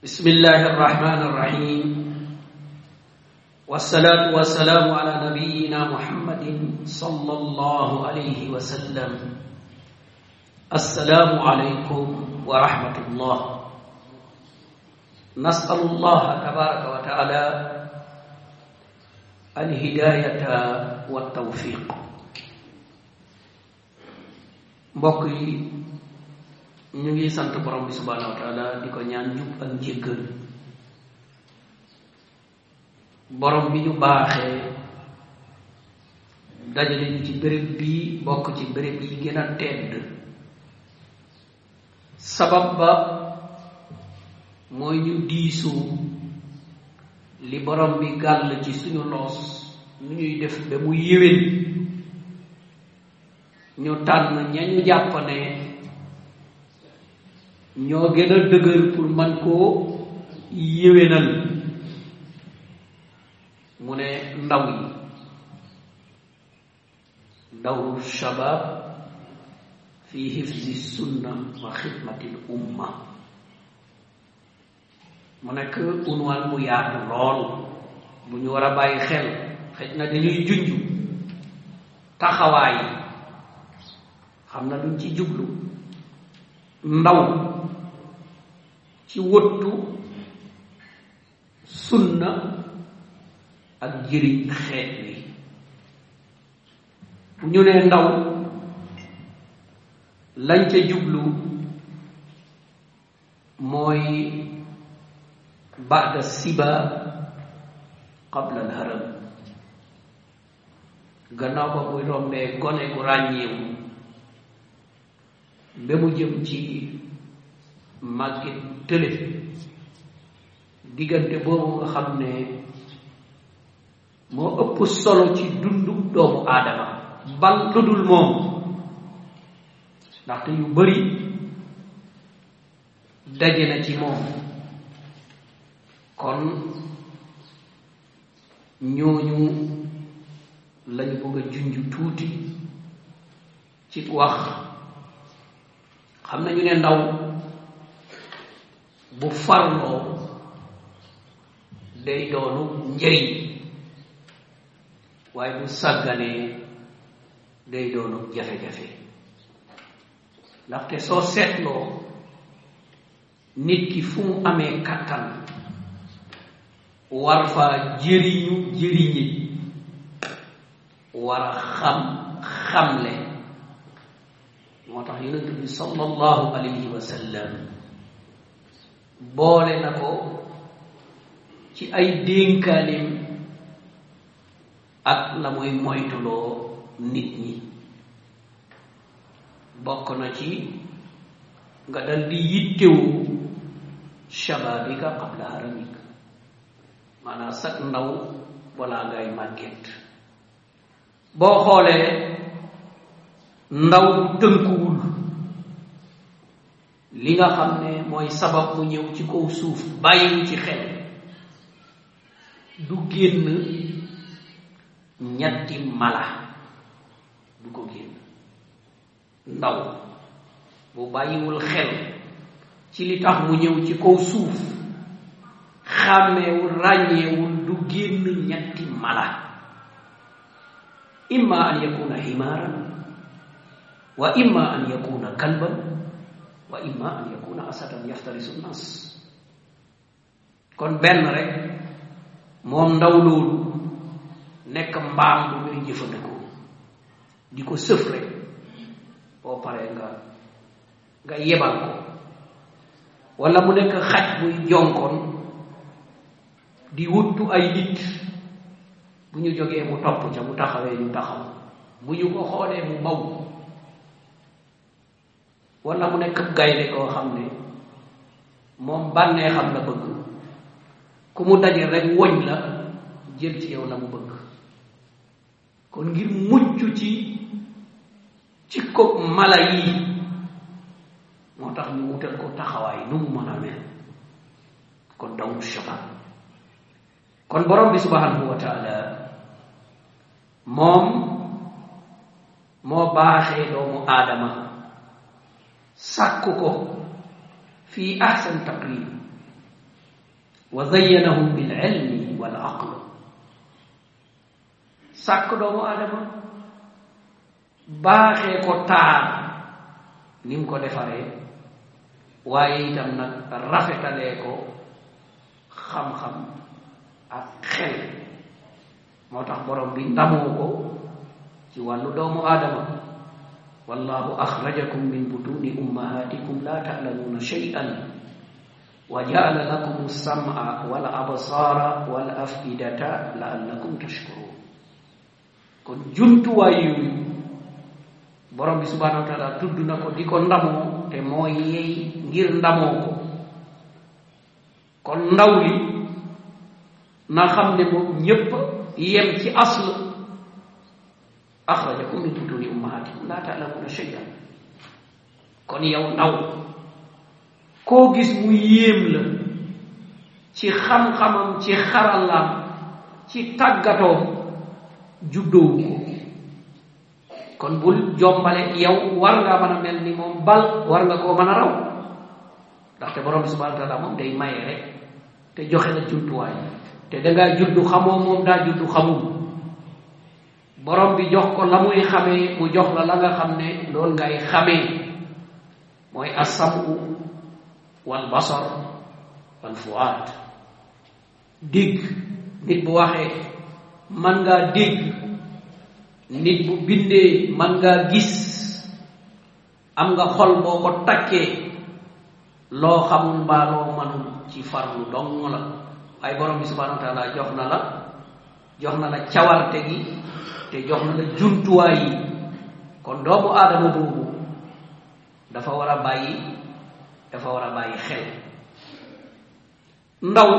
bismillahi irrahmani irrahim wasalaatu wasalaamu ala nabiyina muhammadin sala allahu alayhi wa sallam assalaamu aleykum wa rahmatullah nasalu allaha tabaraka wa taala alhidayata wa tawfiq mbokk yi ñu ngi sant borom bi subhaanahu wa taala di ko ñaan jub ak njéggal borom bi ñu baaxee dajale ñu ci béréb bi bokk ci béréb yi gën a tedd sabab ba mooy ñu diisoo li borom bi gàll ci suñu loos nu ñuy def ba mu yéwén ñu tànn ña ñu jàpp ñoo gën a dëgër pour man koo yéwénal mu ne ndaw yi ndaw shabab fi hifzi sunna wa xidmatil umma mu nekk unwaan bu yaatu lool bu ñu war a bàyyi xel xëj na dañuy junj taxawaay xam na luñ ci jublu ndaw ci wëttu sunna ak jëriñ xeet wi bu ñu nee ndaw lañ jublu mooy baada siba qabla al gannaaw ba muy rombee gone gu ràññeewu ba mu jëm ci màggi tële diggante boobu nga xam ne moo ëpp solo ci dundu doomu aadama bal lu dul moom ndaxte yu bari daje na ci moom kon ñooñu lañu bëgg a junj tuuti ci wax xam nañu ne ndaw bu farloo day doonu njëriñ waaye bu sàgganee day doonu jafe-jafe ndaxte soo seetloo nit ki fu mu amee kattan war fa jëriñu jëriñi war a xam xamle moo tax yonent bi sallallahu alayhi wa boole na ko ci ay dénkaalim ak la muy moytuloo nit ñi bokk na ci nga dal di yittewu shabaabika qabla haramik maanaam sag ndaw balaa ngay màgget boo xoolee ndaw tënkuwul li nga xam ne mooy sabab mu ñëw ci kaw suuf bàyyiwu ci xel du génn ñetti mala du ko génn ndaw bu bàyyiwul xel ci li tax mu ñëw ci kaw suuf xàmmeewul ràññeewul du génn ñetti mala imma an yakuna himaaran wa imma an yakuna kalban wa imma an yakuna asadan yaftarisu nas kon benn rek moom ndaw loolu nekk mbaam bu ngay jëfandikoo di ko sëf rek boo paree nga nga yebal ko wala mu nekk xaj buy jonkoon di wuttu ay nit bu ñu jógee mu topp ca mu taxawee ñu taxaw bu ñu ko xoolee mu baw wala mu nekk gaynde koo xam ne moom bànnee xam la bëgg ku mu daje rek woñ la jël ci yow la mu bëgg kon ngir mucc ci ci ko mala yi moo tax ñu wutal ko taxawaay nu mu mën a mel kon dawul shaban kon borom bi subhanahu wa moom moo baaxee doomu aadama sàkku ko fii ahsan taqwim wa zayyanahu bil ilmi wal aql sàkk doomu adama baaxe ko taar ni ko defaree waaye itam nag rafetalee ko xam-xam ak moo tax borom bi ndamoo ko ci wàllu doomu adama wallahu axrajakum min butuni ummahatikum la ta'lamuna shay'an wa ja'ala lakum as-sam'a wal absara wal af'idata la'allakum tashkurun kon jumtuwaay yooyu borom bi subhanahu wa ta'ala tudd na ko di ko ndamoo te moo yey ngir ndamoo ko kon ndaw li na xam ne moom ñépp yem ci asl axrajakum min butuni ummahatikum laa ta'lamuna shay'an kon yow ndaw koo gis mu yéem la ci xam-xamam ci xaralaam ci tàggatoo juddoo ko kon bul jombale yow war nga mën a mel ni moom bal war nga koo mën a raw ndaxte borom bi subhanahu wa moom day maye rek te joxe na judduwaay te dangaa juddu xamoo moom daa juddu xamum borom bi jox ko la muy xamee mu jox la la nga xam ne lool ngay xamee mooy as-sam'u wal basar wal fuaad dégg nit bu waxee man ngaa dégg nit bu bindee man ngaa gis am nga xol boo ko takkee loo xamul mbaa loo mënul ci farlu dong la waaye borom bi subhanahu wa taala jox na la jox na la cawarte gi te jox na la jumtuwaay yi kon doomu aadama boobu dafa war a bàyyi dafa war a bàyyi xel ndaw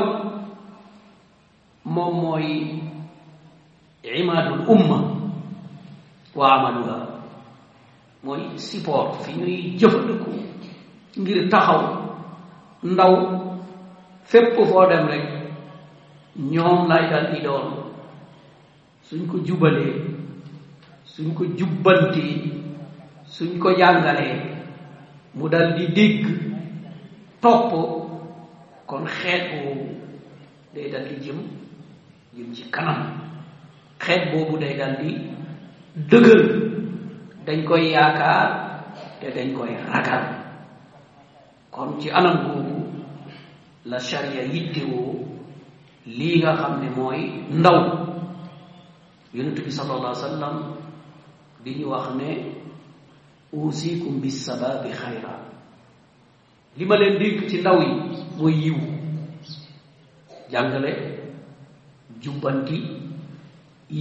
moom mooy imaadul umma wa amaluha mooy support fi ñuy jëfandiku ngir taxaw ndaw fépp foo dem rek ñoom lay dal di doon suñ ko jubalee suñ ko jubbantee suñ ko jàngalee mu dal di dégg topp kon xeet boobu day dal jëm jëm ci kanam xeet boobu day dal di dëgër dañ koy yaakaar te dañ koy ragal kon ci anam boobu la charia yittewoo lii nga xam ne mooy ndaw yonent bi sallallahu alayhi wa sallam ñu wax ne uusikum bi sababi li ma leen dénk ci ndaw yi mooy yiw jàngale jubbanti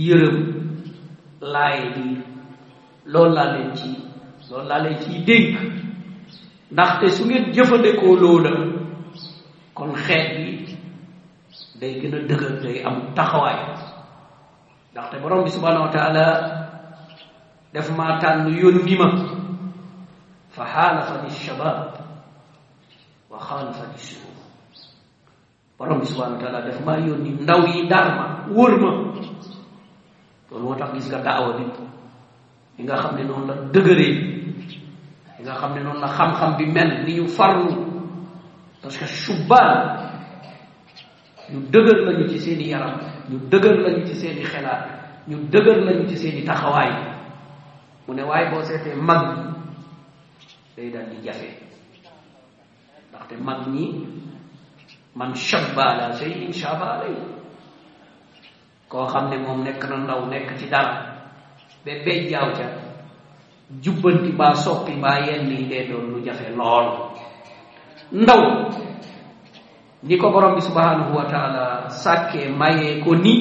yërëm laay bi loolu laa leen ci loolu laa leen ciy dénk ndaxte su ngeen jëfandikoo loola kon xeet bi day gën a dëgër day am taxawaay ndaxte borom bi subhanahu wa taala def maa tànn yónni ma fa xaalafani shabaab wa xaalafani suur borom bi subhanahu wa taala def maa yónni ndaw yi dar ma wóor ma loolu moo tax gis nga daawa bi li nga xam ne noonu la dëgëree li nga xam ne noonu la xam-xam bi mel ni ñu farlu parce que subbaan ñu dëgër lañu ci seeni yaram ñu dëgër lañu ci seeni xelaat ñu dëgër lañu ci seeni taxawaay mu ne waaye boo seetee mag day daal di jafe ndaxte mag ñi man shabba ala shay'in shaba alay koo xam ne moom nekk na ndaw nekk ci dara ba béy jaaw ca jubbanti baa soppi baa yenn yi dee doon lu jafe lool ndaw ni ko borom bi subhanahu wa taala sàkkee mayee ko ni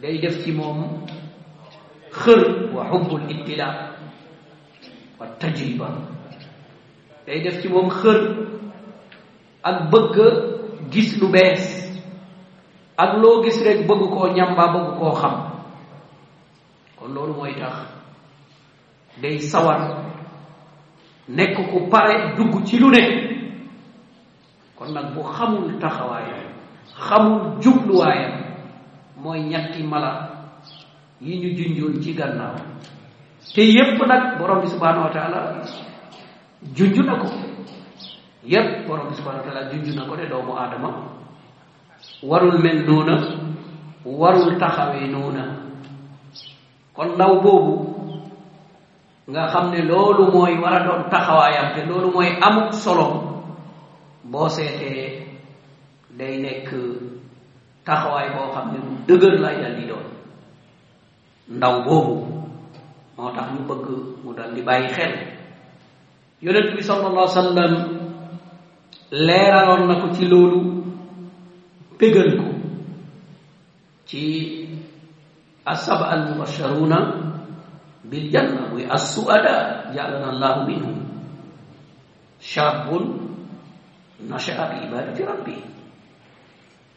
day def ci moom xër wa xubbul ibtila wa tajriba day def ci moom xër ak bëgg gis lu bees ak loo gis rek bëgg koo ñamba bëgg koo xam kon loolu mooy tax day sawar nekk ku pare dugg ci lu ne kon nag bu xamul taxawaayam xamul jubluwaayam mooy ñetti mala yi ñu junjoon ci gannaaw te yépp nag borom bi subhanahu wa taala na ko yépp borom bi subhanahu wa taala na ko te doomu aadama warul mel noona warul taxawee noona kon ndaw boobu nga xam ne loolu mooy war a doon taxawaayam te loolu mooy amut solo boo seetee day nekk taxawaay boo xam ne mu dëgër lay dal di doon ndaw boobu moo tax ñu bëgg mu dal di bàyyi xel yonent bi sallallahu alayhi wa sallam leeraloon na ko ci loolu pégal ko ci asaba al mubasharuna bil janna muy assuada jaalana allahu minhum shabun nasha'a bi ibadati rabbi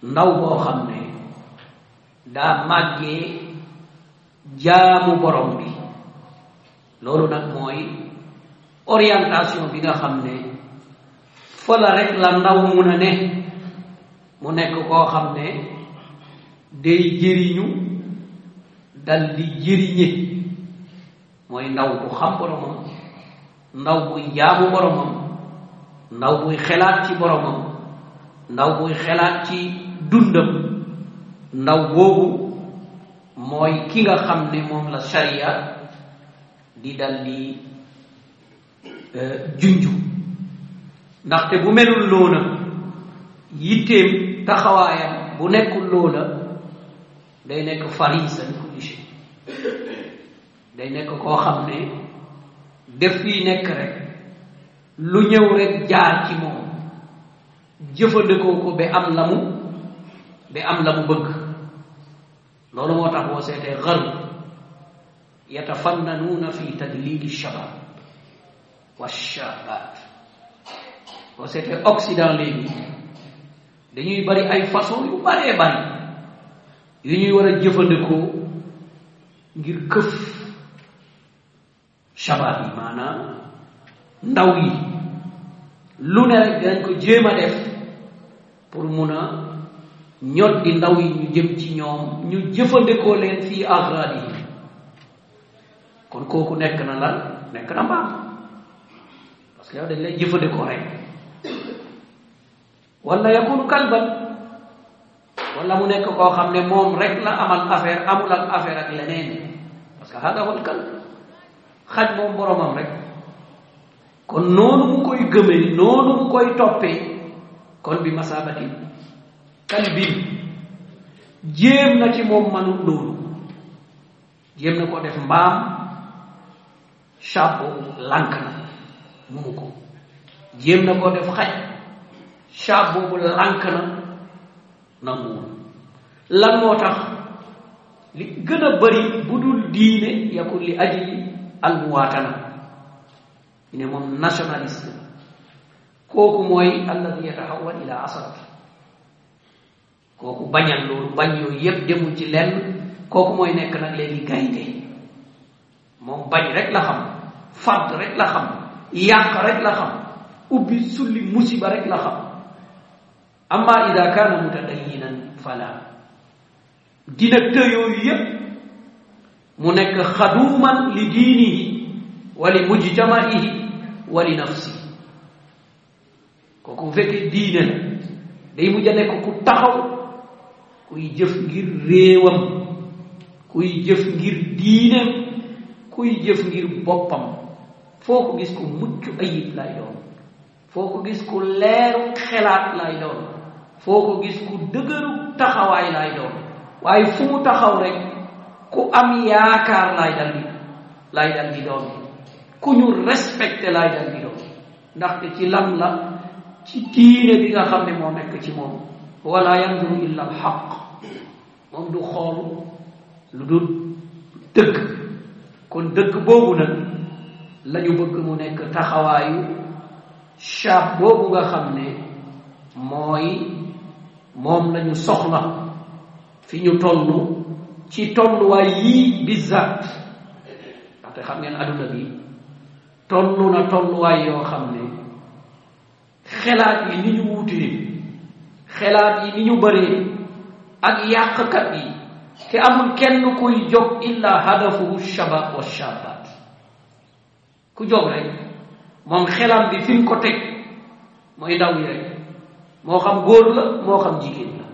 ndaw boo xam ne daa màggee jaamu borom bi loolu nag mooy orientation bi nga xam ne fa la rek la ndaw mun a ne mu nekk koo xam ne day jëriñu dal di jëriñe mooy ndaw bu xam boromam ndaw bu jaamu boromam ndaw muy xelaat ci boromam ndaw buy xelaat ci dundam ndaw boobu mooy ki nga xam ne moom la sharia di dal di euh, junju ndaxte bu melul loona yitteem taxawaayam bu nekkul loola day nekk farisa kulli day nekk koo xam ne def fii nekk rek lu ñëw rek jaar ci moom jëfandikoo ko ba am la mu ba am la mu bëgg loolu moo tax boo seetee xaru yatafannanuuna fi tadlili shabab wa shabaat boo seetee occident léegi dañuy bari ay façon yu baree bari yu ñuy war a jëfandikoo ngir këf shabab yi maanaam ndaw yi lu ne rek dinañ ko jéem a def pour mun a ñot di ndaw yi ñu jëm ci ñoom ñu jëfandikoo leen fii axraad yi kon kooku nekk na lan nekk na mbaam parce que yow dañ lay jëfandikoo rek wala yakunu kalban wala mu nekk koo xam ne moom rek la amal affaire amul ak affaire ak leneen parce que hada wal kalb xaj moom boromam rek kon noonu mu koy gëmee noonu mu koy toppee kon bi masaabati kalbi jéem na ci moom manul loolu jéem na ko def mbaam chapo lànk na munu ko jéem na ko def xaj chab boobu lànk na nanguwul lan moo tax li gën a bari bu dul diine yakul li aji almuwaatana ñu ne moom nationaliste la kooku mooy alladi yataxawal ila asad kooku bañal loolu bañ yooyu yépp demul ci lenn kooku mooy nekk nag léegi gaynde moom bañ rek la xam fàdd rek la xam yàq rek la xam ubbi sulli musiba rek la xam amma ida kaana mutadayinan fala dina tëyooyu yépp mu nekk xaduman li diinihi walimujtamaihi wali nafsi kooku bu fekkee diine la day mujj a nekk ku taxaw kuy jëf ngir réewam kuy jëf ngir diineem kuy jëf ngir boppam foo ko gis ku mucc ayib lay doon foo ko gis ku leeru xelaat lay doon foo ko gis ku dëgëru taxawaay lay doon waaye fu mu taxaw rek ku am yaakaar lay dal di lay dal di doon ku ñu respecté laay dal bi doon ndaxte ci lan la ci diine bi nga xam ne moo nekk ci moom wala yanduru illa al xaq moom du xool lu dul dëgg kon dëgg boobu nag la ñu bëgg mu nekk taxawaayu shaab boobu nga xam ne mooy moom lañu soxla fi ñu toll ci tolluwaay yii bizzat ndaxte xam ngeen adduna bi tollu na tolluwaay yoo xam ne xelaat yi ni ñu wutee xelaat yi ni ñu bëree ak yàqkat yi te amul kenn kuy jóg illa hadafuhu shabab wa shabat ku jóg rek moom xelaat bi fim ko teg mooy ndaw yi rek moo xam góor la moo xam jigéen la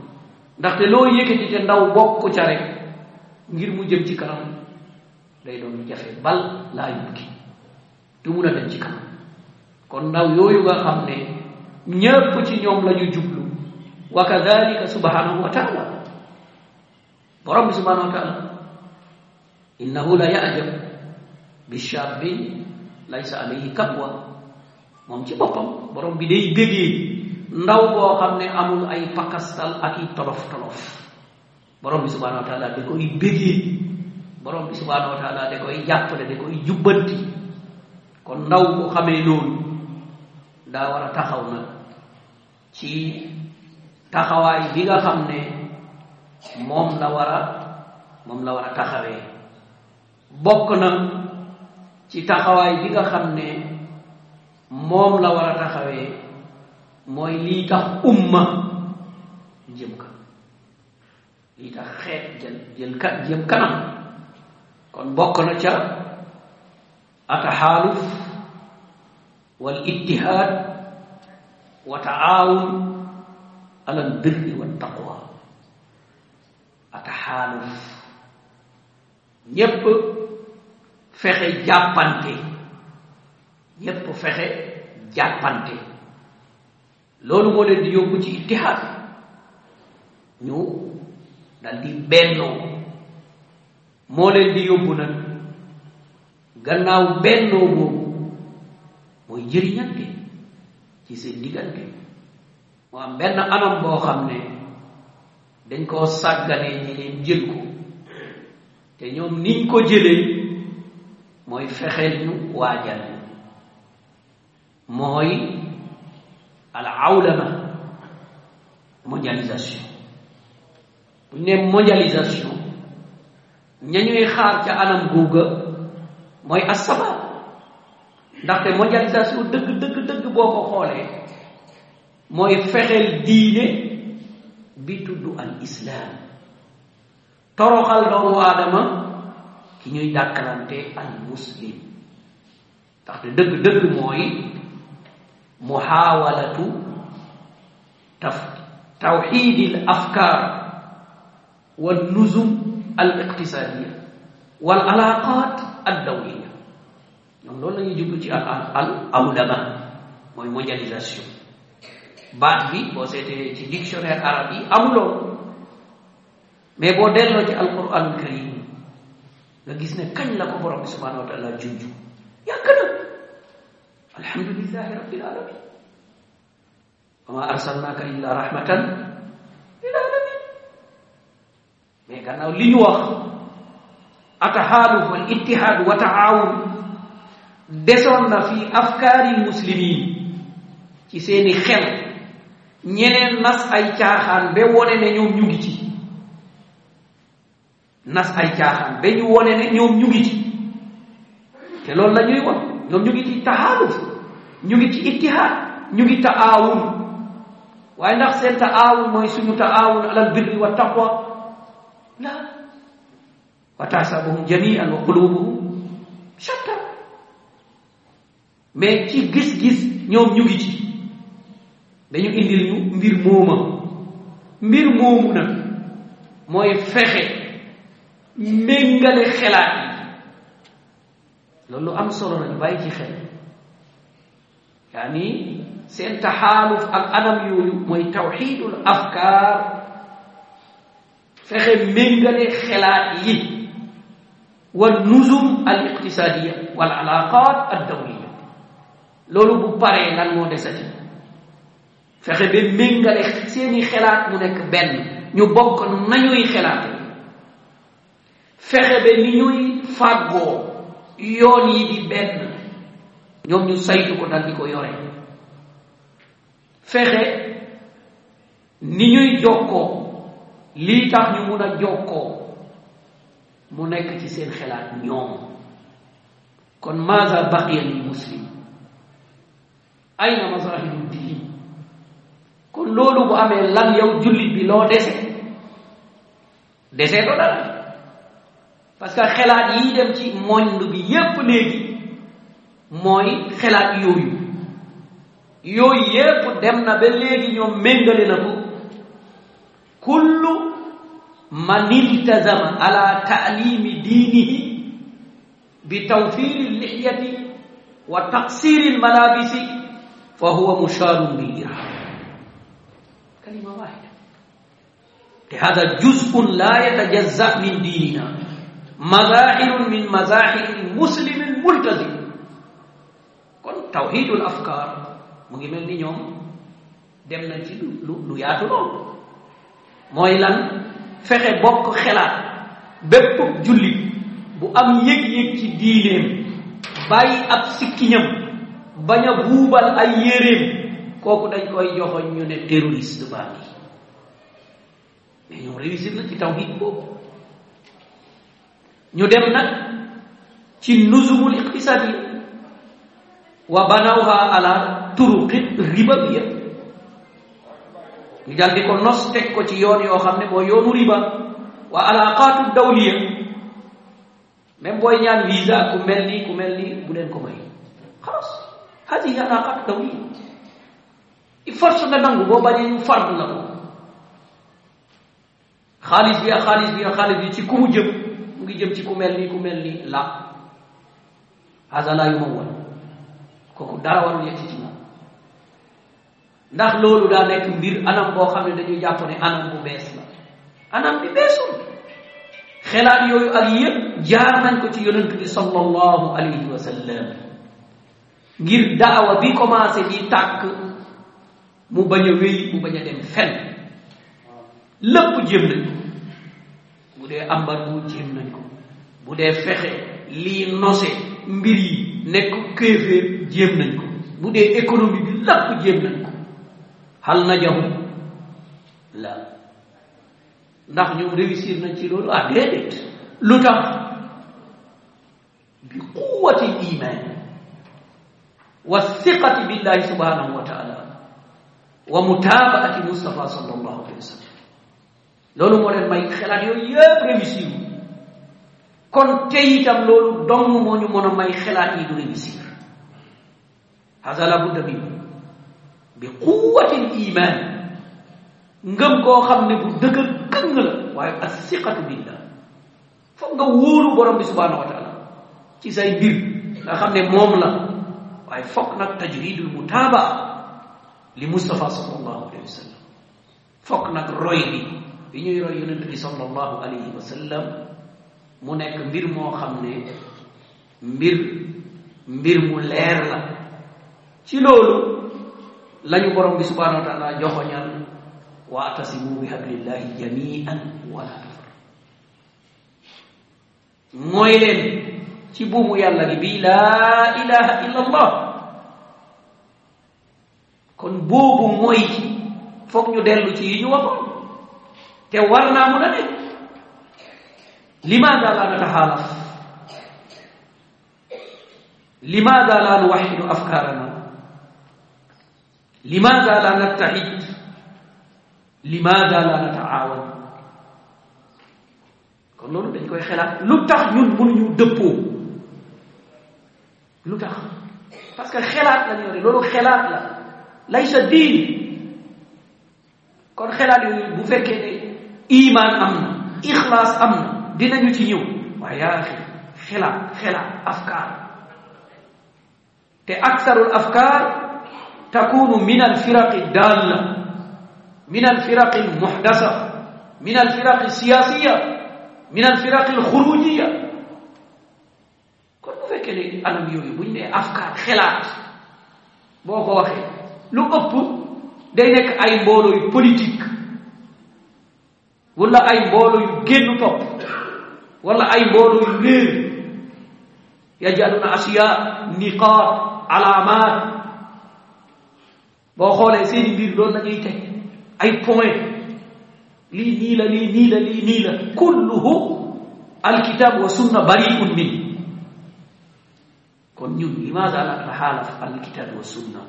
ndaxte loo yëkkati te ndaw bokk ca rek ngir mu jëm ci kanam day doon jafe bal laa yumkin du mun a dem ci kanam kon ndaw yooyu nga xam ne ñépp ci ñoom la jublu wa kadalika subhanahu wa taala borom bi subhanahu wa taala innahu la yaajab bi laysa alayhi kabwa moom ci boppam borom bi day bégee ndaw boo xam ne amul ay pakastal ak i tolof tolof borom bi subhanahu wa taala da koy bégee borom bi subhanahu wa taala da koy jàppale da koy jubbanti kon ndaw bu xamee loolu daa war a taxaw nag ci taxawaay bi nga xam ne moom la war a moom taxawee bokk na ci taxawaay bi nga xam ne moom la war a taxawee mooy lii tax umma jëm kanam lii tax xeet jël jël kanam kon bokk na ca ataxaaluf wal ittihaad wa taawun alal birri wa taqwa ataxaaluf ñépp fexe jàppante ñépp fexe jàppante loolu moo leen yóbbu ci ittihaad ñu dal di bennoo moo leen yóbbu nag gannaaw bennoo boobu mooy jëriñante ci seen diggante moo am benn anam boo xam ne dañ koo sàgganee ñi leen jël ko te ñoom niñ ko jëlee mooy fexeel ñu waajal mooy al awlama bu ñu ne mondialisation ña ñuy xaar ca anam googa mooy asaba ndaxte mondialisation dëgg dëgg dëgg boo ko xoolee mooy fexeel diine bi tudd al islaam toroxal doomu aadama ki ñuy dàkkalante al muslim ndaxte dëgg dëgg mooy muhaawalatu taf tawxiidil afkaar wal nuzum al wal alaaqaat al-dawliya loolu la ñuy ci al al awlama mooy mondialisation baat bi boo seetee ci dictionnaire arabe yi amuloo mais boo delloo al alquranul karim nga gis ne kañ la ko borom bi subhanahu wa junju yàgg na alhamdulilahi rabbil alamin ma arsalnaaka illa rahmatan lil alamin mais gannaaw ataxaaluf wal ittihaad wa taawun desoon na fi afkaari muslimin ci seeni xel ñeneen nas ay caaxaan ba wone ne ñoom ñu ngi ci nas ay caaxaan ba ñu wone ne ñoom ñu ngi ci te loolu la ñuy won ñu ngi ci taxaaluf ngi ci ittihaad ñu ngi taawun waaye ndax seen taawun mooy suñu taawun alal birri wa taqwa la وتحسبهم جميعا وقلوبهم شتى mais ci gis-gis ñoom ñu ngi ci dañu indil ñu mbir mooma mbir moomu nag mooy fexe méngale xelaat yi loolu am solo nag bàyyi ci xel yaani seen taxaaluf ak anam mooy tawxidul afkaar fexe méngale xelaat yi والنظم الاقتصادية والعلاقات الدولية loolu bu paree lan moo desati fexe ba méngale seeni xelaat mu nekk benn ñu bokk nañuy xelaate fexe ba ni ñuy fàggoo yoon yi di benn ñoom ñu saytu ko dal di ko yore fexe ni ñuy jokkoo lii tax ñu mun a jokkoo mu nekk ci seen xelaat ñoom kon maasa baqiya lil muslim ayna mazahiru diin kon loolu bu amee lan yow jullit bi loo dese dese doo dara parce que xelaat yi dem ci monde bi yépp léegi mooy xelaat yooyu yooyu yépp dem na ba léegi ñoom méngale na ko kullu man iltazama ala taalimi diinihi bi tawfiri lihyati wa taksiri lmalabisi fa huwa musharun bil irham kalima wahida te hada juzun la yatajazza min diinina mazahirun min mazahiri muslimin multazim kon tawhidul afkar mu ngi mel ni ñoom dem nañ ci lu lu yaatu lool mooy lan fexe bokk xelaat bépp jullit bu am yëg-yëg ci diineem bàyyi ab sikkiñam bañ a buubal ay yéreem kooku dañ koy joxoñ ñu ne terroriste baa ngi mais ñoom réussir na ci tawhid boobu ñu dem nag ci nuzumul iqtisadi wa banawha ala turuqi ribabiya ñu dal di ko nos teg ko ci yoon yoo xam ne mooy yoonu riba wa alaqaatu dawliya même booy ñaan visa ku mel ni ku mel ni bu leen ko may xalas hadihi alaqaatu dawliya il force nga nangu boo bañee ñu fard la ko xaalis bi ak xaalis bi ak xaalis bi ci ku mu jëm ngi jëm ci ku mel ni ku mel ni la hasa yu ma woon kooku dara warul yegsi ci moom ndax loolu daa nekk mbir anam boo xam ne dañuy jàpp ne anam bu bees la anam bi beesul xelaat yooyu ak yëpp jaar nañ ko ci yonent bi sallallahu alayhi wa sallam ngir daawa bi commencé di tàkk mu bañ a wéy mu bañ a dem fenn lépp jéem nañ ko bu dee ambar bu jéem nañ ko bu dee fexe lii nose mbir yi nekk kéeféer jéem nañ ko bu dee économie bi lépp jéem nañ ko hal najahu la ndax ñoom réussir nañ ci loolu ah lu tax bi quwati iman wa siqati billahi subhanahu wa taala wa mutaabaati Mustafa sallallahu alayhi wa sallam loolu moo leen may xelaat yooyu yëpp réussir kon tey loolu dong moo ñu mën a may xelaat yi du réussir hazala budda bi bi quwatil iman ngëm koo xam ne bu dëgër këng la waaye assiqatu billah foog nga wóolu borom bi subhanahu wa taala ci say mbir nga xam ne moom la waaye foog nag tajridul mutaaba li Mustafa sallallahu alayhi wa sallam foog nag roy bi bi ñuy roy yonent bi sallallahu alayhi wa sallam mu nekk mbir moo xam ne mbir mbir mu leer la ci loolu lañu borom bi subhanahu wa taala joxoñal waatasimu bi hablillahi jamian wala tafar mooy ci buumu yàlla gi bii laa ilaha illa allah kon boobu mooy foog ñu dellu ci yi ñu wa te war naa mun a nekk limaada laa nataxaalaf limaada laa nuwaxidu afkaarana لماذا لا نتحد لماذا la nataawan kon loolu dañ koy xelaat lu tax ñun mënuñu dëppoo lu tax parce que xelaat loolu xelaat la laysa diin kon xelaat yooyu bu fekkee ne imaan am na ixlaas am na dinañu ci ñëw waaye yaa axi afkaar te aksarul afkaar تكون من الفرق الدالة من الفرق المحدثة من الفرق السياسية من الفرق الخروجية kon bu fekkee léegi anam yooyu buñ nee afkaar xelaat boo ko waxee lu ëpp day nekk ay mbooloo yu politique wala ay mbooloo yu génn topp wala ay mbooloo yu réer yajaluna asiya niqaat alaamat boo xoolee seeni mbir lool la ñuy teg ay point lii nii la lii nii la lii nii la kulluhu alkitab wa sunna bariun min kon ñun limaada la taxaalaf alkitab wa sunna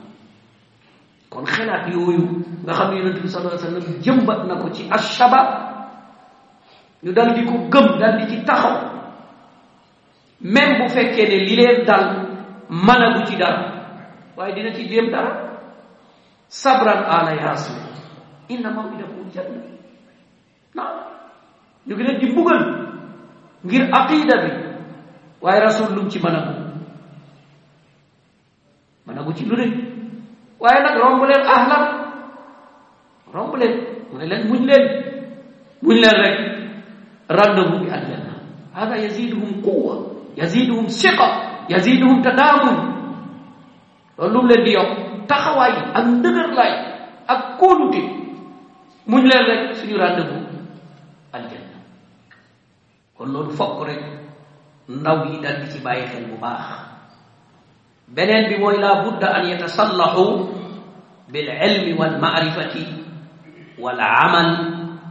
kon xelaat yooyu nga xam ne yonente bi sallallahu jëmbat na ko ci ashabab ñu dal di ko gëm dal di ci taxaw même bu fekkee ne li leen dal mën a ci dara waaye dina ci jéem dara sabran ala yaasin inna mawidakum janna naam ñu ngi leen di mbugal ngir aqida bi waaye rasul lu mu ci mën a mën a gu ci lu ne waaye nag romb leen ahlan romb leen mu leen muñ leen muñ leen rek rendez-vous bi aljanna hada yaziduhum quwwa siqa yaziduhum tadaamum loolu leen di taxawaay ak ndëgërlaay ak kóolute muñ leen rek suñu rendez-vous aljanna kon loolu fokk rek ndaw yi dal di ci bàyyi xel bu baax beneen bi mooy laa budda an yatasallaxu bil ilmi wal maarifati wal amal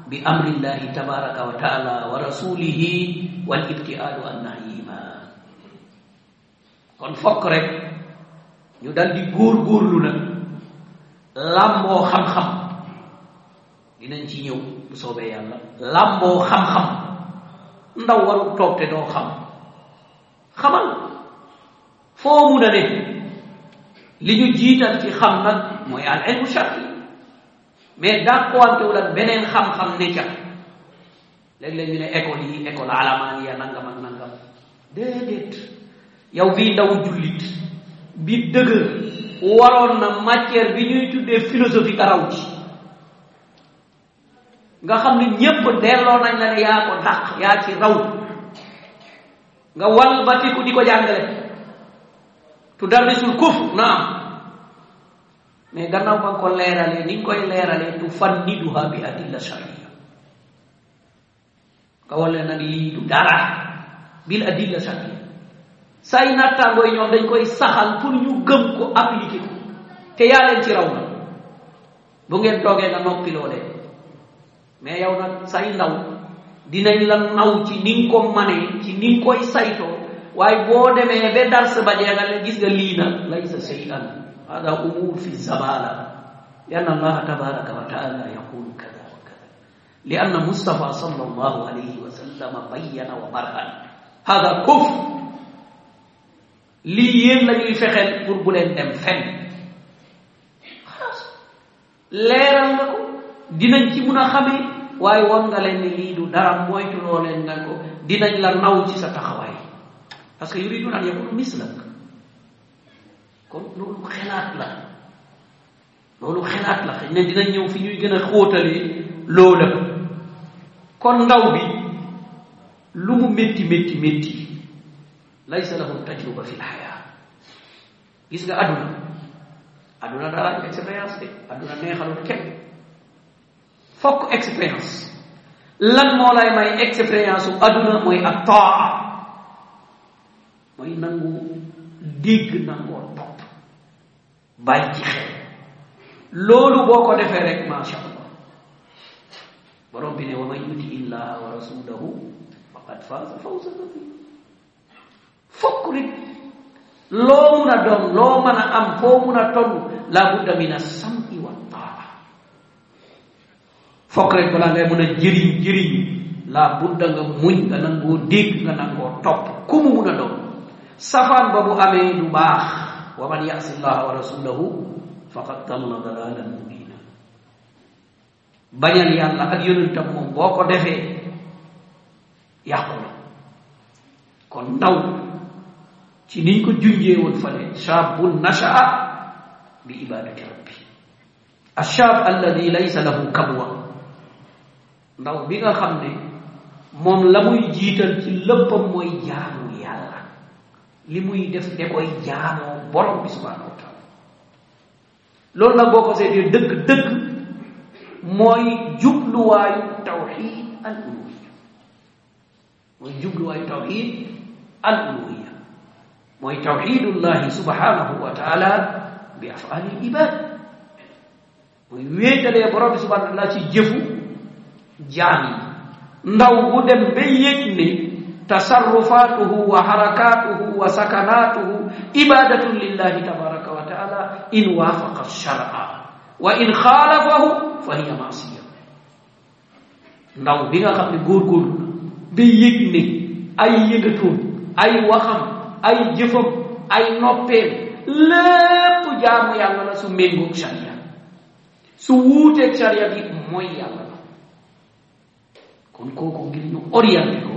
bi amrillahi tabaraka wa taala wa rasulihi wal ibtiaadu an naima kon fokk rek ñu dal di góor-góorlu nag làmboo xam-xam dinañ ci ñëw bu soobee yàlla làmboo xam-xam ndaw waru toog te doo xam xamal foo mun a ne li ñu jiital ci xam nag mooy al ilmu shar'i mais daa kowantewul ak beneen xam-xam ne ca léeg ñu ne école yi école alamaaniya nangam ak nangam déedéet yow bii ndaw jullit bi dëgër waroon na matière bi ñuy tuddee philosophie karaw ci nga xam ni ñépp delloo nañ la ne yaa ko dàq yaa ci raw nga walbatiku di ko jàngale tu darrisul kuf na am mais gannaaw ba nga ko leeralee ni nga koy leeralee tu fanniduha bi adilla sharia nga wala na lii du dara bil adilla sharia say nattaangooy ñoom dañ koy saxal pour ñu gëm ko appliquer ko te yaa leen ci raw na bu ngeen toogee nga noppiloo leen mais yow nag say ndaw dinañ la naw ci ni nga ko manee waaye boo demee ba dars ba jeexal gis nga lii nag laysa shay'an hada umur fi zabala lianna allaha tabaraka wa taala yaqulu kada wa kada lianna mustafa sallallahu alayhi wa sallama bayyana wa barhan hada kufr lii yéen la fexeel pour bu leen dem fenn leeral nga ko dinañ ci mun a xamee waaye won nga leen ni lii du dara moytuloo leen nga ko dinañ la naw ci sa taxawaay parce que yuriduna an yakunu mislak kon loolu xelaat la loolu xelaat la xëy na dinañ ñëw fi ñuy gën a xóotali loola kon ndaw bi lu mu métti métti métti laysa lahum tajruba fil xayaa gis nga adduna adduna daa laaj expérience de adduna neexalul kenn fokk expérience lan moo lay may expérience u adduna mooy ak taa mooy nangu dégg nangoo topp bàyyi ci xel loolu boo ko defee rek macha allah borom bi ne wa man yuti illaha wa rasulahu faqad faaza fawzan azima fokk nit loo mun a doon loo mën a am foo mun a toll laa budda min as-sam'i wa taa fokk rek balaa ngay mun a jëriñ jëriñ laa budda nga muñ nga nangoo dégg nga nangoo topp ku mun a doon safaan ba bu amee du baax wa man ya'si llaha wa rasulahu faqad dalla dalalan mubina bañal yàlla ak yonentam moom boo ko defee yàqu la kon ndaw ci niñ ko junjee woon fale shaabun nashaa bi ibadati rabbi ashaab alladi laysa lahu kabwa ndaw bi nga xam ne moom la muy jiital ci léppam mooy jaamu yàlla li muy def da koy jaamoo borom bi subhanahu wa taala nag boo ko seetee dëgg-dëgg mooy jubluwaayu tawxid al uluhiya mooy jubluwaayu tawxid al uluhiya mooy subhanahu wa taala bi afaalil ibad mooy wéetalee borom bi subhanahu wa taala ci jëfu jaam yi ndaw bu dem ba yëg ne tasarrufaatuhu wa harakaatuhu wa sakanaatuhu ibadatun lillahi tabaraka wa taala in waafaqa shara wa in xaalafahu fa hiya maasiya ndaw bi nga xam ne góorgóorlu ba yëg ne ay yëgatoon ay waxam ay jëfam ay noppeem lépp jaamu yàlla la su méngoog sharia su wuuteeg sharia bi mooy yàlla la kon kooku ngir ñu orienté ko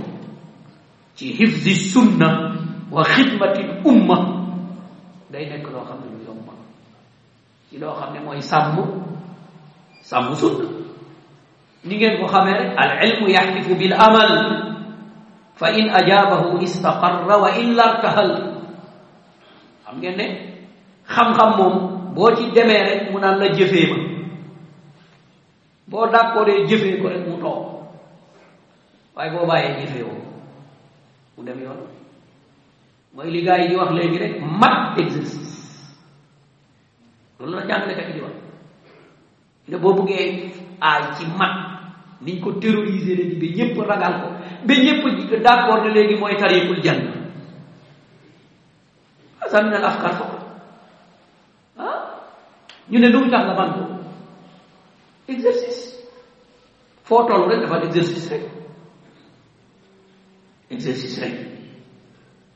ci hifzi sunna wa xidmatil umma day nekk loo xam ne lu yomb ci loo xam ne mooy sàmm sàmm sunna ni ngeen ko xamee al ilmu yaxtifu bil amal fa in ajabahu istaqarra wa illa tahal xam ngeen ne xam-xam moom boo ci demee rek mu naan la jëfee ma boo d'accordee jëfee ko rek mu toog waaye boo bàyyee jëfee woo mu dem yoon mooy li gars di wax léegi rek mat exercice loolu la jàngalekat yi di wax ne boo bëggee aay ci mat niñ ko terroriser léegi ba ñépp ragal ko ba ñëpp d'accord ne léegi mooy tariqul janna asa min al afkar foofu ah? ne lu mu tax nga man exercice foo toll rek dafa exercice rek exercice rek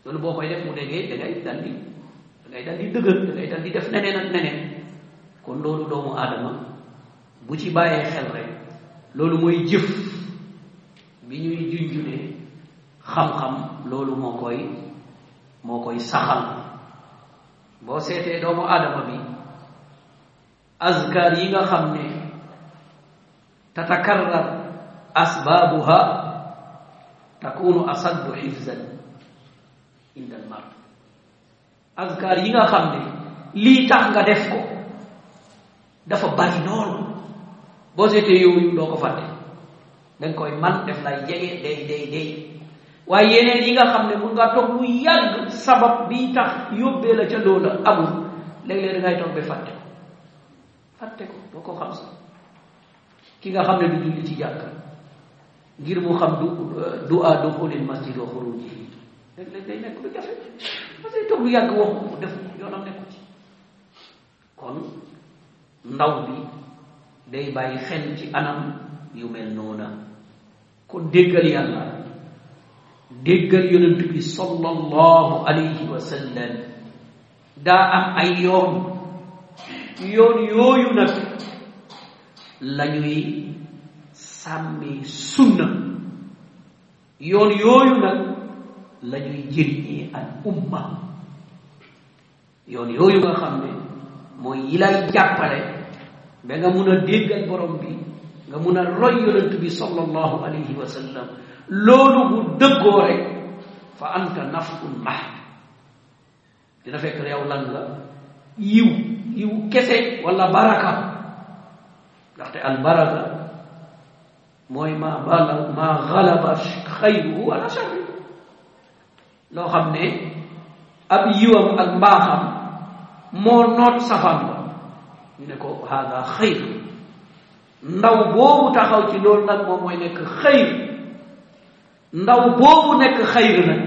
loolu boo koy def mu dangay dangay dangay dal di dëgër dangay dal di def neneen ak neneen kon loolu doomu aadama bu ci bàyyee xel rek loolu mooy jëf bi ñuy junjune xam-xam loolu moo koy saxal boo seetee doomu aadama bi azkar yi nga xam ne tatakarrar asbaabuha takunu asaddu xifzan inda al mar yi nga xam ne lii tax nga def ko dafa bari noonu boo seetee yooyu doo ko fàtte danga koy man def lay jege day day day waaye yeneen yi nga xam ne mun ngaa toog mu yàgg sabab bi tax yóbbee la ca loola amul léeg-léeg dangay toog ba fàtte ko doo ko xam sax ki nga xam ne du julli ci jàkk ngir mu xam du du a duxulil masjid wa xurujihi léeg-léeg day nekk lu jafe parce que toog yàgg waxu ko def yoonam nekku ci kon ndaw bi day bàyyi xel ci anam yu mel noona kon déggal yàlla déggal yonent bi sallallahu alayhi wa sallam daa am ay yoon yoon yooyu nag lañuy sàmmi sunna yoon yooyu nag lañuy jëriñee ak yoon yooyu nga xam ne mooy yi jàppale ba nga mun a déggal borom bi nga mun a roy yonent bi sallallahu alayhi wa sallam loolu bu dëggoo rek fa anta nafun mahd dina fekk yow lan la yiw yiw kese wala baraka ndaxte al baraka mooy ma bala ma galaba xayruhu wala sharri loo xam ne ab yiwam ak mbaaxam moo noot safaan ba ñu ne ko hada xayru ndaw boobu taxaw ci loolu nag moom mooy nekk xëyr ndaw boobu nekk xëyr nag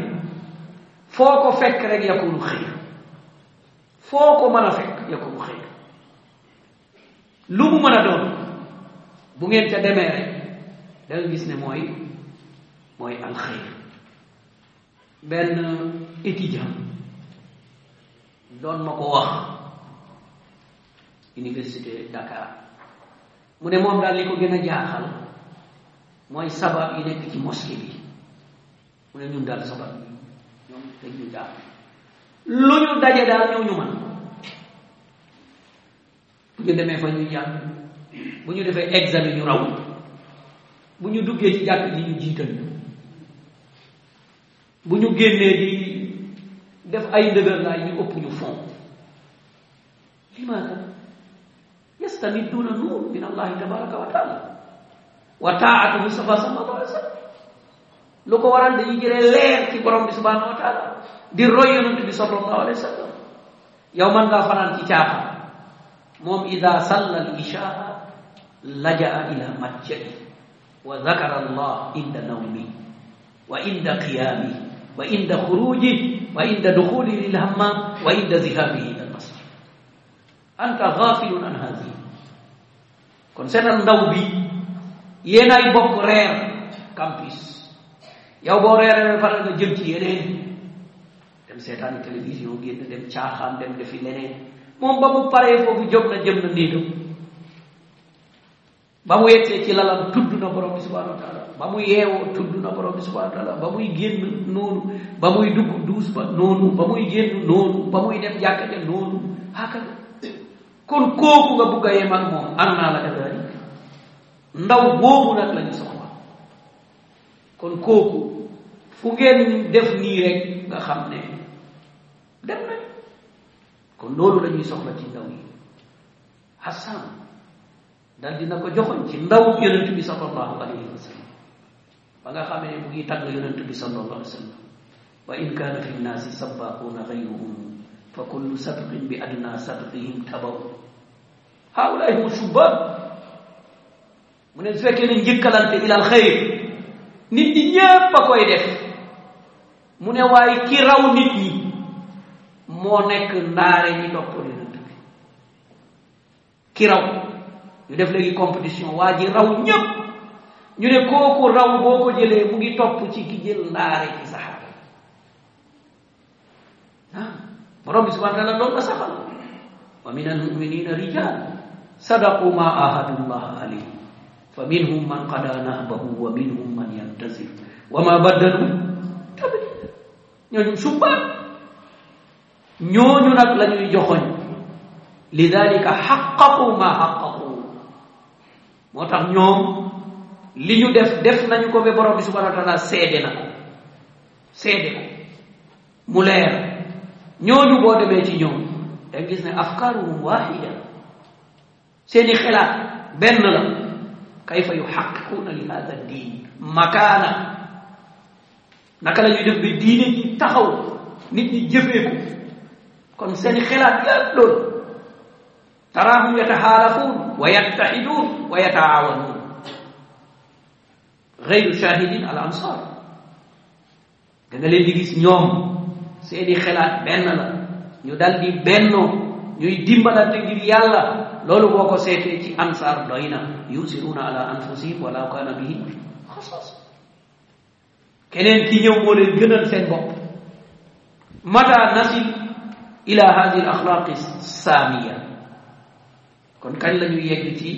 foo ko fekk rek yakunu xëyr foo ko mën a fekk yakunu xëyr lu mu mën a doon bu ngeen ca demee rek da gis ne mooy mooy alxëyr benn étudiant doon ma ko wax université Dakar mu ne moom daal li ko gën a jaaxal mooy sabab yi nekk ci mosquée bi mu ne ñun daal sabab yi ñu jaaxal lu ñu daje daal ñoo ñu man bu ñu demee fa ñu jàng bu ñu defee examen ñu raw bu ñu duggee ci jàkk ji ñu jiital bu ñu génnee di def ay ndëgër laay ñu ëpp ñu fon li maaka يستمدون النور من الله تبارك وتعالى وطاعته صلى الله عليه وسلم lu ko waral dañuy jëlee leer ci borom bi subhanahu wa taala di roy yonent bi sallallahu alayhi wa sallam yow man ngaa fanaan ci caaxaan moom ida salla al ishaa lajaa ila matjai wa dakara allah inda nawmi wa inda qiyaami wa inda xuruji wa inda duxuli lil hammam wa inda zihabihi anta gafilun an hadi kon seetal ndaw bi yéenaay bokk reer campus yow boo reeree faral nga jël ci yeneen dem seetaani télévision génn dem caaxaan dem defi leneen moom ba mu paree foofu jóg na jëm na néegam ba ci lalam tudd na ba mu yeewoo tudd na muy génn noonu ba muy dugg duus ba noonu ba muy génn noonu ba muy dem jàkkate noonu hakada kon kooku nga bugg a yem ak moom ana naa la ka daalik ndaw boobu la lañu soxla kon kooku fu ngeen def nii rek nga xam ne dem nañ kon loolu lañuy soxla ci ndaw yi Hassan dal dina ko joxoñ ci ndaw yonent bi sallallahu alayhi wa sallam ba nga xamee mu ngi tàgg yonent bi sallallahu alayhi wa sallam wa in kaana fi nnaasi sabbaaquuna gayruhum fa kullu sabqin bi adna sabqihim tabaw haawulaay humu shubaab mu ne su fekkee ne njëkkalante ilal nit ñi ñépp a koy def mu ne waaye ki raw nit ñi moo nekk naare ñi topp yonent bi ki raw ñu def léegi compétition waa ji raw ñépp ñu ne kooku raw boo ko jëlee mu ngi topp ci ki jël ndaare ci saxaar borom bi subhanahu wa taala loolu la saxal wa min almuminina rijal sadaqu ma ahadullah alayhi fa minhum man qada nahbahu wa minhum man yantazir wa ma baddalu tabdila ñooñu subbaan ñooñu nag la ñuy joxoñ lidalika xaqaqu ma xaqaqu moo tax ñoom li ñu def def nañu ko ba borom bi subhanahu wa taala seede na ko seede ko mu leer ñooñu boo demee ci ñoom da gis ne afkaaruhum waahida seeni xelaat benn la kayfa yuxaqiquuna li hada diin makaana naka la ñuy def bi diine ji taxaw nit ñi jëfeeku kon seeni xelaat yépp loolu taraahum yataxaalafuun wa yattaxiduun wa yataawanuun gayru shahidin al ansar da nga leen di gis ñoom seeni xelaat benn la ñu dal bennoo ñuy dimbalante ngir yàlla loolu boo ko seetee ci ansaar doy na yusiruuna ala anfusihim walaw kaana bihim keneen ci ñëw moo leen gënal seen bopp mata nasil ila hadi al saamiya kon kañ la ñu ci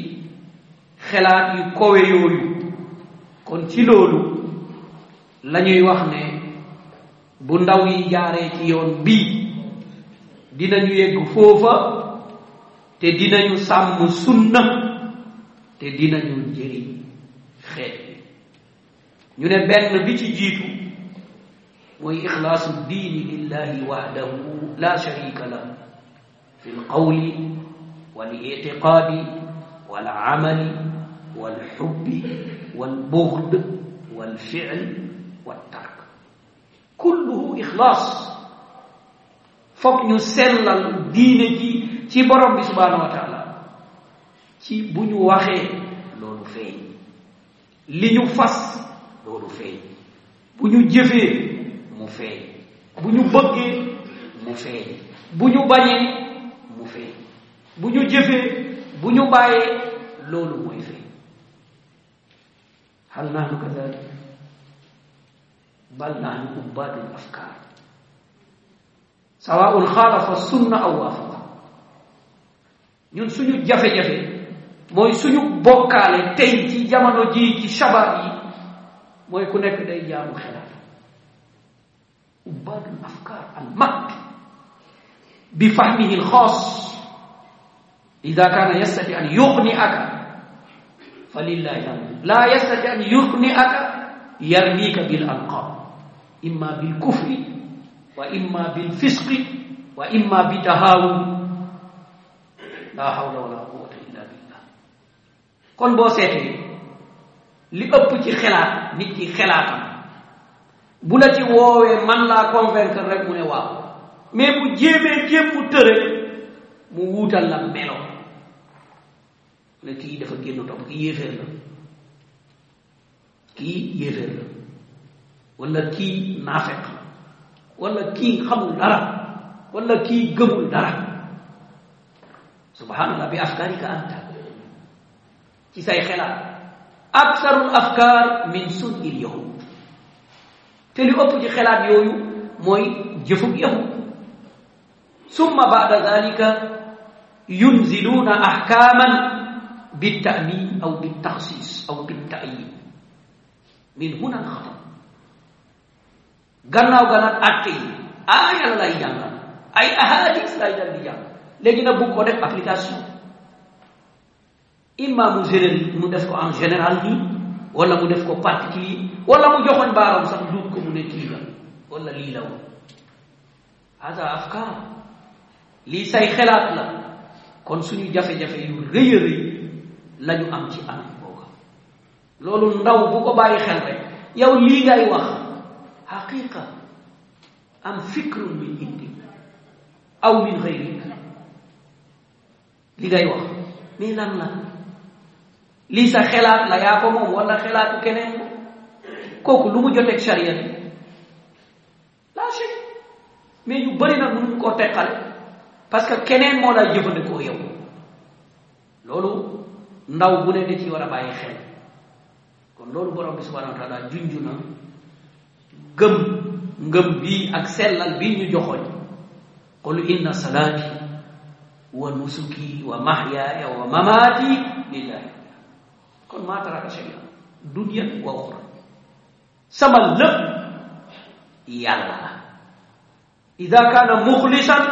xelaat yu kowe yooyu kon ci loolu la wax ne bu ndaw yi jaaree ci yoon bii dinañu yegg foofa te dinañu sam sunna te dinañu njëriñ xeet ñu ne benn bi ci jiitu mooy ixlaasu diini lillahi wahdahu la sharika la fi lqawli wal itiqaadi wal amali wal xubbi wal kulluhu ixlaas foog ñu sellal diine ji ci borom bi subhanahu wa ci bu ñu waxee loolu feeñ li ñu fas loolu feeñ bu ñu jëfee mu feeñ bu ñu bëggee mu feeñ bu ñu bañee mu feeñ bu ñu jëfee bu ñu bàyyee loolu mooy feeñ بل نحن عباد الأفكار سواء خالف السنة أو وافقها ñun suñu jafe-jafe mooy suñu bokkaale tey ci jamono ji ci shabaab yi mooy ku nekk day jaamu xelaat ubbaadul afkaar al mat bi fahmihi al xaas ida kaana yastati an yuqni aka fa lillahi alhamd laa yastati an yuqni aka yarmika bil alqaab imma bil kufri wa imma bil fisqi wa imma bi tahaawun laa hawla wala quwwata kon boo seetee li ëpp ci xelaat nit ki xelaatam bu la ci woowee man laa rek mu ne waaw mais bu jéemee jéem bu mu wuutal la melo ne kii dafa génn topp kii yéeféer la kii yéeféer la wala kii naafeq la wala kii xamul dara wala kii gëmul dara subhanallah bi afkaarika anta ci say xelaat aksarul afkaar min su'il yahud te li ëpp ci xelaat yooyu mooy jëfug yahud summa ba'da dalika yunziluuna ahkaaman بالتأمين أو بالتخصيص أو بالتأييد من هنا الخطأ gannaaw ga nag acte yi aaya la jàngal ay ahadis lay dal di jàng léegi nag bu ko def application mu général mu def ko en général nii wala mu def ko particulier wala mu joxoon baaram sax duut ko mu ne kii la wala lii la woon hada afkaar lii say xelaat la kon suñu jafe-jafe yu rëy rëy la am ci anam booga loolu ndaw bu ko bàyyi xel rek yow lii ngay wax حقيقة أم فكر من عندك أو من غيرك li ngay wax nii lan la lii sa xelaat la yaa ko moom wala xelaatu keneen kooku lu mu joteeg charia bi la chek mais ñu bëri nag mënuñu koo teqale parce que keneen moo lay jëfandikoo yow loolu ndaw bu ne da ci war a xel kon loolu borom bi subhanahu wa taala junju gëm ngëm bii ak sellal bii ñu joxoñ qul inna salaati wa nusuki wa mahyaaya wa mamaati lillahi kon maa taraka shay'an dunyan wa uxra sama lépp yàlla la ida kaana muxlisan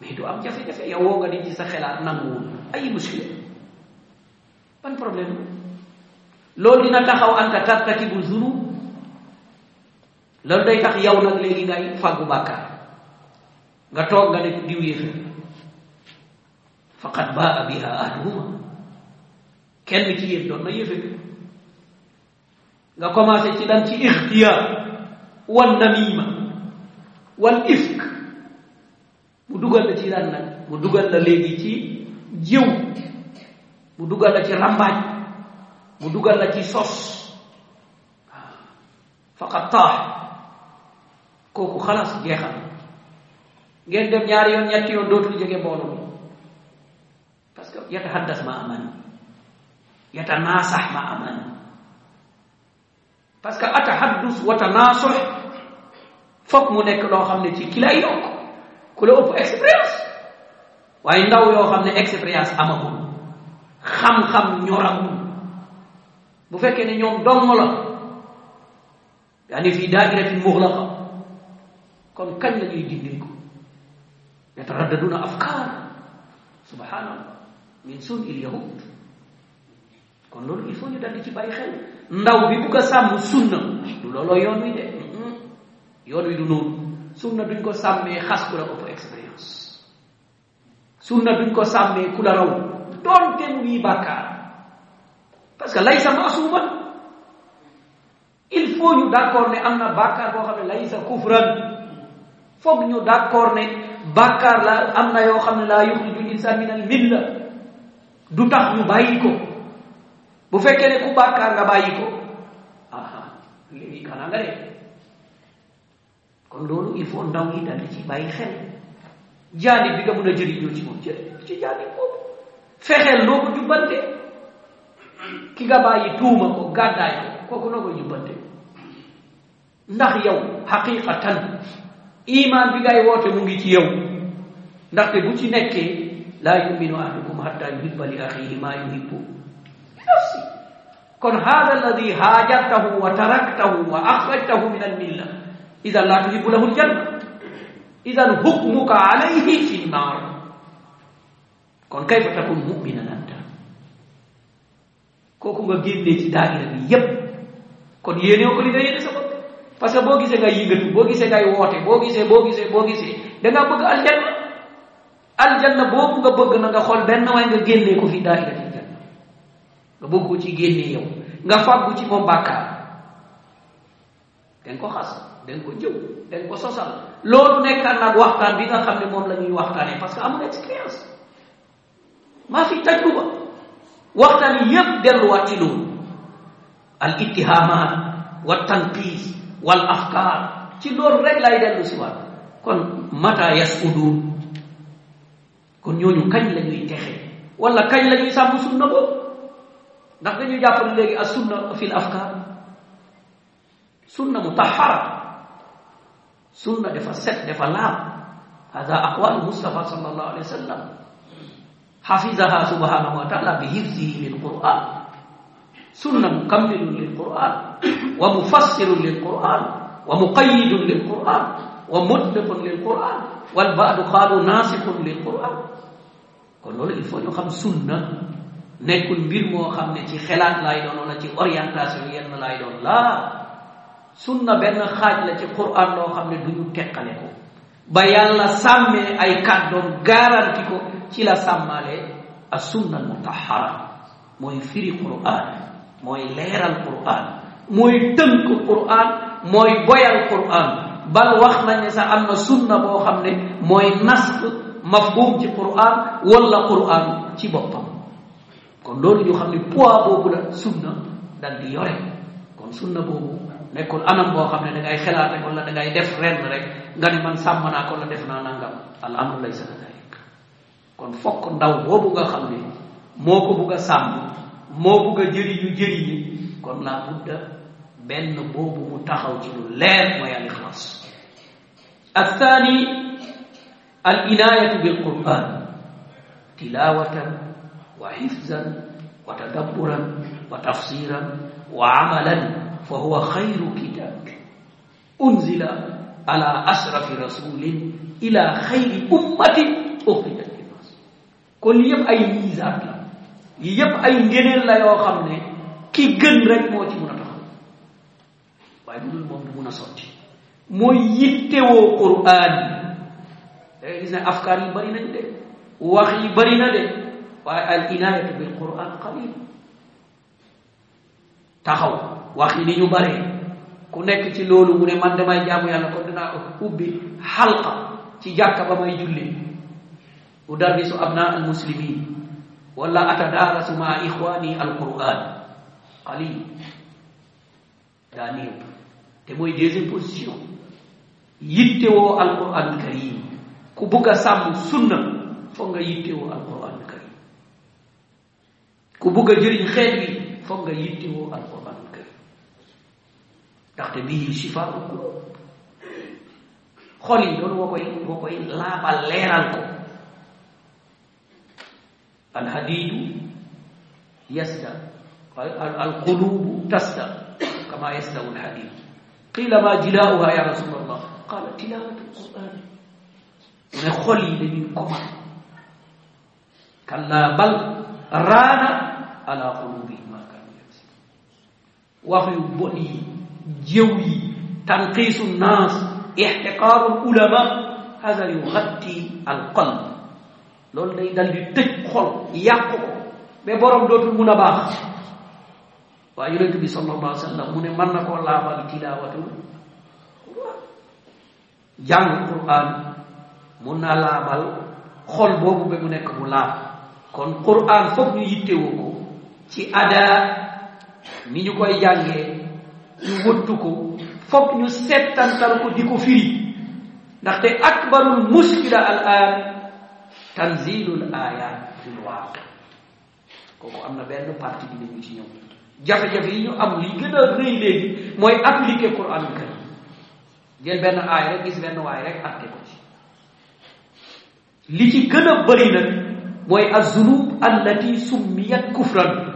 mais du am jafe-jafe yow woo nga di ci sa xelaat nanguwul ay muskile ban problème loolu dina taxaw an ka tartakibu zunub loolu day tax yow nag léegi ngay fàggu bàkkaar nga toog nga ne diw yéeféer la faqad baa biha ahduhuma kenn ci yéen doon na yéeféer nga commencé ci lan ci ixtiyaar wan namima wal ifk mu dugal la ci lan nag mu dugal la léegi ci jiw mu dugal la ci rambaaj mu dugal la ci sos faqad taax kooku xalaas jeexal ngeen dem ñaar yoon ñetti yoon dootul jege mbooloo mi parce que yatahaddas ma aman yatanaasax ma aman parce atahaddus wa tanaasux mu nekk loo xam ne ci ki lay yokk ku la ëpp expérience waaye ndaw yoo xam ne expérience amagul xam-xam ñoramul bu fekkee ne ñoom dong la yaani fii daa'iratin muxlaqa kon kañ la ñuy dindil ko yataraddaduna afkaar subhanallah min sunnil yahud kon loolu il faut ñu daldi ci bàyyi xel ndaw bi bu ko sàmm sunna du looloo yoon wi de yoon wi du noonu sunna duñ ko sàmmee xas ku la ëpp expérience sunna duñ ko sàmmee raw doonte mu ngi parce que laysa maasuman il faut ñu d'accord ne am na boo xam laysa kufran foog ñu d'accord ne bàkkaar la am na yoo xam ne laa yuxrijul insaan min al milla du tax ñu bàyyi ko bu fekkee ne ku bàkkaar nga bàyyi ko aha léegi kanaa nga de kon loolu il faut ndaw yi dal ci bàyyi xel jaanib bi nga mun a jëriñoo ci moom jëriñoo ci jaanib boobu fexeel noo jubbante ki nga bàyyi tuuma ko gàddaay kooku noo jubbante ndax yow xaqiqatan iman bi ngay woote mu ngi ci yow ndaxte bu ci nekkee laa yuminu ahadukum hatta yuhibba li axihi maa yuhibbu li nafsi kon hada alladi haajatahu wa taraktahu wa axrajtahu min almilla idan laa tuhibbu lahu aljanna idan hukmuka alayhi fi nnaar kon kayfa takun muminan anta kooku nga génnee ci daaira bi yépp kon yéenee ko li nga yéene sa parce que boo gisee ngay yëngatu boo gisee ngay woote boo gisee boo gisee boo gisee dangaa bëgg aljanna aljanna boobu nga bëgg na nga xool benn waay nga génnee ko fi daayiratil janna nga bëgg ko ci génnee yow nga fàggu ci moom bàkkaar dañ ko xas dañ ko jëw dañ ko sosal loolu nekkaan nag waxtaan bi nga xam ne moom la ñuy waxtaanee parce que amul expérience maa fi tajruba waxtaan yépp delluwaat ci loolu al ittihamaat wa tanqis wal afkaar ci loolu rek lay dellu si kon mata yasuduun kon ñooñu kañ la ñuy wala kañ la ñuy sàmm sunna boobu ndax dañuy jàppale léegi as sunna fi l afkaar sunna mutahara sunna dafa set dafa laab Mustafa sallallahu alayhi wa sallam hafizaha subhanahu wa taala bi hifzihi sunna mukammilun lil quran wa mufassirun lil quran wa muqayyidun lil quran wa mutliqun lil quran wal baadu xaalu naasixun lil quran kon loolu il faut ñu xam sunna nekkul mbir moo xam ne ci xelaat laay doon wala ci orientation yenn laay doon laa sunna benn xaaj la ci quran loo xam ne duñu teqale ko ba yàlla sàmmee ay kàddoom garanti ko ci la sàmmalee as sunna al mutahara mooy firi quran mooy leeral Qur'an mooy tënk Qur'an mooy boyal Qur'an bal wax nañ ne sax am na sunna boo xam ne mooy nas mafhum ci Qur'an wala Qur'an ci boppam kon loolu ñu xam ne poids boobu la sunna dal di yore kon sunna boobu nekkul anam boo xam ne da ngay xelaat rek wala da ngay def ren rek nga ne man sàmm naa ko la def naa nangam al amru laysa kadalik kon fokk ndaw boobu nga xam ne moo ko bugg a sàmm moo bugg a jëriñu jëriñi kon laa budda benn boobu mu taxaw ci lu leer mooy al ixlaas athani al inayatu bil quran tilawatan wa xifzan wa tadabburan wa tafsiran wa amalan fa huwa xayru kitab unzila ala asrafi rasulin ila xayri ummatin uxrijat linnas kon yëpp ay misaal la yi yépp ay ngëneel la yoo xam ne ki gën rek moo ci mun a taxaw waaye lu moom du mun a sotti mooy yittewoo quraan yi dangay afkaar yi bari de wax yi bari na waaye al inaayatu bil quraan taxaw wax yi ni ñu baree ku nekk ci loolu mu ne man damay jaamu yàlla kon dinaa ubbi xalqa ci jàkka ba may julli udarrisu abnaa al wala atadaarasu maa ixwaani alquran qalil daa néew te mooy deuxième position yittewoo alquran karim ku bugg a sunna foog nga yittewoo alquran karim ku bugg a jëriñ xeet bi foog nga yittewoo alquran karim ndaxte bii shifaau xol yi loolu moo koy moo koy laabal leeral ko alhadidu yasda alqulubu tasda kama yasda alhadid qila ma jilauha ya rasul allah qala tilawatu alquran mu ne xol yi dañuy koma kalla bal raana ala qulubihim ma kanu yaksibun wax yu bon yi jëw yi tanqiisu nnaas ixtiqaaru ulama hada yuxatti alqalb loolu day dal di tëj xol yàq ko mais borom dootul mun a baax waaye yonent bi sallallahu alayhi wa mu ne mën na koo laabal tilaawatul jàng Qur'an mun naa laabal xol boobu ba mu nekk bu laab kon Qur'an foog ñu yittewoo ko ci ada mi ñu koy jàngee ñu wëttu ko foog ñu settantal ko di ko firi ndaxte akbarul muskila al tanzilul ayat fil waaqi kooku am na benn partie bi nañu ci ñëw jafe-jafe yi ñu am li gën a rëy léegi mooy appliquer Quran bi kër jël benn aay rek gis benn waay rek atte ko ci li ci gën a bari nag mooy azunub allati summiyat kufran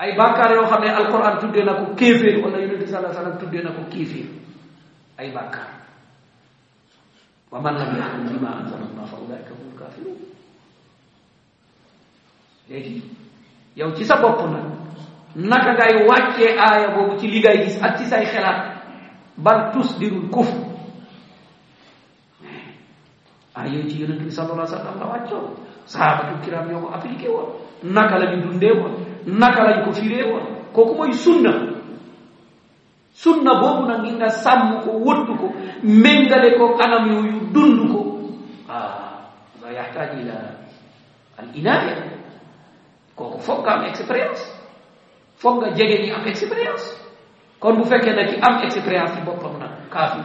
ay bàkkaar yoo xam ne alquran tuddee na ko kéeféer wala yonente sallallahu alayhi wasallam tuddee na ko kéeféer ay bàkkaar wa man lam yaxkum bima anzala allah fa ulaika hum kafirun léegi yow ci sa bopp nag naka ngay aaya boobu ci li ngay gis ak ci say xelaat bal tusdirul kuf ah yooyu ci yonent bi sallallahu alayhi wa sallam la kiram ñoo ko appliqué woon naka la ñu dundee woon naka lañ ko firee woon kooku mooy sunna sunna boobu nag ngi nga sàmm ko wëttu ko méngale ko anam yooyu ah, nga yaxtaaj ila al inaaya kooku am expérience foog nga am expérience kon bu fekkee na ci am expérience ci boppam nag kaafi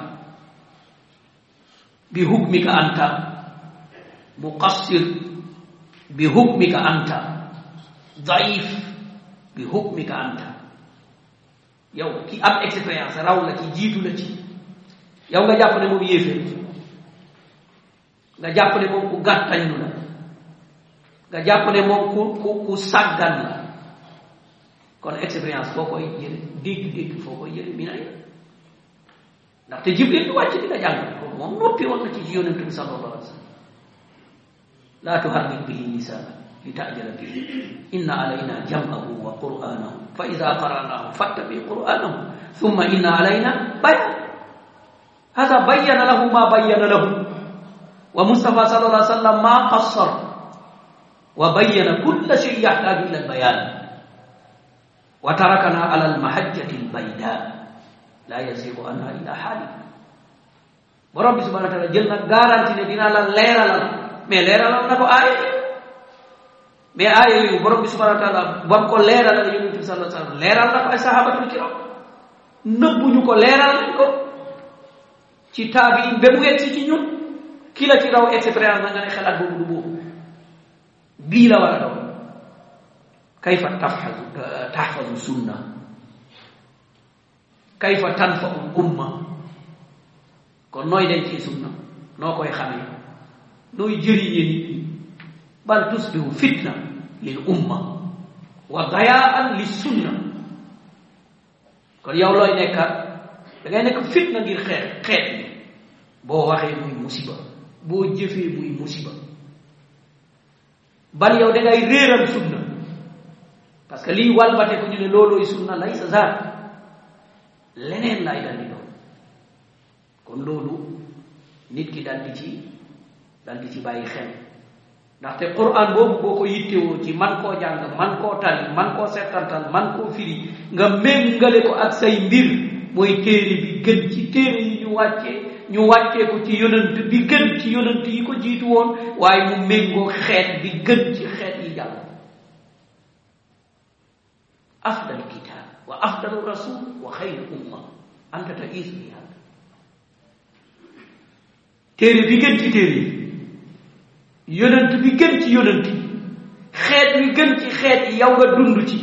bi hukmika anta muqassir bi hukmika anta daif bi hukmika anta yow ki am expérience raw la ci jiitu la ci yow nga jàpp ne moom yéeféer nga jàpp ne moom ku gàttañlu la nga jàpp ne moom ku ku ku sàggan la kon expérience foo koy jële dégg-dégg foo koy jële mi nay ndaxte jibril bi wàcc di nga jàng ko moom noppi woon na ci ci yonent bi sallallahu alayhi wa sallam laa tuharrik bihi lisaana li taajala bihi inna alayna jam'ahu wa qur'aanahu fa ida qaranahu fattabi qur'anahu thumma inna alayna bayan hada bayyana lahu ma bayyana lahu wa mustafa sallallahu alaihi wasallam ma qassar wa bayyana kulla shay yahtaju ila albayan wa tarakana ala almahajjati albayda la yazigu anha ila halik borom bi subhanahu wa taala jël na garanti ne dina la leeralal mais leeralal na ko aaya mais aaya yooyu borom bi subhanahu wa taala war ko leeral la yonent bi sallallahu alayhi wa sallam leeral na ko ay sahabatul kiram nëbbuñu ko leeral nañ ko ci taabiin ba mu yegsi ci la ci raw expérience na nga ne xalaat boobu du boobu bii la war a daw kayfa tafxazu taxfazu sunna kayfa tanfau umma kon nooy denc sunna noo koy xamee nooy jëriñee بل تصبح فتنة للأمة وضياء للسنة kon yow looy nekkaat ah, da nekk fitna ngir xeet xeet bi boo waxee muy musiba boo jëfee muy musiba bal yow da réeral sunna parce que lii walbate ko ñu ne loolooy sunna lay sa zaar leneen laay daldi doon kon loolu nit ki daldi ci daldi ci bàyyi xel ndaxte quran boobu boo ko yittewoo ci man koo jàng man koo tali man koo settantal man koo firi nga méngale ko ak say mbir mooy téere bi gën ci téere yi ñu wàccee ñu wàccee ko ci yonant bi gën ci yonant yi ko jiitu woon waaye mu méngoo xeet bi gën ci xeet yi jàll afdal kitab wa afdalu rasul wa xayru umma anta is bi yàlla téere bi gën ci téere yi yonent bi gën ci yonent yi xeet wi gën ci xeet yi yow nga dund ci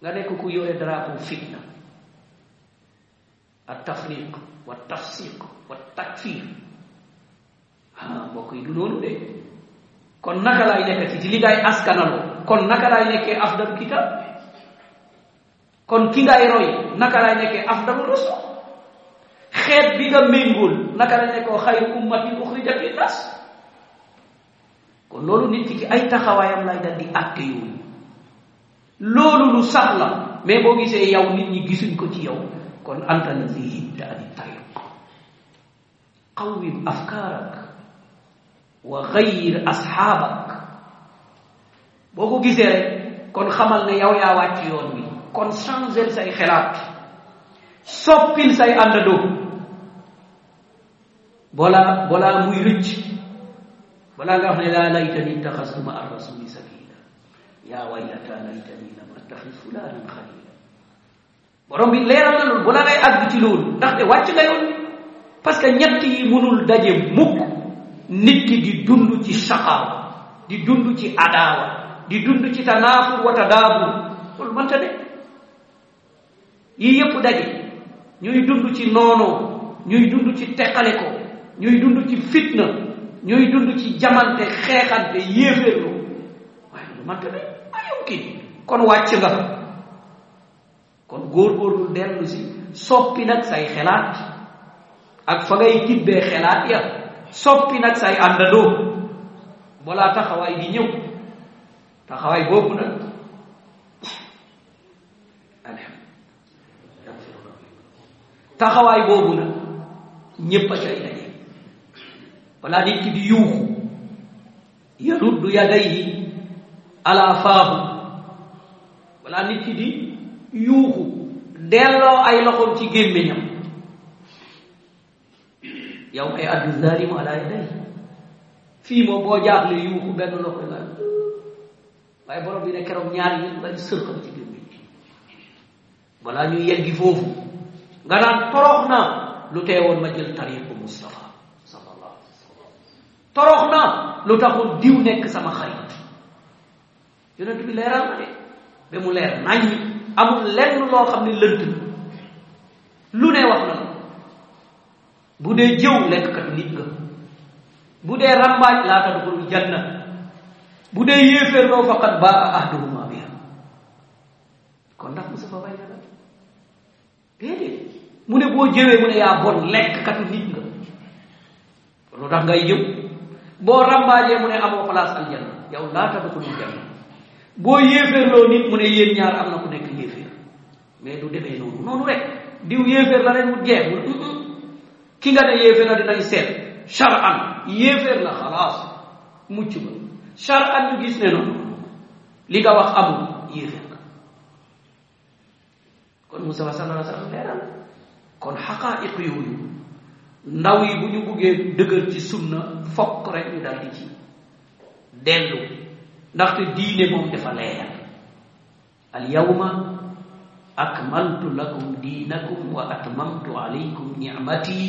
nga nekk ku yore drapeau fitna ak tafriq wa tafsiq wa takfir ah mbokk du loolu de kon naka laay nekkati ci li ngay askanaloo kon naka laay nekkee afdal kitab kon ki ngay roy naka laay nekkee afdal rasul xeet bi nga méngool naka la ne ko xayru ummatin uxrijat linnaas kon loolu nit ki ci ay taxawaayam lay dal di àtte yooyu loolu lu sax la mais boo gisee yow nit ñi gisuñ ko ci yow kon anta nazihi te ani tayuk qawwim afkaarak wa xayir asxaabak boo ko gisee rek kon xamal ne yow yaa wàcc yoon bi kon changer say xelaat soppil say àndandoo balaa balaa muy rëcc balaa nga wax ne laa laytani taxastu ma ar yaa waylataa laytani lam attaxis fulaanan xalila borom bi leeral na loolu balaa ngay àgg ci loolu ndaxte wàcc nga yoon parce que ñett yi mënul daje mukk nit ki di dund ci saxaawa di dund ci adaawa di dund ci tanaafur wa tadaabur loolu mënta ne yii yépp daje ñuy dund ci noonoo ñuy dund ci teqale ko ñuy dund ci fitna ñuy dund ci jamante xeexante yéeféerlu waaye loolu man tamit kon wàcc nga kon góorgóorlu dellu si soppi nag say xelaat ak fa ngay tibbee xelaat ya soppi nag say àndandoo balaa taxawaay bi ñëw taxawaay boobu nag taxawaay boobu nag ñépp a cay balaa nit ki di yuuxu yaruddu yadayhi ala faahu balaa nit ki di yuuxu delloo ay loxoom ci gémmiñam yow may addu zalimu ala yadayhi fii moom boo jaaxle yuuxu benn loxo la waaye borom bi ne keroog ñaar yi nga sërxal ci gémmiñ balaa ñuy yeggi foofu nga naan torox na lu teewoon ma jël tariqu Mustafa torox na lu taxul diw nekk sama xarit yonent bi leeral na de ba mu leer nañ amul lenn loo xam ne lënt lu ne wax na ko bu dee jëw lekkkatu nit nga bu dee rambaaj laa tadxulul janna bu dee yéeféer loo faqat baa ahduhuma biha kon ndax Mustafa way na la déedéet mu ne boo jëwee mu ne yaa bon lekkkatu nit nga lu tax ngay jëw boo rambaajee mu ne amoo place aljanna yow laa tadxulul janna boo yéeféerloo nit mu ne yéen ñaar am na ku nekk yéeféer mais du demee noonu noonu rek diw yéeféer la rek mu jeex mu ki nga ne yéeféer dinañ seet charan yéeféer la mucc ba charan ñu gis ne noonu li nga wax amul yéeféer kon Musaa sallallahu alayhi wa sallam kon xaqaa'iq yooyu ndaw yi bu ñu buggee dëgër ci sunna fokk rek ñu dal di ci dellu ndaxte diine moom dafa leer al akmaltu lakum diinakum wa atmamtu alaykum nicmati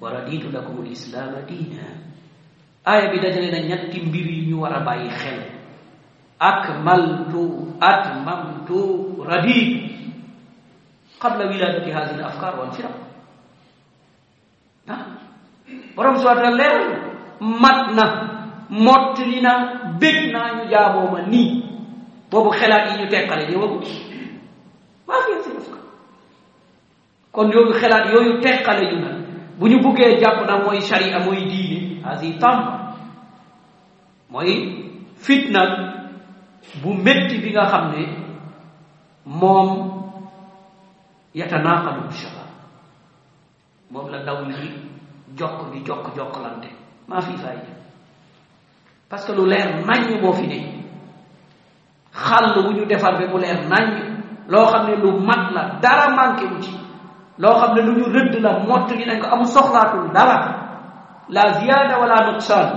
wa raditu lakum al islaama diina bi dajale na ñetti mbir yi ñu war a bàyyi xel akmaltu atmamtu raditu qabla wiladati haadihi al afkaar wal firaq ah borom suwaata leeral mat na mottali na bég naa ñu jaaboo ma nii boobu xelaat yi ñu teqale ñëwagul maa ngi si def kon yooyu xelaat yooyu teqale ñu na bu ñu buggee jàpp na mooy sharia mooy diine asi tàmba mooy fitna bu métti bi nga xam ne moom yatanaaqalu shaba moom la ndaw lii jokk bi jokk jokkalante maa fi fayda parce que lu leer naññ moo fi ne xàll bu ñu defar ba mu leer naññ loo xam ne lu mat la dara manqué ci loo xam ne lu ñu rëdd la mott li nañ ko amul soxlaatul dara la ziyaada wala nuqsaan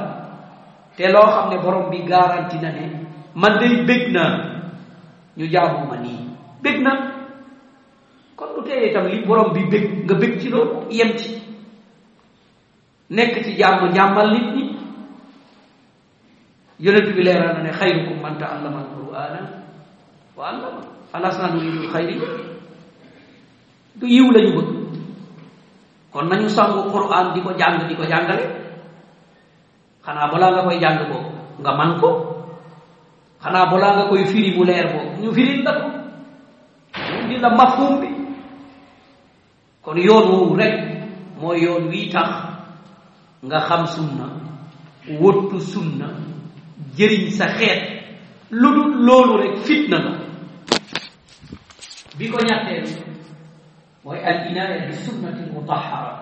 te loo xam ne borom bi garanti na ne man day bég na ñu jaamu nii bég na kon bu teeyee itam li borom bi bëgg nga bëgg ci loolu yem ci nekk ci jàmm jàmmal nit ñi yonent bi leeral na ne xayrukum man ta'allama al-qur'ana wa 'allama alasna nuridu xayri du yiw lañu bëgg kon nañu sangu qur'an di ko jàng di ko jàngale xanaa balaa nga koy jàng ko nga man ko xanaa balaa nga koy firi leer ko ñu firil la ko ñu di la bi kon yoon woowu rek mooy yoon wii tax nga xam sunna wottu sunna jëriñ sa xeet lu dul loolu rek fitna la bi ko ñàtteel mooy al inaaya bi sunnati mutahara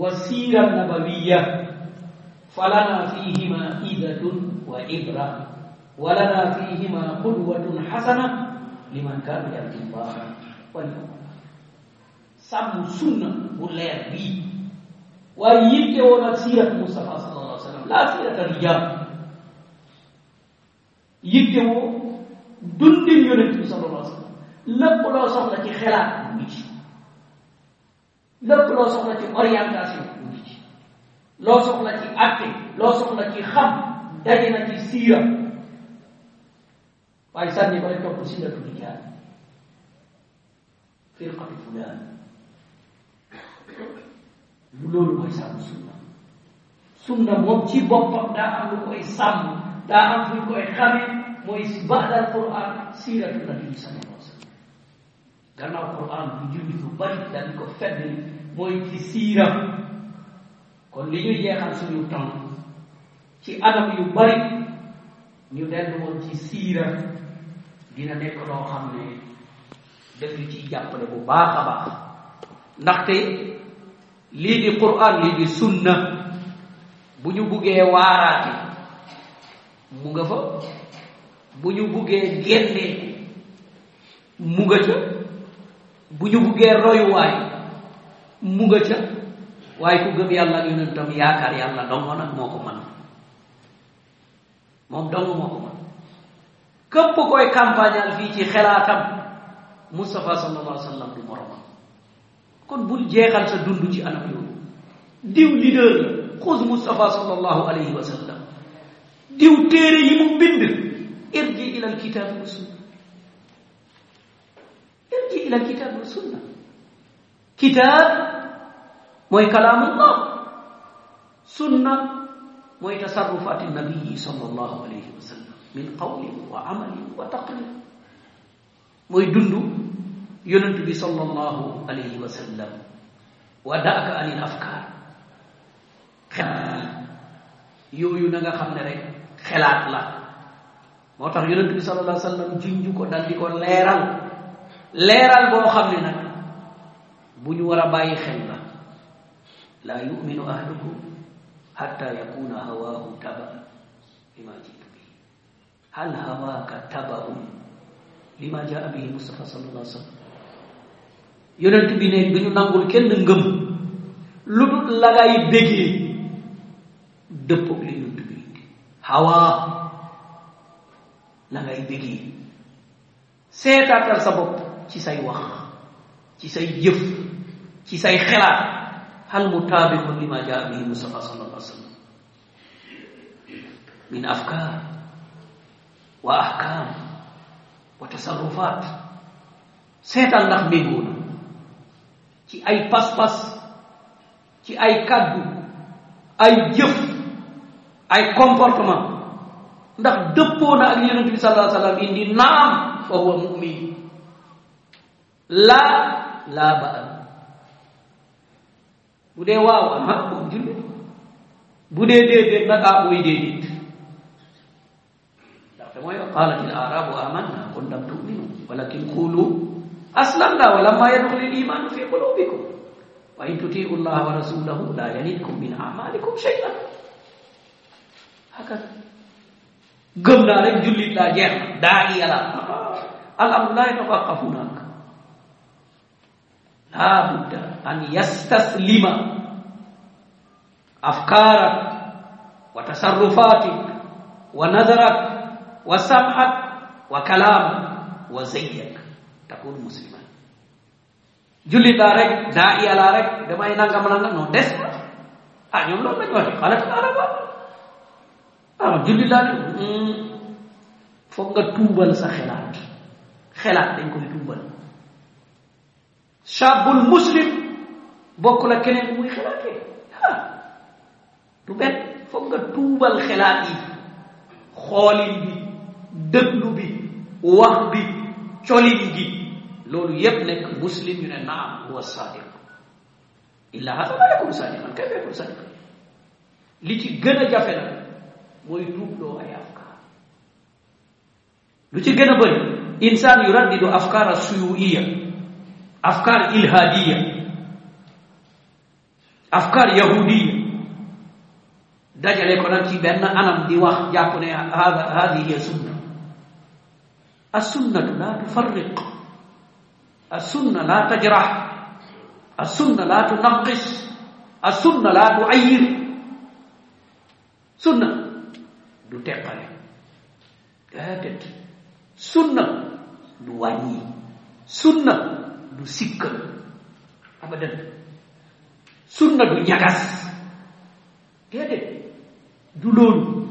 wa siira nabawiya fa lana fihima idatun wa ibra wa lana fihima qudwatun xasana liman kaana yarju llaha wal yawma sàmm sunna bu leer bii waaye yitte woon ak siirat Mustafa sallallahu alayhi wa sallam laa siirata rijaal yitte woo dundin yonent bi sallallahu alayhi wa sallam lépp loo soxla ci xelaat mu ngi ci lépp loo soxla ci orientation mu ngi ci loo soxla ci atte loo soxla ci xam daje na ci siira waaye sànni ko rek topp siiratu rijaal firqatu fulaan loolu mooy sàmm sunna sunna moom ci boppam daa am lu koy sàmm daa am fu koy xamee mooy baadal Qur'an siiratu nabi sallallahu alayhi wa sallam gannaaw Qur'an bu julli lu bari dañ ko fedd mooy ci siiram kon li ñu jeexal suñu temps ci anam yu bari ñu dellu woon ci siira dina nekk loo xam ne def ñu ciy jàppale bu baax a baax ndaxte lii di quraan lii di sunna bu ñu buggee waaraate mu nga fa bu ñu buggee génnee mu nga ca bu ñu buggee royuwaay mu nga ca waaye ku gëm yàlla ak yonentam yaakaar yàlla dongo nag moo ko mën moom dongo moo ko mën képp koy campagnal fii ci xelaatam Moustapha sallallahu alayhi du moromam kon bul jeexal sa dund ci anam yooyu diw leader la xuz Mustafa sallallahu alayhi wa sallam diw téere yi mu bind irji ila alkitaab wa sunna irji ila alkitaab wa sunna kitaab mooy kalaamullah sunna mooy tasarrufaati nabii sallallahu alayhi wa sallam min qawlin wa amalin wa taqrir mooy dund yonent bi sallallahu alayhi wa sallam wa daaka anil afkaar xelaat yooyu na nga xam ne rek xelaat la moo tax yonent bi sallallahu alayhi wa sallam jinju ko dal di ko leeral leeral boo xam ne nag bu ñu war a bàyyi xel la laa yuminu ahlukum xatta yakuna hawaahu taba lima jitu bi hal hawaaka tabaun lima jaa bihi mustafa sallallahu alayhi wa sallam yonent bi ne duñu nangul kenn ngëm lu dul la ngay déggee dëppoog li yonent bi xawaa la ngay déggee seetaatal sa bopp ci say wax ci say jëf ci say xelaat hal mu taabiqun li ma jaa bihi Mustafa sallallahu alayhi wa sallam afkaar wa ahkaam wa tasarrufaat seetal ndax méngoo na ci ay pas-pas ci ay kàddu ay jëf ay comportement ndax dëppoo na ak yonent bi sallallahu alayhi wasallam indi mu'min laa laa ba am bu dee waaw aha kooku jullit bu dee déedéet nag ah mooy déedéet qaalat al arabu amanna qul lam tu'minu walakin qulu aslamna walamma yadkhulu al-iman fi qulubikum wa in tuti'u Allah wa rasulahu la yalidkum min a'malikum shay'an haka gëm naa rek jullit laa jeex na daal yàlla al-amru laa yatawaqqafu nak la budda an yastaslima afkarak wa tasarrufatik wa nazarak wa sam'ak wa kalamak wa zayyak takun musliman jullit laa rek daa iya rek damay nangam nangam non des na ah ñoom loolu lañu wax xalaat ala ba ah hmm. jullit laa de foog nga tuubal sa xelaat xelaat dañ koy tuubal shaabul muslim bokk la keneen muy xelaatee ah du benn foog nga tuubal xelaat yi xoolin bi dëglu bi wax bi colin gi loolu yépp nekk muslim ñu ne naam huwa sadiq illa hada ma yakun sadiqan kayfa yakun sadiqan li ci gën a jafe nag mooy tuubloo ay afkaar lu ci gën a bëri insaan yuraddidu afkaara suyuiya afkaar ilhaadiya afkaar yahudiya dajale ko nag ci benn anam di wax jàpp ne hada hadihi sunna as sunnatu la tufarriq السنة لا تجرح السنة لا تنقص السنة لا تعير sunna du teqale déedéet sunna du wàññi sunna du sikkal abadan sunna du ñagas déedéet du loolu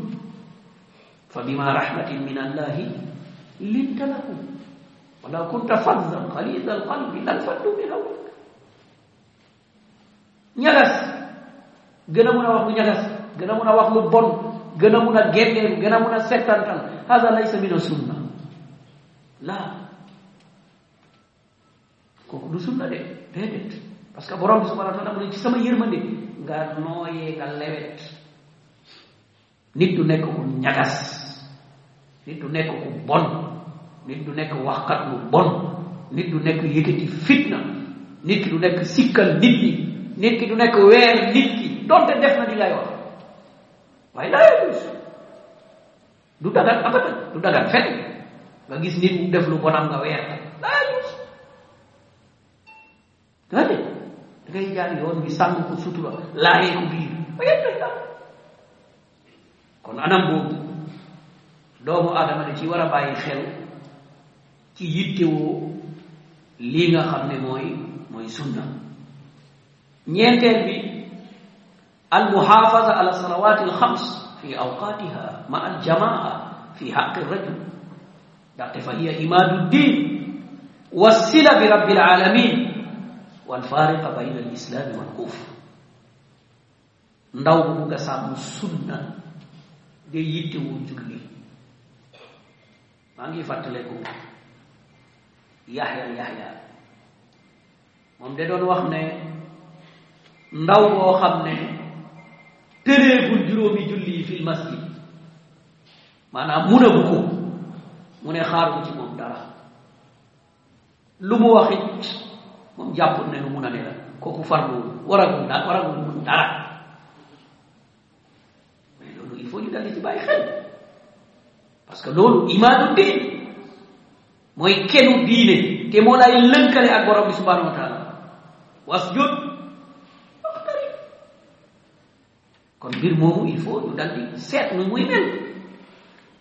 fa bima rahmatin min allahi linta lahum ولو كنت فظا غليظ القلب لانفضوا من حولك ñagas gën a mun a wax lu ñagas gën a mun a wax lu bon gën a mun a génneel gën a mun a settantal hada laysa min sunna laa kooku du sunna de déedéet parce que borom bi subhanahu wa taala mu sama yërmande nga nooyee nga lewet nit du nekk ñagas nit du nekk bon nit du nekk waxkat lu bon nit du nekk yëkkati fitna nit ki du nekk sikkal nit ñi nit ki du nekk weer nit ki donte def na di lay wax waaye laayus du dagan abadan du dagan fen nga gis nit mu def lu bonam nga weer laayus da ngay jaar yoon bi sàng ko sutura laayee ko biir waye kon anam boobu doomu aadama da ci war a bàyyi xel ki yittewoo lii nga xam ne mooy mooy sunna ñeenteel bi al muhafaza ala salawat al xams fi awqatiha ma al jamaa fi xaqi rajul ndaxte fa hiya imaadu ddin wasila bi rabbil alamin wal fariqa bayna al islaami wal kufr ndaw bu nga sàmm sunna nga yittewoo julli maa ngi fàttaleku yaxya yaxya moom de doon wax ne ndaw boo xam ne tëreegul juróomi julli fil masjid maanaam munagu ko mu ne xaaru ci moom dara lu mu waxit moom jàppul ne lu mun a ne la kooku farlu waragul daal waragul mun dara mais loolu il faut ñu daldi xel parce que loolu imaanu diin mooy kenu diine te moo lay lënkale ak borom bi subhanahu wa taala wasjud waqtarib kon mbir moomu il faut ñu dal di seet nu muy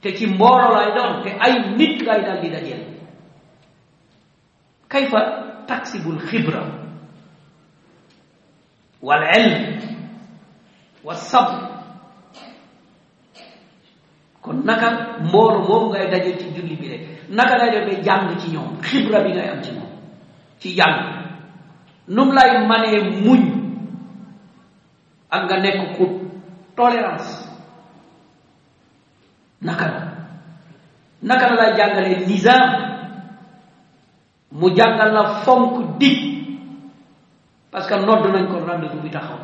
te ci mbooloo lay doon te ay nit lay dal di dajeel kayfa taksibul xibra wal ilm wa sabr kon naka mboolu boobu ngay daje ci julli bi rek naka lay def ba jàng ci ñoom xibra bi ngay am ci moom ci jàng nu lay manee muñ ak nga nekk ku tolérance naka la naka lay jàngalee nizaam mu jàngal la fonk dig parce nodd nañ ko rendez-vous bi taxaw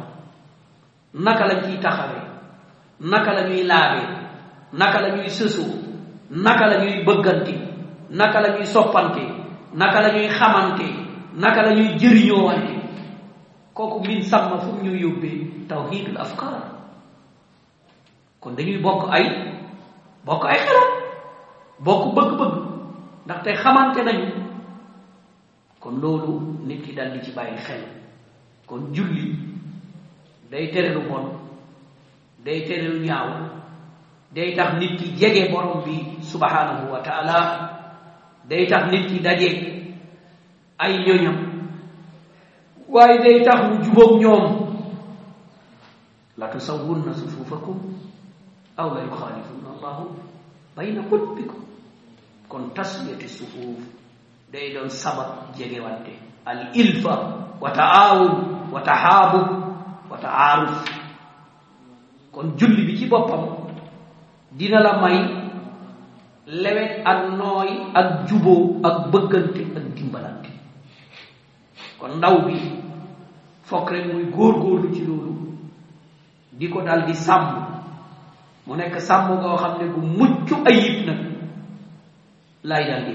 naka la ciy taxawee naka la laabee naka la ñuy sësoo naka la ñuy bëggante naka la ñuy soppante naka la ñuy xamante naka la ñuy jëriñoowante kooku min sàmm fu mu ñu yóbbee tawhidul afkaar kon dañuy bokk ay bokk ay xalaat bokk bëgg-bëgg ndaxte xamante nañu kon loolu nit ki dal di ci bàyyi xel kon julli day tere lu bon day tere lu ñaaw day tax nit ki jege borom bi subhanahu wa taala day tax nit ki daje ay ñoñam waaye day tax mu jubóog ñoom la tusawwunna sufuufakum aw la yuxaalifuna allahu bayna xutbikum kon taswiyati sufuuf day doon sabab jegewante al ilfa wa taawun wa tahaabub wa taaruf kon julli bi ci boppam dina la may lewet ak nooy ak juboo ak bëggante ak dimbalante kon ndaw bi fokk rek muy góorgóorlu ci loolu di ko daldi sàmm mu nekk sàmm ngoo xam ne bu mucc ayib nag lay dal di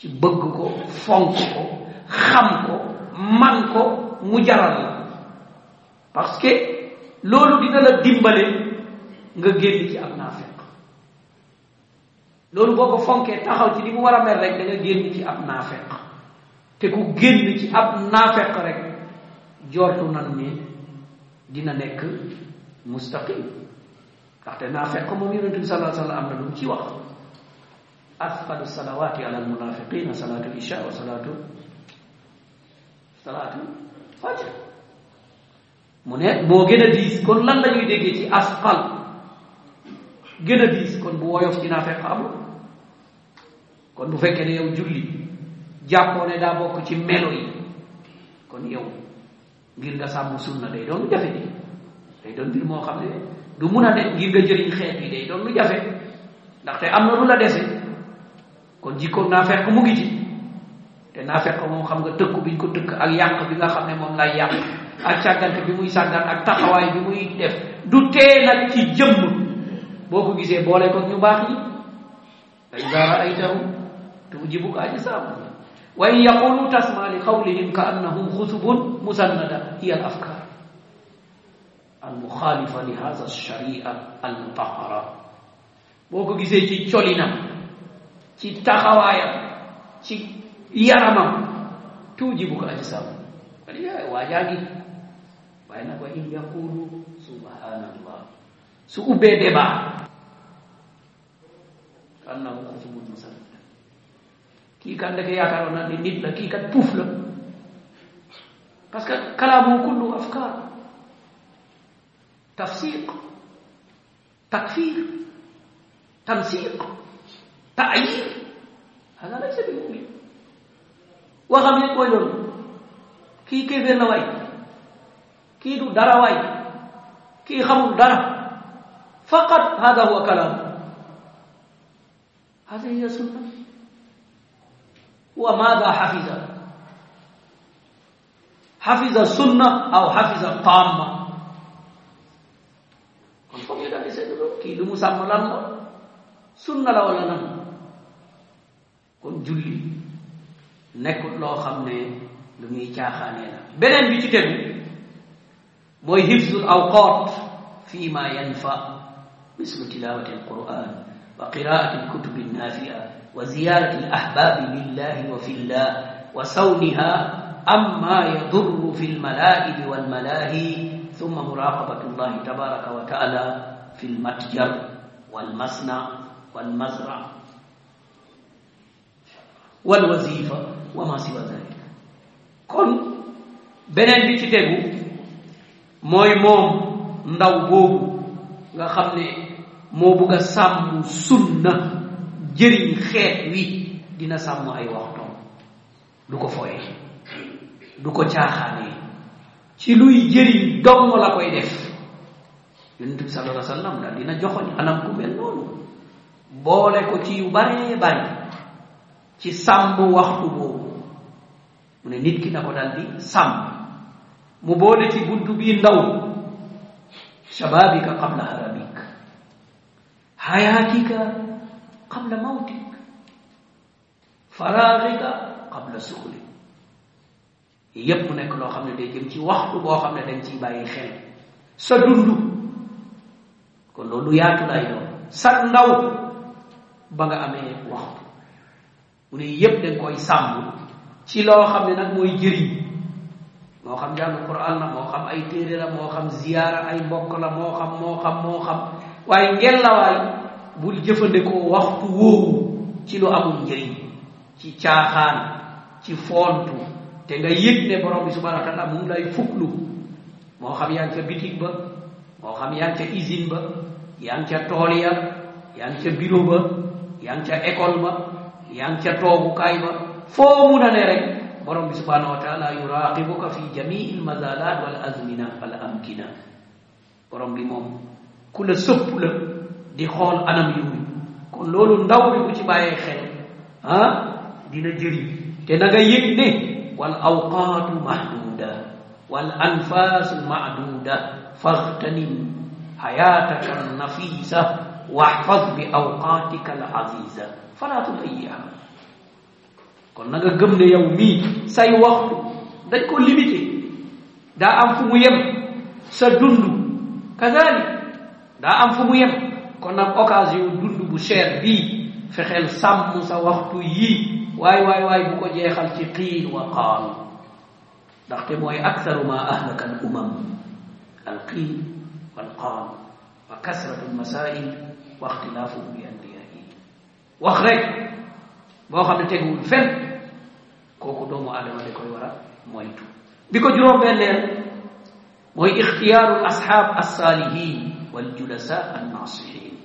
ci bëgg ko fonk ko xam ko man ko mu jaral la parce loolu dina la dimbale nga génn ci ab naafeq loolu boo ko fonkee taxaw ci li mu war a mel rek da nga génn ci ab naafeq te ku ci ab naafeq rek jortu nan ni dina nekk mustaqim ndaxte naafeq moom yonente bi salaa sallam am na lu mu ci wax afdalu salawaati ala almunafiqina salaatu isha mu ne moo gën a diis kon lan la ñuy ci asqal gën a diis kon bu woyof ci naa fekk amul kon bu fekkee ne yow julli jàppoo ne daa bokk ci melo yi kon yow ngir nga sàmm sunna day doon lu jafe bi doon moo xam ne du mun a ne ngir nga jëriñ lu jafe ndaxte am na lu la dese kon jikkoon naa fekk mu ngi ci te naa fekk moom xam nga tëkku bi ko tëkk ak yàq bi nga xam ne moom lay yàq ak sàggante bi muy sàggan ak taxawaay bi muy def du tee ci jëmm boo ko gisee boole ko ñu baax ñi fa idaa raaytahum tujibuka ajsaamuhum wa in yaqulu tasma li qawlihim ka annahum xusubun musannada hiya al afkar al muxaalifa li hada alsharia al mutahara boo ko gisee ci colinam ci taxawaayam ci yaramam tujibuka ajsaamuhum waajaa ngi waaye nag wa in yaqulu subhanallah su ubbee débat am naa ko ci mun masal kii kat ndeke yaakaaroon naa ne nit la kii kat puuf la parce que kalaamu kullu afkaar tafsiq takfir tamsiq taayir hada laysa bi mumin waxam kii kéeféer la waay kii du dara waay kii xamul dara فقط هذا هو كلامه هذه هي السنة وماذا حفظ حفظ السنة أو حفظ الطامة confirm kita bisa dulu ilmu sama lama sunna la wala nam kon julli nekkut loo xam ne lu muy caaxaanee la beneen bi ci tegu mooy hifzul awqaat fi ma yanfa مثل تلاوة القرآن وقراءة الكتب النافعة وزيارة الأحباب بالله وفي الله وصونها عما يضر في الملائب والملاهي ثم مراقبة الله تبارك وتعالى في المتجر والمصنع والمزرع والوظيفة وما سوى ذلك kon beneen bi ci tegu mooy moom ndaw boobu nga xam ne moo bugg sàmm sunna jëriñ xeet wi dina sàmm ay waxtoom du ko foye du ko caaxaanee ci luy jëriñ dong la koy def yonent bi sallallahu alayhi wa daal dina joxoñ anam ku mel noonu boole ko ci yu baree bari ci sàmm waxtu boobu mu ne nit ki na ko dal sàmm mu boole ci buntu bii ndaw شبابك قبل هرمك حياتك قبل موتك فراغك قبl suxuli yépp nekk loo xam ne day jëm ci waxtu boo xam ne dañ ciy bàyyi xel sa dund kon loolu yaatu lay doon sa ndaw ba nga amee waxtu mu ne yépp dañ koy sàmm ci loo xam ne nag mooy jëriñ moo xam jàng Qur'an la moo xam ay téere la moo xam ziyaara ay mbokk la moo xam moo xam moo xam waaye ngellawaay bul jëfandikoo waxtu woowu ci lu amul njëriñ ci caaxaan ci foontu te nga yëg ne borom bi subhanahu wa taala mu ngi lay moo xam yaa ngi ca bitig ba moo xam yaa ngi ba yaa ngi ca tool ya ca bureau ba yaa ca école ba yaa ngi ca toogukaay ba foo mun a ne borom bi subhanahu wa taala yuraqibuka fi jamii l mazalat wal azmina wal amkina borom bi moom ku la sëpp la di xool anam yu kon loolu ndaw bi bu ci bàyyee xel ah dina jëriñ te na nga yëg ne wal awqaatu mahduda wal anfaasu mahduda faxtanim xayaataka nafisa waxfaz bi awqaatika al aziza falaa tudayiha kon na nga gëm yow mii say waxtu dañ ko limité daa am fu mu yem sa dund kazaali daa am fu mu kon na occasion dund bu cher bii fexeel sàmm sa waxtu yii waay waay waay bu ko jeexal ci qiil wa qaal ndaxte mooy aktaru ma ahlaka al umam al qiil wal qaal wa kasratu lmasail wa ixtilaafu bi anbiyaai wax rek boo xam ne teguwul fenn kooku doomu aadama da koy war a moytu bi ko juróom-benneel mooy ixtiyaaru asxaab alsaalihin wal julasa annaasihin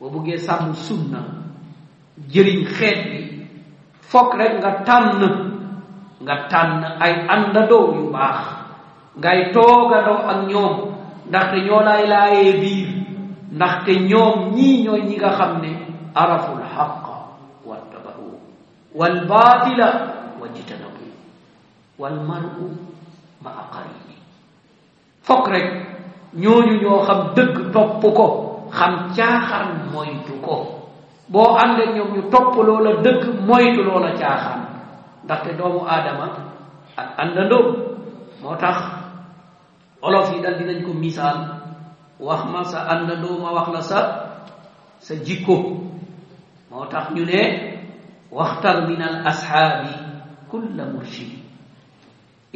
boo buggee sàmm sunna jëriñ xeet bi fokk rek nga tànn nga tànn ay àndandoo yu baax ngay toogandoo ak ñoom ndaxte ñoo lay laayee biir ndaxte ñoom ñii ñooy ñi nga xam ne araful xaq wal baatila wajtanabu wal mar'u ma aqarini fokk rek ñooñu ñoo xam dëgg topp ko xam caaxaan moytu ko boo ànd ak ñoom ñu topp loola dëgg moytu loola caaxaan ndaxte doomu aadama ak àndandoom moo tax olof yi dal dinañ ko misaal wax ma sa àndandoo ma wax la sa sa jikko moo tax ñu ne waxtar min al asxaabi kulla murshidi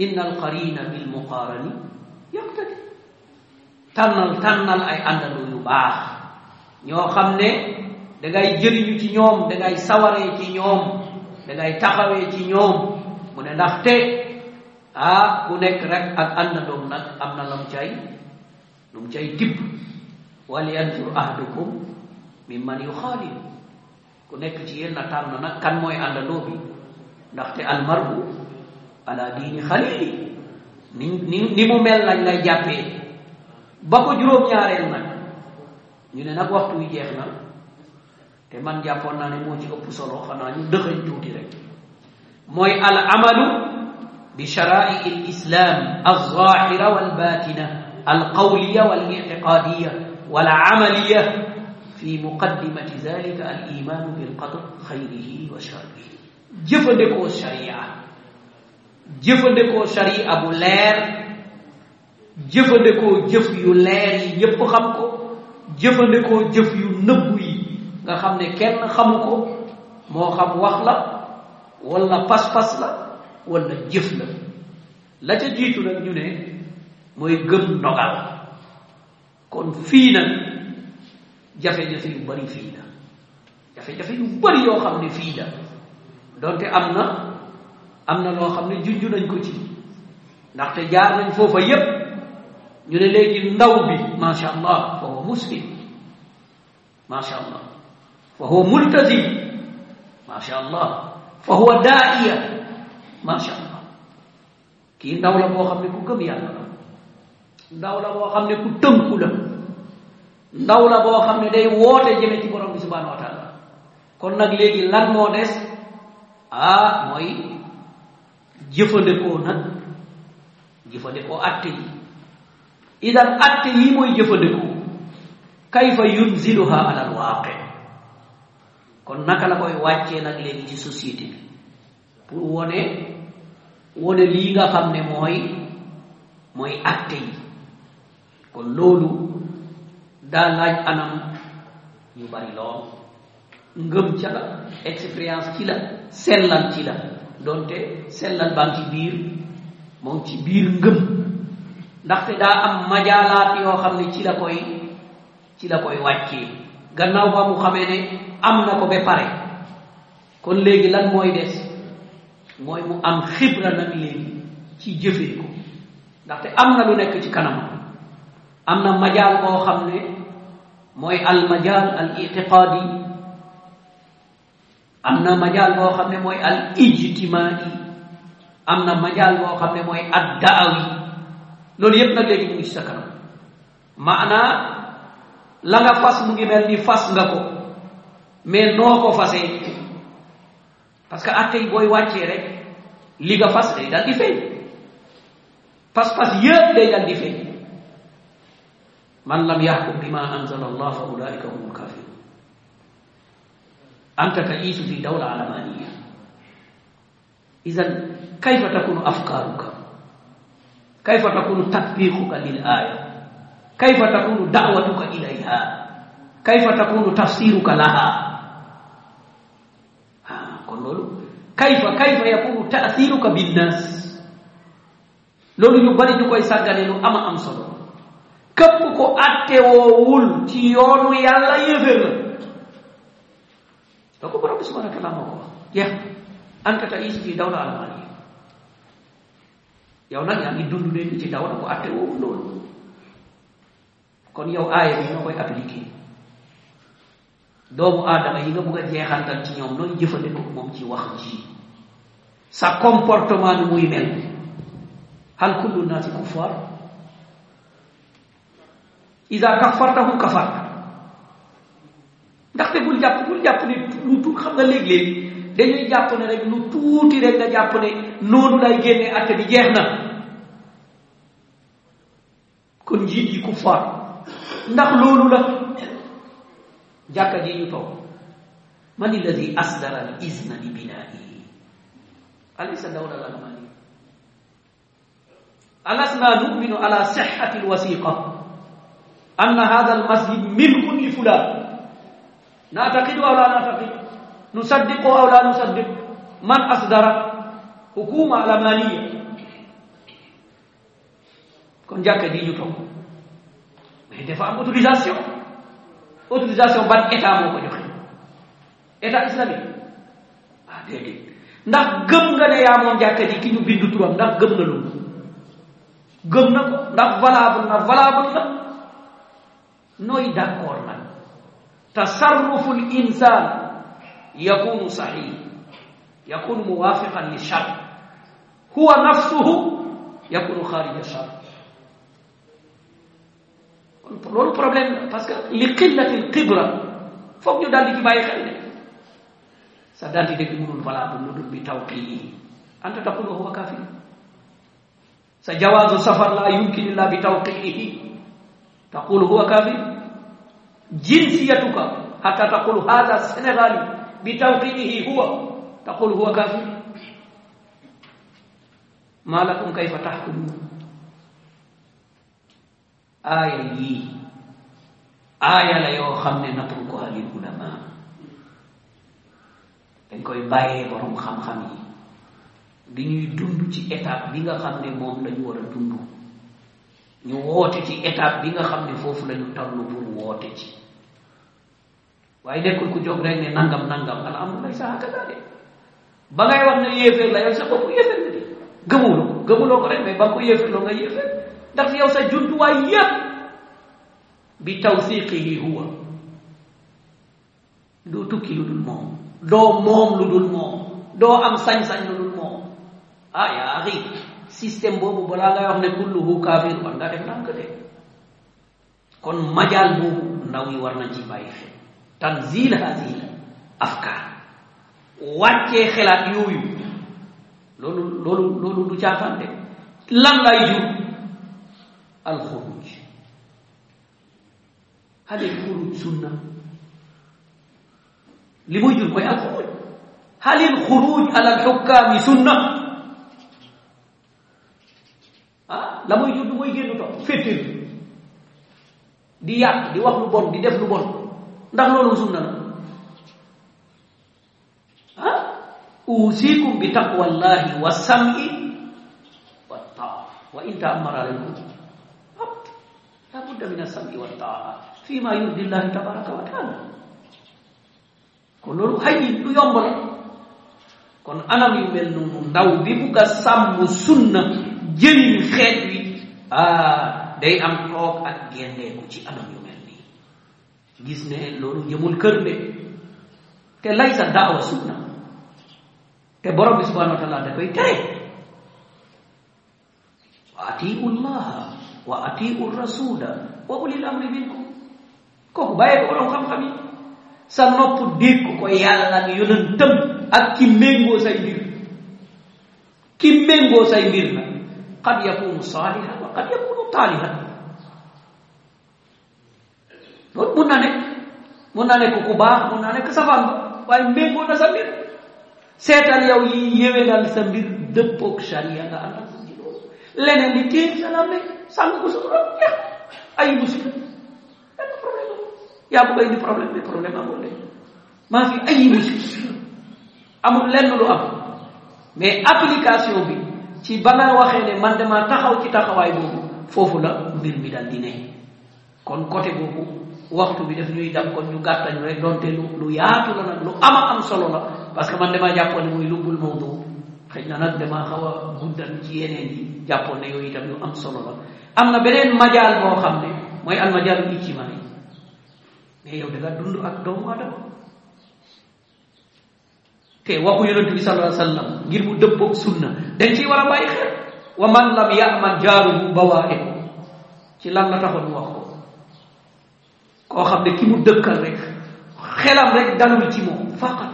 inna al qarina bil muqaarani yaqtadi tànnal tànnal ay àndandoo yu baax ñoo xam ne dangay jëriñu ci ñoom dangay sawaree ci ñoom dangay taxawee ci ñoom mu ne ndaxte ah ku nekk rek ak àndandoom nag am na lam cay lu mu cay tibb wal yanzur ahdukum mimman yuxaalidu ku nekk ci yéen na tànn nag kan mooy àndandoo bi ndaxte almarbu ala diini xalili ni mu mel lañ lay jàppee ba ko juróom-ñaareel nag ñu ne nag waxtu wi jeex na te man jàppoon naa ne moo ci ëpp solo xanaa ñu dëxañ tuuti rek mooy al amalu bi sharai al al zahira wal batina al qawliya wal i'tiqadiya fi muqaddimati zalika al imaanu bil qadar xayrihi wa sharrihi jëfandikoo sharia jëfandikoo sharia bu leer jëfandikoo jëf yu leer yi ñépp xam ko jëfandikoo jëf yu nëbbu yi nga xam ne kenn xamu ko moo xam wax la wala pas-pas la wala jëf la la ca jiitu nag ñu ne mooy gëm ndogal kon fii jafe-jafe yu bari fii la jafe yoo xam ne fii la am na na loo xam ne junj nañ ko ci ndaxte jaar nañ foofa yépp ñu ne léegi ndaw bi macha allah fa huwa muslim macha allah fa multazi macha allah fa huwa daaiya macha kii ndaw la boo xam ne ku gëm yàlla la ndaw la boo xam ne ku tënku la ndaw la boo xam ne day woote jëme ci borom bi subhanahu wa taala kon nag léegi lan moo des ah mooy jëfandikoo nag jëfandikoo atte yi idan atte yi mooy jëfandikoo kayfa yunziluha ala alwaaqi kon naka la koy wàccee nag léegi ci société bi pour wone wone lii nga xam ne mooy mooy atte yi kon loolu daa laaj anam yu bari lool ngëm ca la expérience ci la sellal ci la donte sellal baa ngi ci biir moom ci biir ngëm ndaxte daa am majaalaat yoo xam ne ci la koy ci la koy wàccee gannaaw ba mu xamee ne am na ko ba pare kon léegi lan mooy des mooy mu am xibra nag léegi ci jëfee ko ndaxte am na lu nekk ci kanamam am na majaal boo xam ne mooy al majaal al am na majaal boo xam ne mooy al am na majaal boo xam ne mooy ad daawi loolu yépp nag mu ngi ci sa kanam fas mu ngi mel ni fas nga ko mais noo ko fasee parce que atte booy wàccee rek li nga fas day dal di feeñ fas-fas yépp day dal di feeñ man lam yaxkum bima anzala allah fa ulaika humul kafirun anta taisu fi dawla alamaniya idhan kaifa takunu afkaruka kaifa takunu tatbiquka lil aya kaifa takunu da'watuka ilaiha kaifa takunu tafsiruka laha kondolu kaifa kaifa yakunu ta'thiruka bin nas lolu ñu bari ñu koy sàggale lu ama am solo këpp ku àttewoowul ci yoonu yàlla yéeféer la da ko borom bi subhanahu wa taala ko jeex anta ta is ci dawla almaani yow nag yaa ngi dund nekk ci dawla ku àttewoowul loolu kon yow aaya bi nga koy appliqué doomu aadama yi nga bëgg a jeexantal ci ñoom nooy jëfandikoo moom ci wax ji sa comportement ni muy mel hal kullu naasi kuffar isa kafartahu kafarta ndaxte bul jàpp bul jàpp ne lu tuut xam nga léeg-léeg dañuy jàpp ne rek lu tuuti rek nga jàpp ne noonu lay génnee atte bi jeex na kon njiit yi ku faar ndax loolu la jàkka ji ñu toog man alladi asdara al izna li binaahi alaysa dawla al almani alasna numinu ala sixati alwasiqa أن هذا المسجد ملك لفلان نعتقد أو لا نعتقد نصدق أو لا نصدق من أصدر حكومة علمانية kon jàkka ji ñu toog mais dafa am autorisation autorisation ban état moo ko joxe état islamique ah déedéet ndax gëm yaa moom jàkka ji ki ñu bindu ndax gëm na ndax valable na valable na nooy d'accord nag tasarrufu l-insaan yakunu sahih yakunu muwafiqan li shar huwa nafsuhu yakunu xaarija shar loolu problème la parce que li qillati xibra foog ñu daal di ci bàyyi xel ne sa daal di dégg mënul valable lu dul bi tawqii anta taqulu huwa kaafir sa jawaazu safar laa yumkin illaa bi tawqiihi تقول هو كافر جنسيتك حتى تقول هذا السنغالي بتوقيته هو تقول هو كافر ما لكم كيف تحكمون aya hii aya la yoo xam ne nattul ko halil ulama dañ koy bàyyee borom xam-xam yi di ñuy dund ci étape bi nga xam ne moom la ñu war a dund ñu woote ci bi nga xam ne foofu lañu tollu pour woote ci waaye nekkul ku jóg rek ne nangam nangam alhamdulilah sa hakaza de ba ngay wax ne yéeféer la yow sa bopp yéeféer la de gëmuloo ko ko rek mais ba nga ko yéeféerloo nga yéeféer ndax yow sa jumtuwaay yépp bi tawsiqihi huwa doo tukki lu dul moom doo moom lu dul moom doo am sañ-sañ lu dul moom ah yaa axi système boobu balaa ngay wax ne kulluhu kaafir war ngaa def de kon majaal boobu ndaw yi war na ci bàyyi xel tanzil hazil afkaar wàccee xelaat yooyu loolu loolu loolu du caaxaan de lan lay jur alxuruj xale xuruj sunna li jur koy alxuruj xalil xuruj alal xukkaami sunna la muy judd mooy génn toog féttil di yàq di wax lu bon di def lu bon ndax loolu sunna la ah uusikum bi taqwallahi wa sami wa taa wa in taamara alaykum abd la budda min asami wa taa fi yurdi llahi tabaraka wa taala kon loolu xëy lu yomb la kon anam yu mel noonu ndaw bi bugg sunna jëriñ xeet wi ah, day am toog ak génneeku ci anam yu nii gis ne loolu jëmul kër de te lay sa daawa sunna te borom bi subhanahu wa taala koy tere wa atiu llaha wa atiu rasula wa ulil amri minkum kooku bàyyi ko borom xam-xam yi sa nopp dégg ko yàlla ak yonentam ak ki méngoo say mbir ki méngoo say mbir la قد يكون صالحا وقد يكون mun na nekk mun na nekk ku baax mun na nekk safaan ba waaye méngoo na sa mbir seetal yow yi yéwénal sa mbir dëppoog charia si loolu leneen di téye sa la mbéy sànq ko sutura neex ay musi benn yaa bëgg a indi problème mais problème amul de maa fi ay musi amul lenn lu am mais application bi ci ba nga waxee ne man damaa taxaw ci taxawaay boobu foofu la mbir mi dal di kon côté boobu waxtu bi daf ñuy dab kon ñu gàttañ rek donte lu lu yaatu la solo la parce que man damaa jàppoon ne muy lubbul mawdu xëy na nag damaa a guddal ci yi jàppoon ne yooyu itam yu am solo am na beneen majaal boo xam ne mooy almajaalu ijtimaay mais yow da nga dund ak doomu adama te waxu yonent bi sallallahu alayhi ngir mu dëppoog sunna dañ ciy war a bàyyi xel wa man lam yaman jaaruhu bawaa'iqu ci lan la taxoon wax ko koo xam ne ki mu dëkkal rek xelam rek dalul ci moom faqat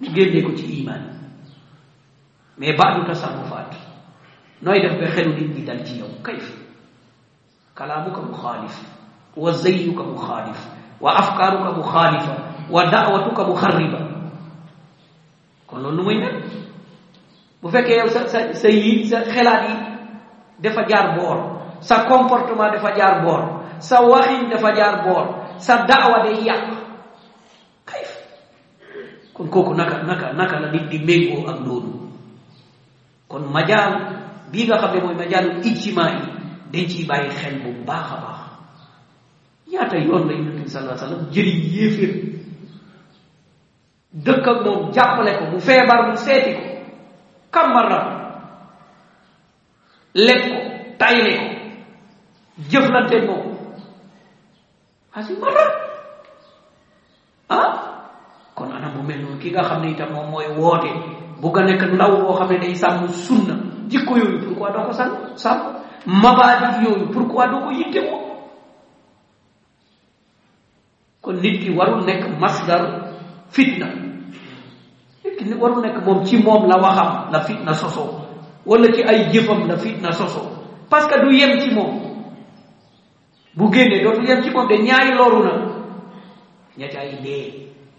ñu génnee ko ci iman mais baadu tasarrufaat nooy def ba xelu nit ñi dal ci yow kayf kalaamuka muxaalif wa zayyuka muxaalif wa afkaaruka muxaalifa wa daawatuka muxarriba kon loolu lu muy nekk bu fekkee yow sa sa sa yi sa xelaat yi dafa jaar boor sa comportement dafa jaar boor sa waxin dafa jaar boor sa daawa day yàq xayf kon kooku naka naka naka la nit di méngoo ak loolu kon majaal bii nga xam ne mooy majaalul ijtimaa yi dañ ciy bàyyi xel bu baax a baax ñaata yoon la yonent bi sallallahu alayhi wasallam jëriñ yéeféer dëkk moom jàppale ko mu feebar mu seeti ko kàmbar na ko lekk ko tayle ko jëflante moom asi mara ah kon ana mu mel noonu ki nga xam ne itam moom mooy woote bu nga nekk ndaw woo xam ne day sàmm sunna jikko yooyu pourquoi doo ko sàmm sàmm mabaadif yooyu pourquoi doo ko yitte moom kon nit ki warul nekk masdar fitna li waru nekk moom ci moom la waxam la fitna sosoo wala ci ay jëfam la fitna sosoo parce que du yem ci moom bu génnee dootul yem ci moom de ñaari loru na ña ca ay dee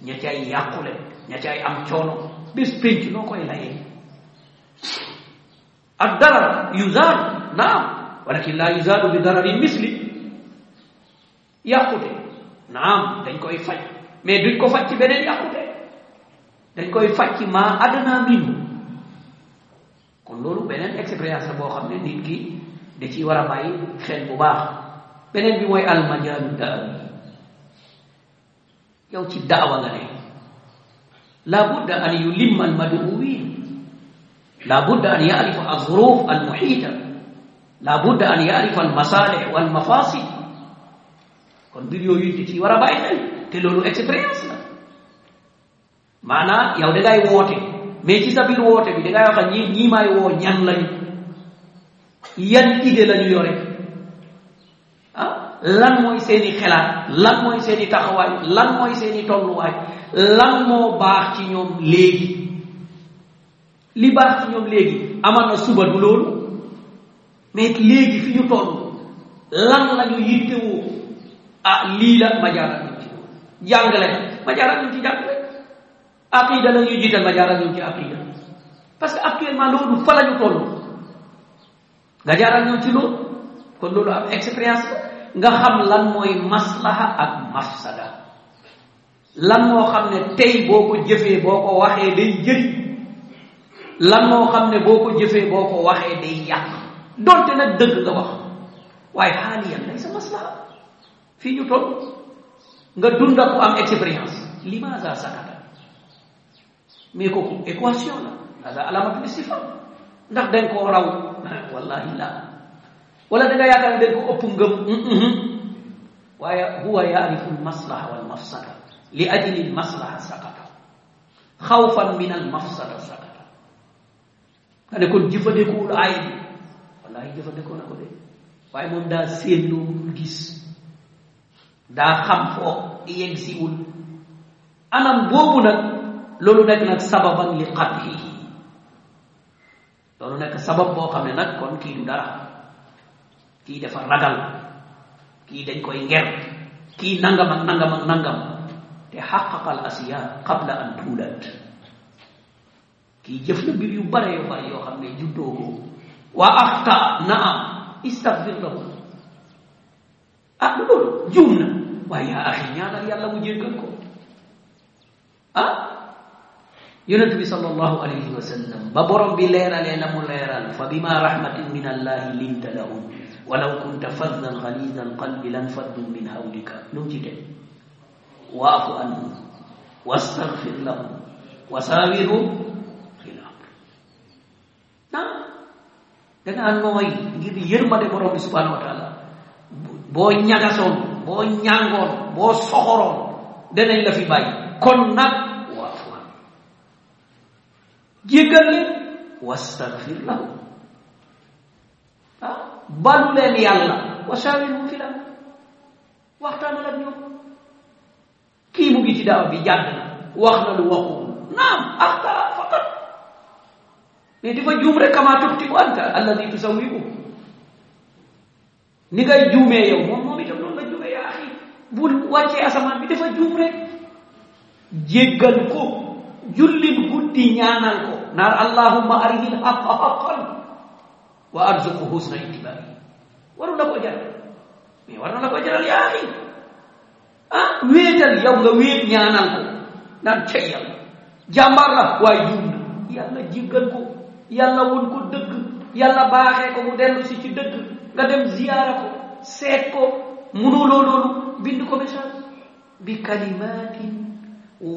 ña ay yàqule ña ay am coono bés pénc noo koy layee ak darar yuzaadu naam walakin laa yuzaadu bi darari misli yàqute naam dañ koy faj mais duñ ko faj beneen yàqute dañ koy faj ci maa min kon loolu beneen expérience boo xam ne nit ki da ciy war a bàyyi xel bu baax beneen bi mooy almajaalu daawi yow ci daawa nga ne laa budda an yulimma almaduwin laa budda an yaarifa azruf almuxiita laa budda an yaarifa almasalih walmafasid kon mbir yooyu da ciy war a bàyyi xel te loolu expérience maanaam yow da ngay woote mais ci sa biir woote bi da ngay wax ñi ñii maay woo ñan lañu yan idée la ñu yore ah lan mooy seeni xelaat lan mooy seeni taxawaay lan mooy seeni tolluwaay lan moo baax ci ñoom léegi li baax ci ñoom léegi aman na suba du loolu mais léegi fi ñu toll lan la ñu yittewoo ah lii la ma jaaraat ñu ci jàngale ma jaaraat ñu ci jàngale aqida la ñuy jiital nga jaaral ñëw ci aqida parce que actuellement loolu fa la ñu toll nga jaaral ñëw ci loolu kon loolu am expérience nga xam lan mooy maslaha ak mafsada lan moo xam ne tey boo ko jëfee boo ko waxee day jëriñ lan moo xam ne boo ko jëfee boo ko waxee day yàq donte nag dëgg nga wax waaye xaaliyan lay sa maslaha fii ñu toll nga dund ak am expérience limaza sakat mais kooku équation la ala alamat bi sifa ndax dañ koo raw wallahi la wala da nga yaakaar ne dañ ko ëpp ngëm waaye huwa yaarifu almaslaha walmafsada li ajli almaslaha saqata xawfan min almafsada saqata nga wallahi jëfandikoo na ko de waaye daa séen loolu gis daa xam foo yegg siwul anam boobu nag loolu nekk nag sababan li xatli loolu nekk sabab boo xam ne nag kon kii du dara kii dafa ragal kii dañ koy nger kii nangam ak nangam ak nangam te xaqaqal asiya qabla an tuulaat kii jëf na mbir yu bare yu bare yoo xam ne juddoo ko waa axta naam istagfir lahu ah loolu waaye yaa axi ñaanal yàlla mu ko ah yonent bi sallallahu alayhi wa sallam ba borom bi leeralee la mu leeral fa bima rahmatin min allahi linta lahum walaw kunta faddan xalida alqalbi lan faddu min hawlika lu mu ci teg waafu anhum wastaghfir lahum wasaawiru fil amr ah dangaa nooy ngir yërmande borom bi subhanahu wa taala boo ñagasoon boo ñàngoon boo soxoroon danañ la fi bàyyi kon nag jéggal leen wastaghfir lahu ah balu leen yàlla wa shawirhum fi la waxtaanal ak ñoom kii mu ngi ci daaw bi jàng na wax na lu waxul naam axtaa faqat mais di fa juum rek kama tuftiku anta alladi tusawibu ni ngay juumee yow moom moom itam noonu nga juumee yaa axi bul asamaan bi dafa juum rek jéggal jullit guddi ñaanal ko naan allahumma arihil haqa haqqan wa arzuqu husna ittibaai waru la ko jaral mais war na la ko jaral yaa axi ah wéetal yow nga wéet ñaanal ko naan cay yàlla jàmbaar la waaye juum na yàlla jéggal ko yàlla won ko dëgg yàlla baaxee ko mu dellu si ci dëgg nga dem ziyaara ko seet ko munuloo loolu bind ko message bi kalimatin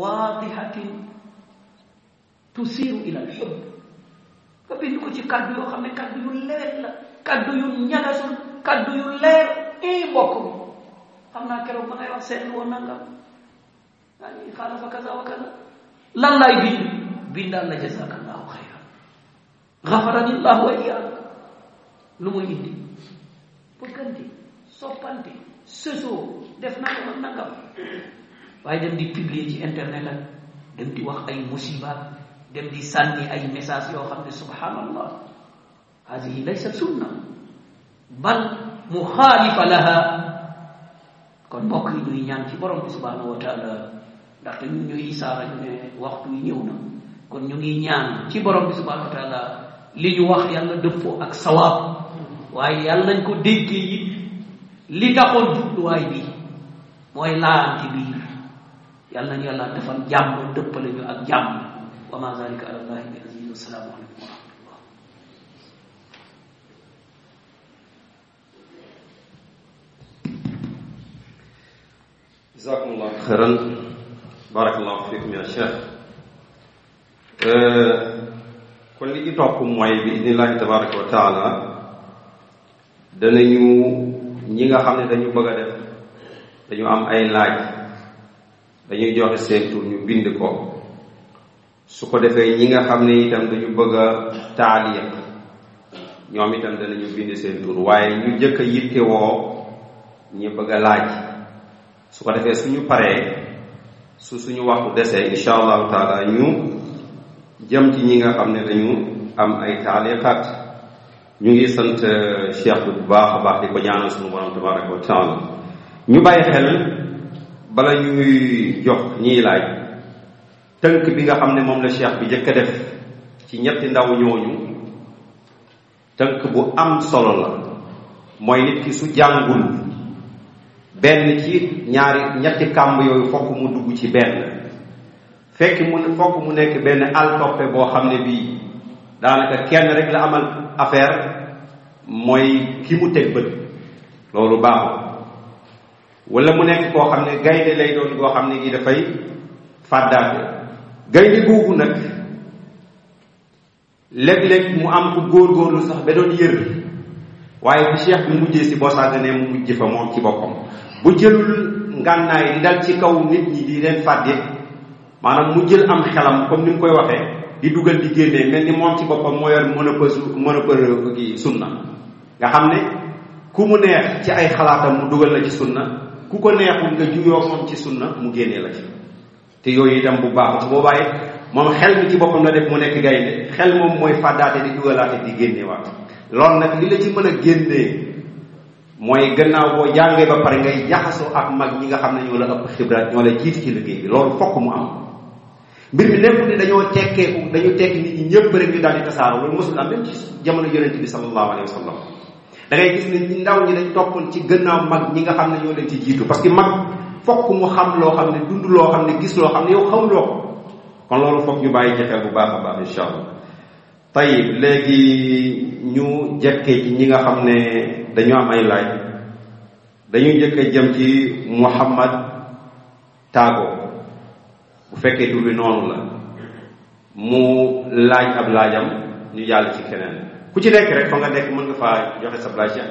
waadihatin tusiru ila al xubb nga bind ko ci kaddu yoo xam ne kaddu yu leer la kaddu yu ñagasul kaddu yu leer i mbokk mi xam naa keroog ba ngay wax seen woon nangam yaa ngi xaalafa kaza wa kaza lan laay bind bindal la jazakallahu xayran gafarani llahu wa iyyaak lu muy indi bëggante soppante sësoo def nangam ak nangam waaye dem di publier ci internet ak dem di wax ay musiba dem di sànni ay message yoo xam ne subhanallah hadihi laysat sunna bal muxaalifa laha kon mbokk yi ñuy ñaan ci borom bi subhanahu wa taala ndaxte ñun ñuy saara ñu waxtu yi ñëw na kon ñu ngi ñaan ci borom bi subhanahu wa li ñu wax yàlla dëppoo ak sawaab waaye yàlla nañ ko déggee it li taxoon jubluwaay bi mooy laante biir yàlla nañu yàlla defal jàmm dëppale ñu ak jàmm wa ma zalika bi aziz wa salaamu aleykum wa rahmatullah barakallahu fikum ya cheikh eh, kon li ci topp mooy bi idnillahi tabaraka wa taala danañu ñi nga xam ne dañu bëgg def dañu am ay laaj dañuy joxe seen tur ñu bind ko su ko defee ñi nga xam ne itam dañu bëgg a taaliq ñoom itam danañu bind seen tur waaye ñu jëkk a woo ñu bëgg a laaj su ko defee suñu paree su suñu waxtu desee insha allahu taala ñu jëm ci ñi nga xam ne dañu am ay taaliqaat ñu ngi sant euh, cheikh bi bu baax a baax di ko ñaanal suñu borom tabaraka wa taala ñu bàyyi xel bala ñuy jox ñiy laaj tënk bi nga xam ne moom la cheikh bi jëkk a def ci ñetti ndaw ñooñu tënk bu am solo la mooy nit ki su jàngul benn ci ñaari ñetti kàmb yooyu fokk mu dugg ci benn fekk mu fokk mu nekk benn altoppe boo xam ne bii daanaka kenn rek la amal affaire mooy kii mu teg bët loolu baaxul wala mu nekk koo xam ne gaynde lay doon koo xam ne gi dafay fàddaate gaynde googu nag léeg-léeg mu am ku góorgóorlu sax ba doon yër waaye bi cheikh bi mujjee si boo sàgganee mu mujj fa moom ci boppam bu jëlul ngànnaay di dal ci kaw nit ñi di leen fàdde maanaam mu jël am xelam comme ni mu koy waxee di dugal di génnee mel ni moom ci boppam moo yor mën a pës mën a për gi sunna nga xam ne ku mu neex ci ay xalaatam mu dugal la ci sunna ku ko neexul nga juyoo moom ci sunna mu génnee la ci te yooyu dem bu baax su boobaa it moom xel mi ci boppam na def mu nekk gaynde xel moom mooy fàddaate di dugalaate di génnewaat loolu nag li la ci mën a génnee mooy gannaaw boo jàngee ba pare ngay jaxasoo ak mag ñi nga xam ne ñoo la ëpp xibraat ñoo la jiit ci liggéey bi loolu fokk mu am mbir mi lépp ni dañoo tekkeeku dañu tekki nit ñi ñëpp rek ñu daal di tasaaroo loolu mosul am même ci jamono yonente bi sallallahu alayhi wa sallam da ngay gis ne ndaw mag ñi nga xam ne ñoo leen ci jiitu parce que fokk mu xam loo xam ne dund loo xam ne gis loo xam ne yow xamuloo ko kon loolu fokk ñu bàyyi ci xel bu baax a baax incha allah tayib léegi ñu jekkee ci ñi nga xam ne dañu am ay laaj dañuy jëkkee jëm ci Muhammad Taago bu fekkee tur noonu la mu laaj ab laajam ñu jàll ci keneen ku ci nekk rek fa nga nekk mën nga faa joxe sa laaj ci ak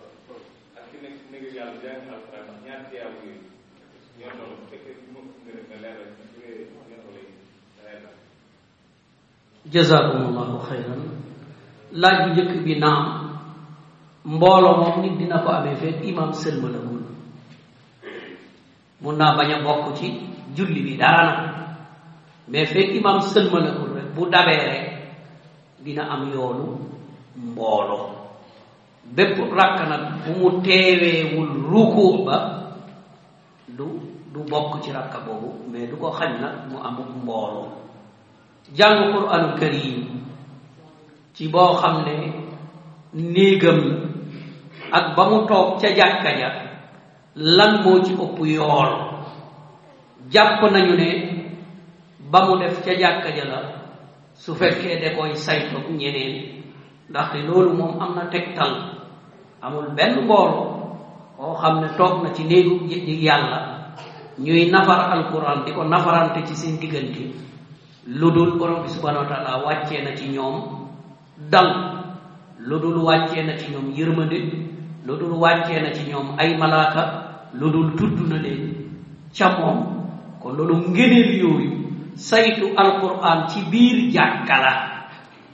ci nekk bu fekkee bu ma nga laaj bu njëkk bi naam mbooloo moom nit dina ko amee fekk imaam sëlmalagul mun naa bañ a bokk ci julli bi dara mais fekk imaam sëlmalagul rek bu dabee rek dina am yoonu mbooloo bépp rakk nag bu mu teeweewul ruku ba du du bokk ci rakk boobu mais du ko xañ nag mu amuk mbooloo jàng quranu karim ci boo xam ne néegam ak ba mu toog ca jàkka ja lan moo ci ëpp yool jàpp nañu ne ba mu def ca jàkka ja la su fekkee da koy saytu ñeneen ndaxte loolu moom am na tegtal amul benn mbooloo boo xam ne toog na ci néegu ji yàlla ñuy nafar alquran di ko nafarante ci seen diggante lu dul borom bi subhanahu wa taala na ci ñoom dal lu dul wàccee na ci ñoom ay malaaka lu dul tudd na leen ca moom kon loolu ngëneel yooyu saytu alquran ci biir jàkka la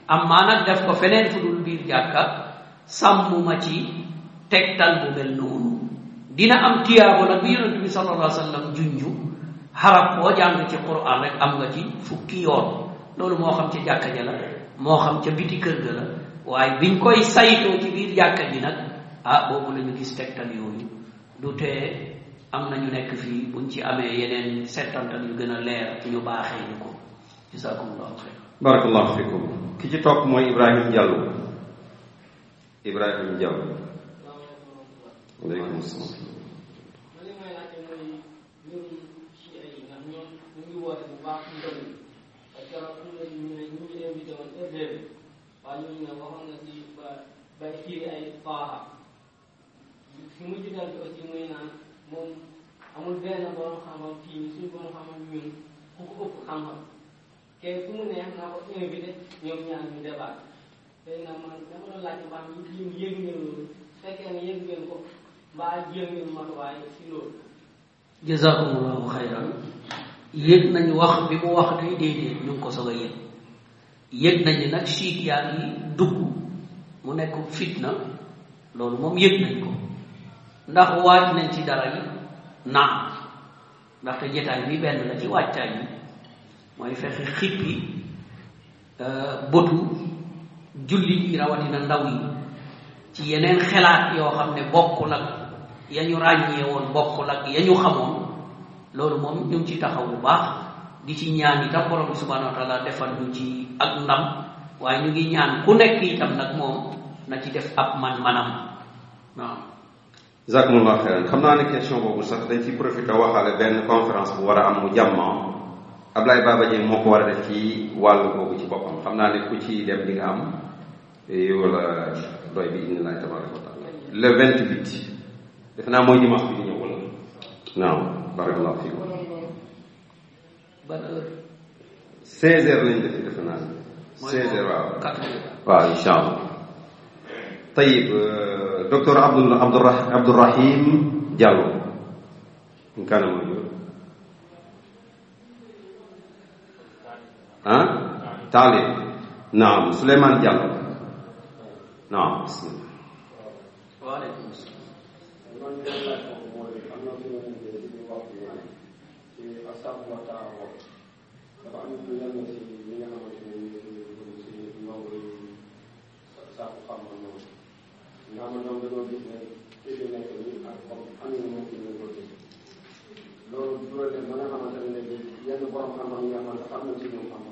am maanaam def ko feneen fu dul biir jàkka sàmmuma ci tegtal bu mel noonu dina am tiyaabo nag bi yonent bi sallallahu alayhi wa sallam junju xarab boo jàng ci quran rek am nga ci fukki yoon loolu moo xam ca jàkka ja la moo xam ca biti kër ga la waaye biñ koy saytoo ci biir jàkka ji nag ah boobu la ñu gis tegtal yooyu du tee am na ñu nekk fii buñ ci amee yeneen settantal yu gën a leer ñu baaxee ñu ko jazakumullahu xeyr ki ci topp mooy Ibrahim Diallo Ibrahim Diallo aleykum salaam moom amul benn borom xam-xam fii suñu borom xam-xam ñun ku ko ëpp xam-xam kenn ku mu neex naa ko invité ñoom ñaar ñu débat tey nag man dama doon laaj mbaa ñu yëg ngeen loolu fekkee ne yëg ngeen ko mbaa yëg nañu wax bi mu wax ne déedéet ñu ko soog a yëg yëg nañu nag siit yaa ngi dugg mu nekk fitna loolu moom yëg nañ ko ndax waaj nañ ci dara yi naan ndaxte jetaay bi benn la ci waajtaay bi mooy fexe xippi euh, botu jullit rawatina ndaw yi ci yeneen xelaat yoo xam ne bokk ak ya ñu ràññee woon bokkul ak ya ñu xamoon loolu moom ñu ci taxaw bu baax di ci ñaan yi borom bi subhanahu wa taala defal ñu ci ak ndam waaye ñu ngi ñaan ku nekk itam nag moom na ci def ab man-manam waaw jazakumullah xeyran xam naa ne question boobu sax dañ ci profité waxaale benn conférence bu war a am mu jàmma Ablaye Baba Dieng moo ko war def ci wàllu boobu ci boppam xam naa ne ku ci dem di nga am eh, wala doy bi indi laay tabaraka wa taala le vingt huit naa mooy dimanche bi di ñëw wala naaw barakallahu fiikum ban seize heures lañ def naa seize heures waaw waaw incha allah tayib euh, docteur Abdoul Abdourahim Diallo in kaana ah taalib naam Souleymane Diallo naam bismillah waaleykum salaam loolu bu la def ba nga xamante ne yenn borom xam-xam yi nga xam ne xam na ci ñoom xam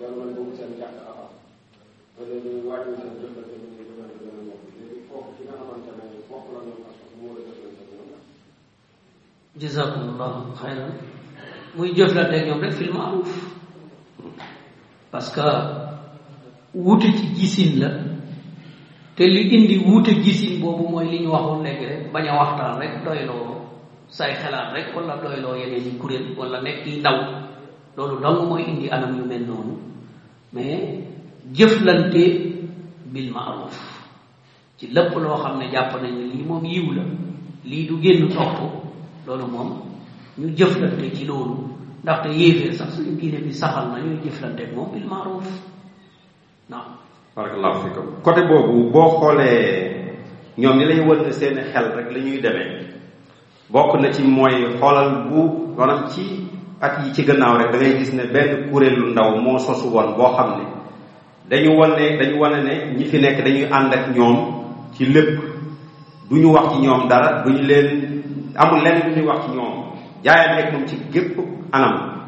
loolu man boobu seen jàkk avant ba léegi waajal seen la ñoom ñoom rek fil maaruf parce que wuute ci gisin la te li indi wuute gisin boobu mooy li ñu waxoon léegi bañ a waxtaan rek doyloo say xelaat rek wala doyloo yeneen yi kuréel wala nekk ndaw. loolu dong mooy indi anam yu mel noonu mais jëflante bil maaruf ci lépp loo xam ne jàpp nañ ne lii moom yiw la lii du génn topp loolu moom ñu jëflante ci loolu ndaxte yéefee sax suñu diine bi saxal na ñuy jëflante ak moom bil maaruf naam barakallahu fikum côté boobu boo xoolee ñoom ni lay wënn seen xel rek lañuy ñuy demee bokk na ci mooy xoolal bu maanaam ci at yi ci gannaaw rek da gis ne benn kuréelu ndaw moo sosu woon boo xam ne dañu wan ne dañu wane ne ñi fi nekk dañuy ànd ak ñoom ci lépp du ñu wax ci ñoom dara du ñu leen amul lenn lu ñuy wax ci ñoom jaayante moom ci gépp anam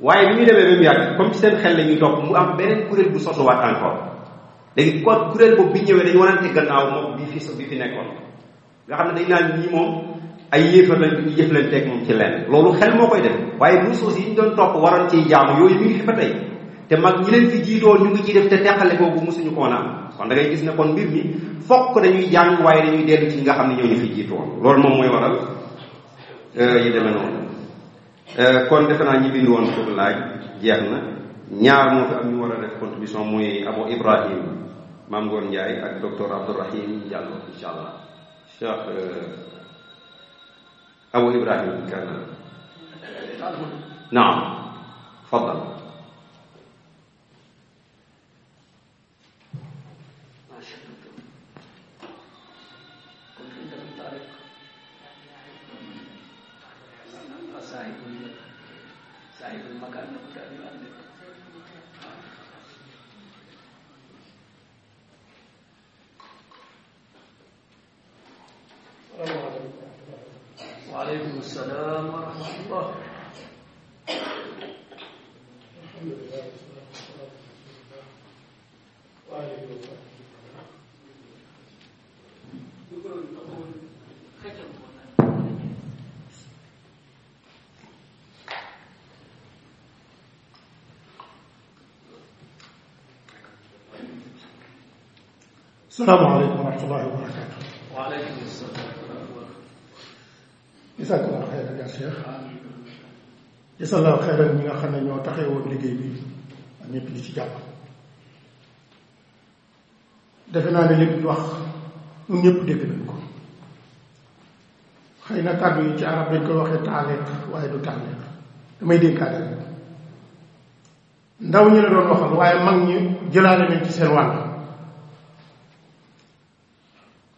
waaye bi ñu demee ba mu yàgg comme ci seen xel la ñuy topp mu am beneen kuréel bu sosuwaat encore léegi kon kuréel boobu bi ñëwee dañu wanante gannaaw moom bi fi bi fi nekkoon nga xam ne dañ naan ñii moom ay yéefar lañ ñu jëflanteeg moom ci lenn loolu xel moo koy def waaye nusuus yi ñu doon topp waroon ciy jaamu yooyu mi ngi fi ba tey te mag ñi leen fi jiitoon ñu ngi ciy def te teqale googu mosuñu koo naan kon da gis ne kon mbir mi fokk dañuy jàng waaye dañuy dellu ci nga xam ne ñooñu fi jiitoon loolu moom mooy waral euh, yi demee noonu euh, kon defe naa ñi bind woon pour laaj jeex na ñaar moo fi am ñu war a def contribution muy Abo Ibrahim Maam Ngoor Njaay ak docteur Abdourahim Diallo incha allah cheikh euh, أبو إبراهيم كان نعم تفضل صاحب المكان وعليكم السلام ورحمة الله الحمد لله وآله وصحبه السلام عليكم ورحمة الله وبركاته وعليكم السلام jazakallahu xeyran yaa xam ne ñoo taxawoon liggéey defe naa ne lépp wax ñun ñëpp dégg nañ ko xëy na kàddu yi ci arab dañ koy waxee taaleet waaye du taaleet damay dénkaale rek ndaw ñi la doon waxal waaye mag ñi jëlaale nañ ci seen wàll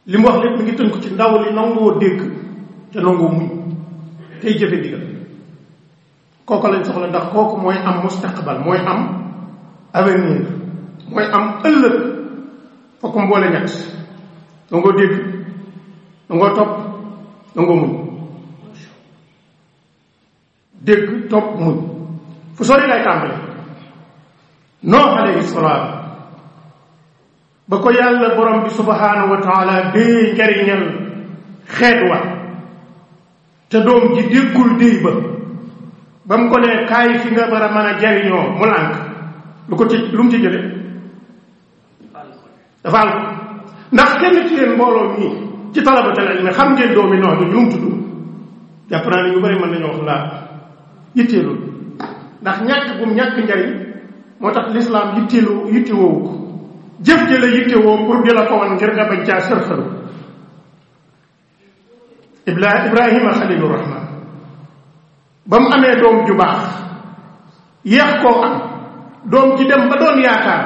li mu wax lépp mi ngi tënk ci ndaw li nangoo dégg te nangoo muñ tey jëfe ndigal kooku lañ soxla ndax kooku mooy am mustaqbal mooy am avenir mooy am ëllëg fokk mboole ñett dangoo dégg dangoo topp dangoo muñ dégg topp muñ fu sori lay tàmbale noox alayhi salaam ba ko yàlla borom bi subhanahu bee njariñal xeet wa te doom ji déggul déy ba mu ko nee kaay fi nga war man a jariñoo mu lànk lu ko ci lu mu ci jële dafa àll ndax kenn ci yéen mbooloo mii ci talabatal ilmi xam ngeen doomi noox ñu mu tudd jàpp naa ne ñu bari mën nañu wax laa yitteelul ndax ñàkk gum ñàkk njariñ moo tax lislaam yitteelu yittewoowu ko jëf jële yittewoo pour di la ko wan ngir nga bañ caa sërxalu Ibla Ibrahima Xalilu ba mu amee doom ju baax yeex koo am doom ji dem ba doon yaakaar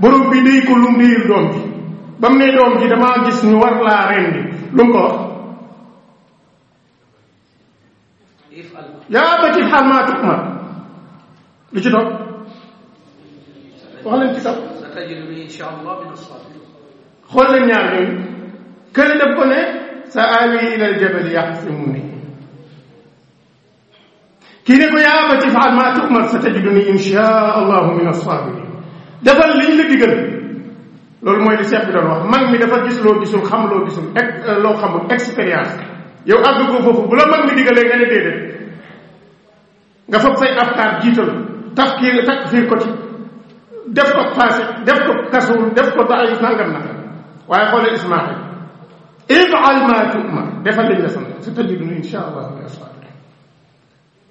borom bi déy ko lu mu déyul doom ji ba mu ne doom ji damaa gis ñu war laa rendi lu mu ko wax yaa bati xal maa tukmar lu ci toog xool leen ñaar ñooñu kële def ko ne sa awi ilal jabal yaqsimuni kii ne ko yaa abati faal maa tu'mar sa tajiduni insha allahu min as-sabirin defal liñ la digal loolu mooy li seex bi doon wax mag mi dafa gis loo gisul xam loo gisul ex euh, loo xamul expérience yow àgg ko foofu bu la mag mi digalee nga ne déedéet nga fab say afkaar jiital takk fii ko ci def ko passé def ko kasuul def ko daay waaye xoolal Ismaïl ifaal ma tu'mar defal lañ la sant sa tajidunu insha allah min as-saalihiin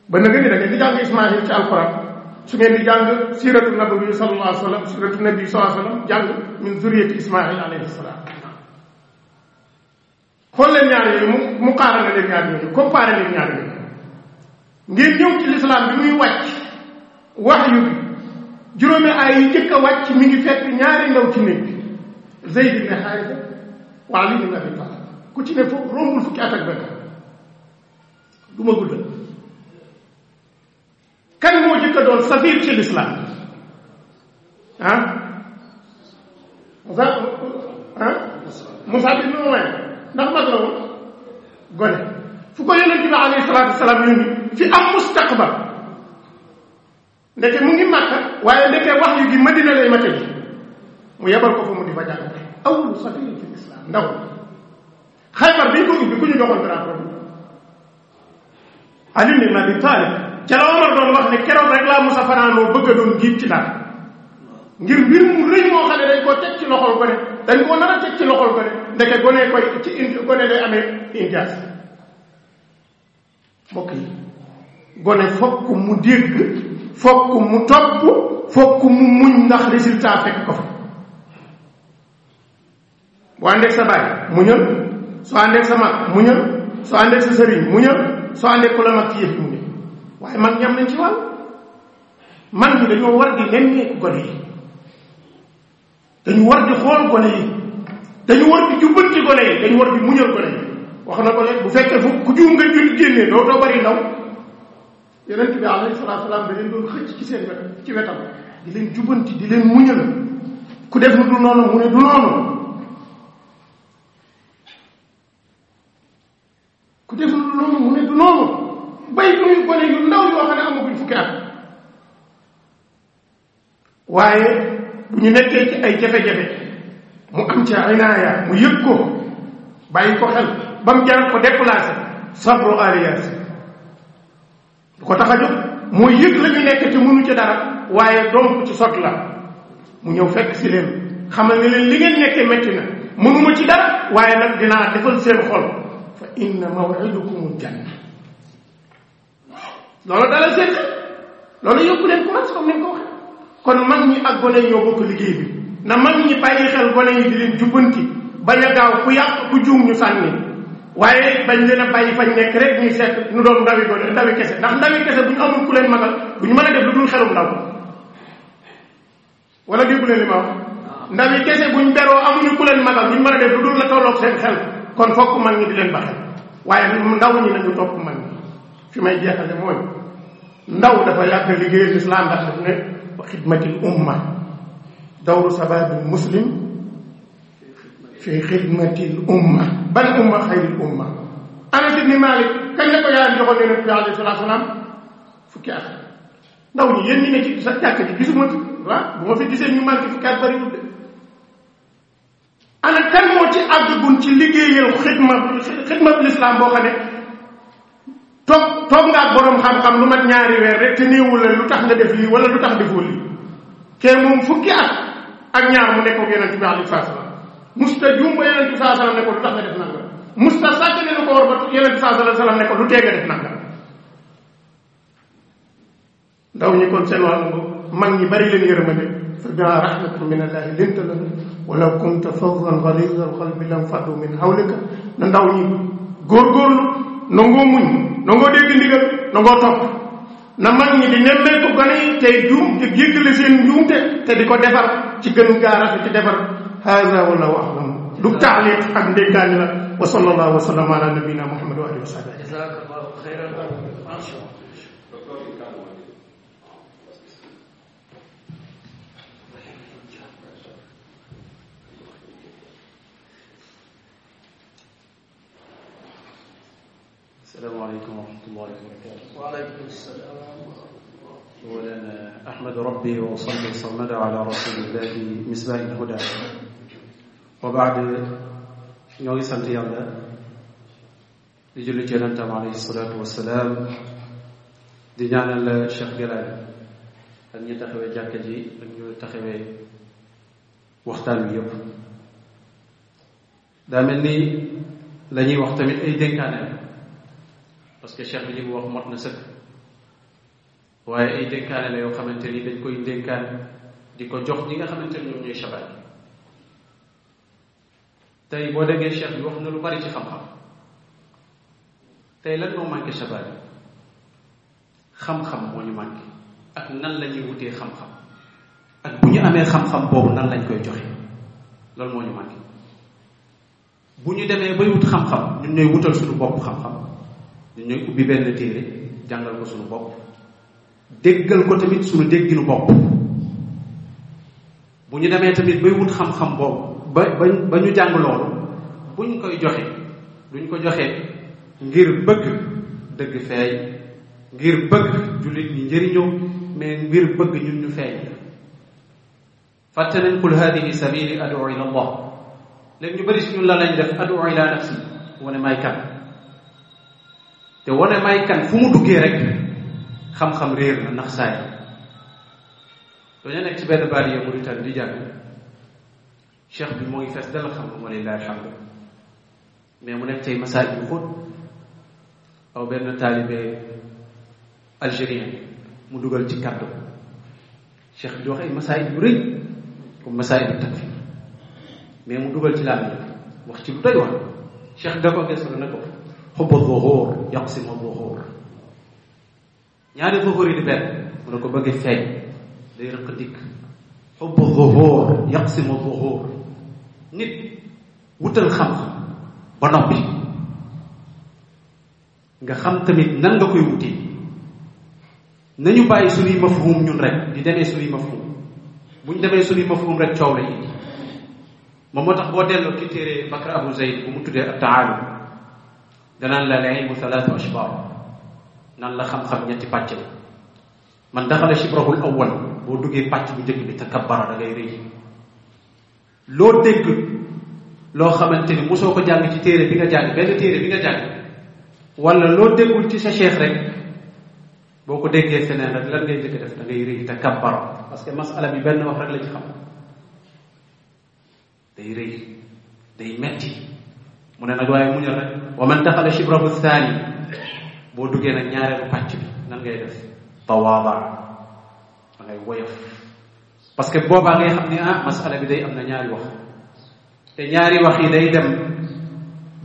ba nag ni jàng ismaahil ci alquran su ngeen di jàng siiratu nabi sallallahu alayhi wa sallam siiratu nabi sallallahu alayhi wa sallam jàng min zuriyati ismaahil alayhi salaam xool leen ñaar yooyu mu mu xaaral leen ñaar yooyu comparé leen ñaar yooyu ngeen ñëw ci lislaam bi muy wàcc wahyu bi juróomi ay yi jëkk a wàcc mi ngi fekk ñaari ndaw ci néeg bi Zayd ibn waali li nga fi tax ku ci ne foofu rombul fukki at ak benn du guddal kan moo jëkk a doon safir ci lislaam ah Moussa ah Moussa bi nu may ndax mag la gone fu ko yonent bi alayhi salaatu wasalaam yónni fi am mustaqbal ndeke mu ngi Makka waaye ndeke wax yu gi Madina lay mate ji mu yebal ko fa mu di fa jàngale awlu safir ci ndaw xaybar biñ ko ubbi ku ñu doxal drapeau bi Ali ibn Abi Talib ca la Omar doon wax ne keroog rek laa fanaanoo bëgg a doon giib ci dara ngir mbir mu rëy moo xam ne dañ koo teg ci loxol gone dañ koo nar a teg ci loxol gone ndeke gone koy ci in gone day amee injaas mbokk yi gone fokk mu dégg fokk mu topp fokk mu muñ ndax résultat fekk ko fa boo àndeeg sa baay muñal soo àndeeg sa mag muñal soo àndeeg sa sëriñ muñal soo àndeeg ku la mag ci yëf muñal waaye mag ñam nañ ci wàll mag ñi dañoo war di nemmeeku gone yi dañu war di xool gone yi dañu war di jubbanti gone yi dañu war di muñal wax na ko ne bu fekkee fu ku juum nga jul génnee doo doo bari ndaw yonent bi alayhi salaatu salaam da leen doon xëcc ci seen wet ci wetam di leen jubbanti di leen muñal ku def lu dul noonu mu ne du noonu waaye bu ñu nekkee ci ay jafe-jafe mu am ca inaaya mu yëg ko bàyyi ko xel ba mu jaar ko déplacé sabro alias du ko tax a mooy yëg la ñu nekk ci mënu ci dara waaye doom ci sot la mu ñëw fekk si leen xamal ne leen li ngeen nekkee métti na mënuma ci dara waaye nag dinaa defal seen xol fa inna mawidukumul janna loolu dalal seen loolu yóbbu leen commencé comme ni nga ko kon man ñi ak gone ñoo bokk liggéey bi na man ñi bàyyi xel gone yi di leen jubbanti bañ a gaaw ku yàq ku juum ñu sànni waaye bañ leen a bàyyi fañ nekk rek ñuy seet ñu doon ndawi gone ndawi kese ndax ndawi kese bu ñu ku leen magal bu ñu mën a def lu dul xelum ndaw wala déggu ma wax ndawi kese bu ñu beroo amuñu ku leen magal bu ñu mën a def lu dul la tolloog seen xel kon fokk man ñi di leen baxel waaye ndaw ñi nañu topp mag ñi fi may jeexale mooy ndaw dafa yàgg liggéeyal islam ndax daf ne wa xidmatil umma dawru sabaabil muslim fi xidmatil umma ban umma xayril umma anas ibni malik kañ la ko yaayam joxoon yonent bi alayhi salaatu salaam fukki ne ci sa jàkk ji gisuma bu ma ñu manqué fukki at bëri wut de ana kan moo ci àggagun ci liggéeyal xidma xidma bi lislaam boo xam toog toog nga ak boroom xam-xam lu mat ñaari weer rek te néewul la lu tax nga def lii wala lu tax defoo lii kee moom fukki at ak ñaar mu nekkoog yonent bi alayhi ko lu tax nga def nanga musta sàcc ne lu ko war ba yonent bi saa salaam ne ko lu tee def nanga ndaw ñi kon seen wàllu mag ñi bari leen yërmande fa bimaa rahmatin min allahi linta lahum walaw kunta faddan galiza alqalbi lam faddu min hawlika na ndaw ñi góorgóorlu nangoo muñ nangoo dégg ndigal nangoo topp na mag ñi di nemmeeku gone yi tey juum te jéggale seen njuumte te di ko defar ci gënu gaarafe ci defar na wallahu ahlam du taaliq ak ndéggaani la wa sallallahu wa sallam ala nabina muhammad wa alihi wa sahbihi asalaamaaleykum wa rahmatullahi wa barakaatu. waaleykum salaam. walan ahmad rabbi wa salli samada ala rasulillahi misbaahil huda wa baad ñoo ngi sant yàlla di julli ci yonentam alayhi salaatu wa salaam di ñaanal Cheikh Galaay ak ñi taxawee jàkka ji ak ñu taxawee waxtaan wi yëpp daa mel ni la ñuy wax tamit ay dénkaane parce que cheikh bi li mu wax mot na sëkk waaye ay dénkaane la yoo xamante ni dañ koy dénkaan di ko jox ñi nga xamante ni ñoom ñooy shabaab yi tey boo déggee cheikh bi wax na lu bari ci xam-xam tey lan moo manqué shabaab yi xam-xam moo ñu manqué ak nan lañuy ñuy wutee xam-xam ak bu ñu amee xam-xam boobu nan lañ koy joxe loolu moo ñu manqué bu ñu demee bay wut xam-xam ñun ñooy wutal suñu bopp xam-xam ñu ñooy ubbi benn téere jàngal ko suñu bopp déggal ko tamit suñu dégginu bopp bu ñu demee tamit bay wut xam-xam boobu ba ba ba ñu jàng loolu buñ koy joxe duñ ko joxe ngir bëgg dëgg feeñ ngir bëgg jullit ñi njëriñoo mais ngir bëgg ñun ñu feeñ fàtte nañ qul hadihi sabili adu ila allah léegi ñu bëri suñu la lañ def adu ila nafsi wane may kan te wane may kan fu mu duggee rek xam-xam réer na ndax saay dañoo nekk ci benn baal yi Mauritanie di jàng cheikh bi moo ngi fees dal xam-xam walilahi alhamdu mais mu nekk tey masaaj bu xóot aw benn taalibe algérien mu dugal ci kàddu cheikh bi di wax ay masaaj bu rëy comme masaaj bu takfir mais mu dugal ci laaj wax ci lu te wax cheikh da ko gëstu na ko xubbu zuhur yaqsimu zuhur ñaari zuhur yi di benn mu ne ko bëgg feeñ day rëq dikk xubbu zuhur yaqsimu zuhur nit wutal xam-xam ba noppi nga xam tamit nan nga koy wuti nañu bàyyi suñuy mafhum ñun rek di demee suñuy mafhum bu ñu demee suñuy mafhum rek coow la indi moom moo tax boo delloo ci téere Bakr Abu Zayd bu mu tuddee ak taalum danaan la al-ilmu thalaathu ashbaar nan la xam-xam ñetti pàcc la man daxala shibrahul awwal boo duggee pàcc bu njëkk bi takabbara da ngay rëy loo dégg loo xamante ni mosoo ko jàng ci téere bi nga jàng benn téere bi nga jàng wala loo déggul ci sa cheikh rek boo ko déggee feneen rek lan ngay njëkk def da ngay rëy takabbara parce que masala bi benn wax rek lañu ci xam day rëy day metti mu ne nag waaye muñal rek wa man daxala shibrahu thani boo duggee nag ñaareelu pàcc bi nan ngay def tawaaba da ngay woyof parce que boobaa ngay xam ni ah masala bi day am na ñaari wax te ñaari wax yi day dem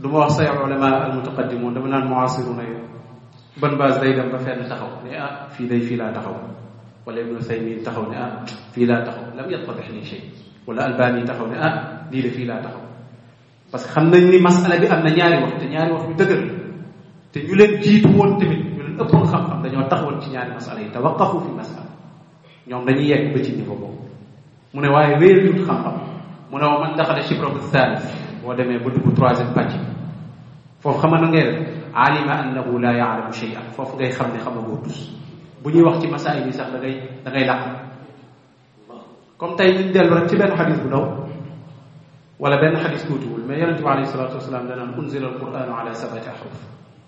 du ma wax say ulama al mutaqaddimun dama naan muasiruna yo ban base day dem ba fenn taxaw ne ah fii day fii laa taxaw wala ibnu saymin taxaw ne ah fii laa taxaw lam yattadex li shay wala albani taxaw ne ah lii de fii laa taxaw parce que xam nañ ni masala bi am na ñaari wax te ñaari wax yu dëgër te ñu leen jiitu woon tamit ñu leen ëppoon xam-xam dañoo taxawoon ci ñaari masala yi tawaqafu fi masala ñoom dañuy yegg ba ci niveau boobu mu ne waaye wéyal tuut xam-xam mu ne wa man daxale chiprobu salis boo demee ba dugg troisième pàcc foofu xama na ngay def alima foofu ngay xam ne xamagoo bu ñuy wax ci masaay bi sax da ngay comme tey ñu dellu rek ci benn xadis bu ndaw wala benn xadis tuutiwul mais yonente bi alayhi salatu wasalaam danaan unzila alquranu ala sabati ahruf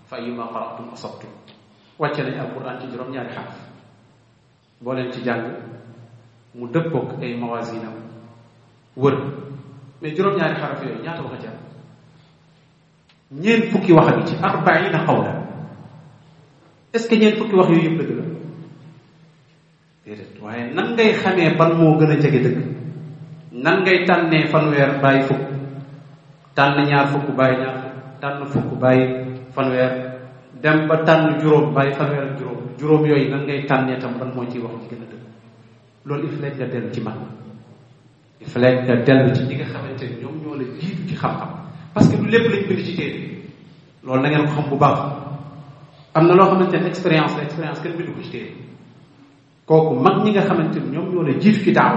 fa ayuma qara'tum asabtum wàcce nañ alquran ci juróom-ñaari xaraf boo leen ci jàng mu dëppoog ay mawasinam wër mais juróom-ñaari xaraf yooyu ñaata wax a jar ñeent fukki wax bi ci arbaina qawla est-ce que ñeent fukki wax yooyu yëpp dëgg la déedéet waaye nan xamee ban moo gën a jege dëgg nan ngay tànnee fanweer bàyyi fukk tànn ñaar fukk bàyyi ñaar fukk tànn bàyyi fanweer dem ba tànn juróom bàyyi fanweer juróom juróom yooyu nan ngay tànnee tam ban moo ciy wax loolu il nga ci man il ci ñi nga xamante ne ñoom jiitu ci xam-xam parce que du lépp lañ bind ci téere loolu na ko xam bu baax am na loo xamante ne expérience la expérience kenn bindu ko ci téere kooku mag ñi nga xamante ne ñoom ñoo la jiitu ci daaw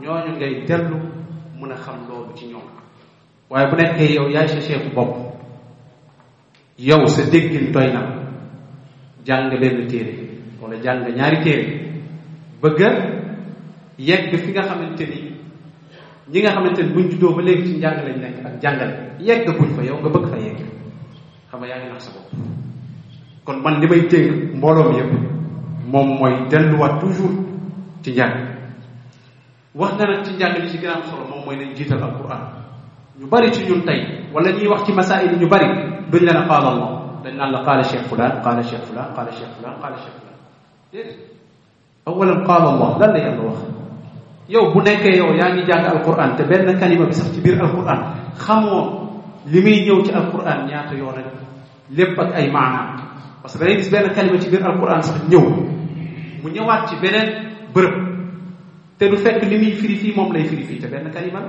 ñooñu ngay dellu mun a xam loolu ci ñoom waaye bu nekkee yow yaay sa cheikh bopp yow sa déggin doy na jàng benn ñaari téere bëgg yegg fi nga xamante ni ñi nga xamante ni buñ juddoo ba léegi ci njàng nekk ak jàngale yegg buñ fa yow nga bëgg fa yegg xam nga yaa ngi nax sa bopp kon man li may dégg mbooloo mi moom mooy delluwaat toujours ci njàng wax na nag ci njàng li ci gën a am solo moom mooy nañ jiital alquran ñu bari ci ñun tey wala ñuy wax ci masail ñu bari duñ leen a qaala allah dañ naan la qaala cheikh fulaan qaala cheikh fulaan qaala cheikh fulaan qaala cheikh fulaan déedéet awalan qaala allah lan la yàlla wax yow bu nekkee yow yaa ngi jàng alquran te benn kalima bi sax ci biir alquran xamoo li muy ñëw ci alquran ñaata yoon ak lépp ak ay maanaam parce que da ngay gis benn kalima ci biir alquran sax ñëw mu ñëwaat ci beneen bërëb te du fekk li muy firi fii moom lay firi fii te benn kalima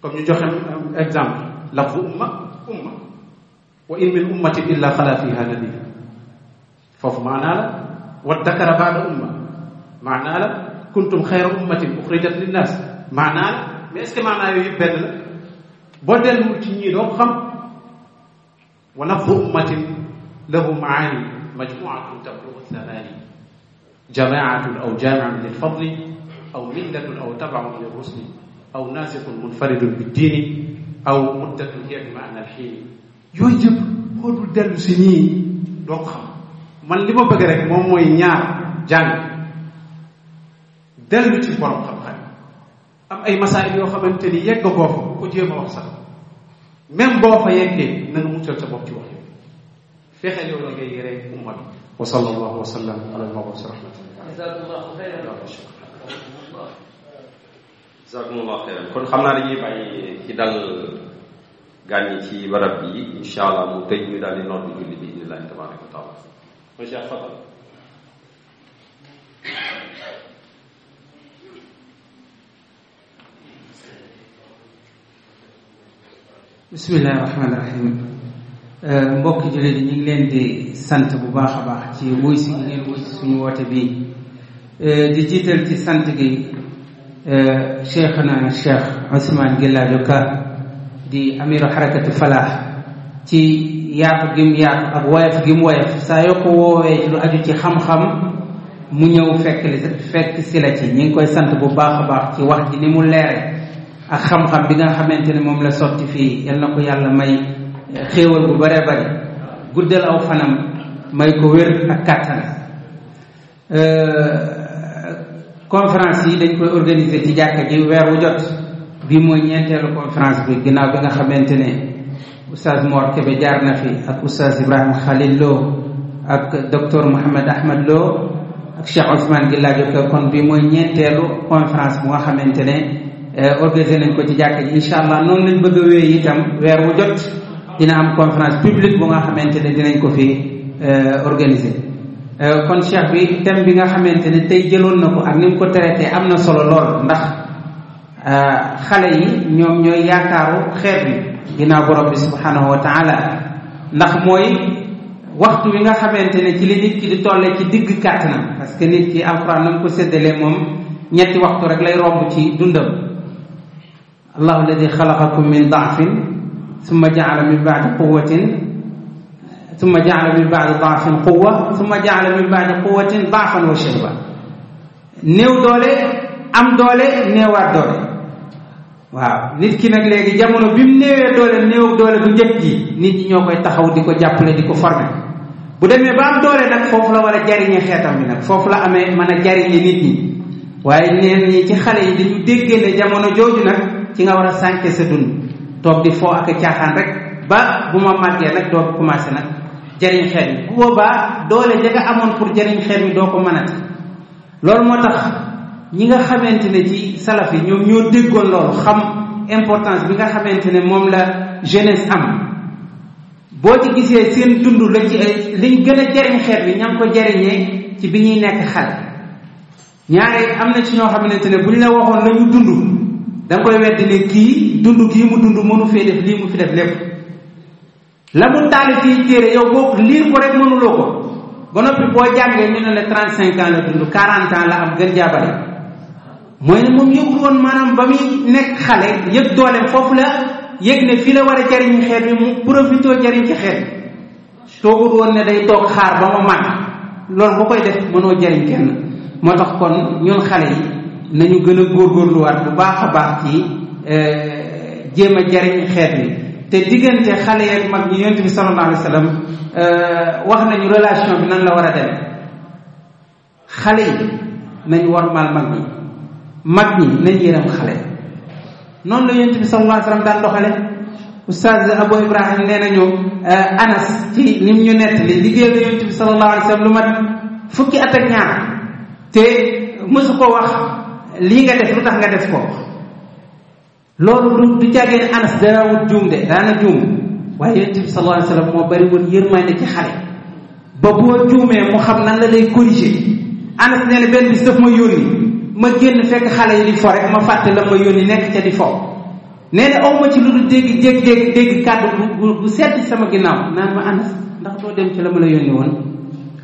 comme ñu joxe euh, exemple lafzu umma umma wa in min ummatin illa xala fiha nadir foofu maanaa la wa dakara baada umma maanaa la kuntum xayra ummatin uxrijat linnaas maanaa la mais est-ce que maanaa yooyu yëpp benn la boo delluwul ci ñii doo xam wa lafzu ummatin lahu maani majmuatun tablugu thamaani jamaatun aw jaamiun lil fadli aw millatun aw tabaun lil rusli aw nasikun munfaridun bi diini aw muddatun hiya bi maana alxiini yooyu yëpp koo dul dellu si ñii xam man li ma bëgg rek moom mooy ñaar jàng dellu ci borom xam-xam am ay masaay yoo xamante ni yegg koo fa ko jéem a sax même boo fa yeggee na nga muccal sa bopp ci wax yow fexe yow la ngay yore umma bi wa sallallahu wa sallam ala al-mabuusi rahmatullahi jazakumullahu xeyran kon xam naa dañuy bàyyi ci dal gan yi ci barab bi incha mu tëj ñu daal di nodd julli bi inillahi tabaraka wa taala ma cheikh fadal bismillahi rahim euh, mbokki jullit yi ñu ngi sant bu baax a baax ci wuy si gi ngeen euh, sant gi cheikhna eh, cheikh Ousmane Gilaajo Ka di amiru xarakatu falaax ci yaatu gi yaatu ak woyof gim woyof saa yoo ko woowee lu aju ci xam-xam mu ñëw fekk li fekk si la ci ñu ngi koy sant bu baax a baax ci wax ji ni mu leere ak xam-xam bi nga xamante ne moom la sotti fii yal na ko yàlla may xéewal bu bare bare guddal aw fanam may ko wér ak kàttan eh, conférence yi dañ koy organiser ci jàkka ji weer wu jot bi mooy ñeenteelu conférence bi ginnaaw bi nga xamante ne oustaz Mor Kébé jaar na fi ak oustaz Ibrahima Khalil Lo ak docteur Mouhamed Ahmed Lo ak Cheikh Ousmane Gillaajo ko kon bi mooy ñeenteelu conférence bu nga xamante ne eh, organisé nañ ko ci jàkka ji incha allah noonu lañ bëgg a wéy itam weer wu jot dina am conférence publique bu nga xamante ne dinañ ko fi eh, organiser Euh, kon cheikh bi thème bi nga xamante ne tey jëloon na ko ak ni mu ko traité am na solo lool ndax euh, xale yi ñoom ñooy yaakaaru xeet yi ginnaaw borom bi subhanahu wa ndax mooy waxtu wi nga xamante ne ci li nit ki di tollee ci digg kàttanam parce que nit ki alxuraan na mu ko séddalee moom ñetti waxtu rek lay romb ci dundam allahu alladi xalaqakum min daafin summa jaala min baadi summa jaala min baadi daafin quwa summa jaala min baadi quwatin daafan wa shayba néew doole am doole néewaat doole waaw nit ki nag léegi jamono bi mu néewee doole néew doole bu njëkk ji nit ñi ñoo koy taxaw di ko jàppale di ko formé bu demee ba am doole nag foofu la war a jariñe xeetam bi nag foofu la amee mën a jariñe nit ñi waaye neen ñi ci xale yi dañu déggee ne jamono jooju nag ci nga war a sànke sa dund toog di foo ak caaxaan rek ba bu ma màggee nag doo commencé nag jëriñ xel mi bu boobaa doole ja amoon pour jëriñ xel mi doo ko mënati loolu moo tax ñi nga xamante ne ci salaf yi ñoom ñoo déggoon loolu xam importance bi nga xamante ne moom la jeunesse am boo ci gisee seen dund la ci liñ gën a jëriñ xel bi ña ngi ko jëriñee ci bi ñuy nekk xale ñaare am na ci ñoo xamante ne bu ñu la waxoon la ñu dund da nga koy weddi ne kii dund kii mu dund mënu fee def lii mu fi def lépp la mu taalif ci téere yow boo liir ko rek mënuloo ko ba boo jàngee ñu ne la trente cinq ans la dund quarante ans la am gën jaa mooy ne moom yëgul woon maanaam ba muy nekk xale yëg dooleem foofu la yëg ne fii la war a jariñ xeet bi mu profitoo jariñ ci xeet toogul woon ne day toog xaar ba ma màgg loolu boo koy def mënoo jariñ kenn moo tax kon ñun xale yi nañu gën a góorgóorluwaat bu baax a baax ci euh, jéem a jariñ xeet bi te diggante xale yeeg mag ñi yonent bi sallallahu alayhi wa euh, wax nañu relation bi nan la war a demee xale yi nañu war maal mag ñi mag ñi nañ yërëm xale noonu la yonent bi sallallahu alayhi wa sallam daan doxale oustaz Abu Ibrahim nee nañu euh, Anas ci lim ñu nett li liggéey la yonent bi sallallahu alayhi lu mat fukki at ak ñaar te mësu ko wax lii nga def lu tax nga def ko loolu du jàggee ne anas danaawut juum de daana juum waaye yonent bi sallallahu alayhi wa sallam moo bari woon yërmaande ci xale ba boo juumee mu xam nan la lay corriger anas nee na benn bis daf ma yónni ma génn fekk xale yi di fo rek ma fàtte la ma yónni nekk ca di fo nee na aw ma ci lu dul dégg dégg dégg dégg kàddu bu sedd sama ginnaaw naan ma anas ndax doo dem ci la ma la yónni woon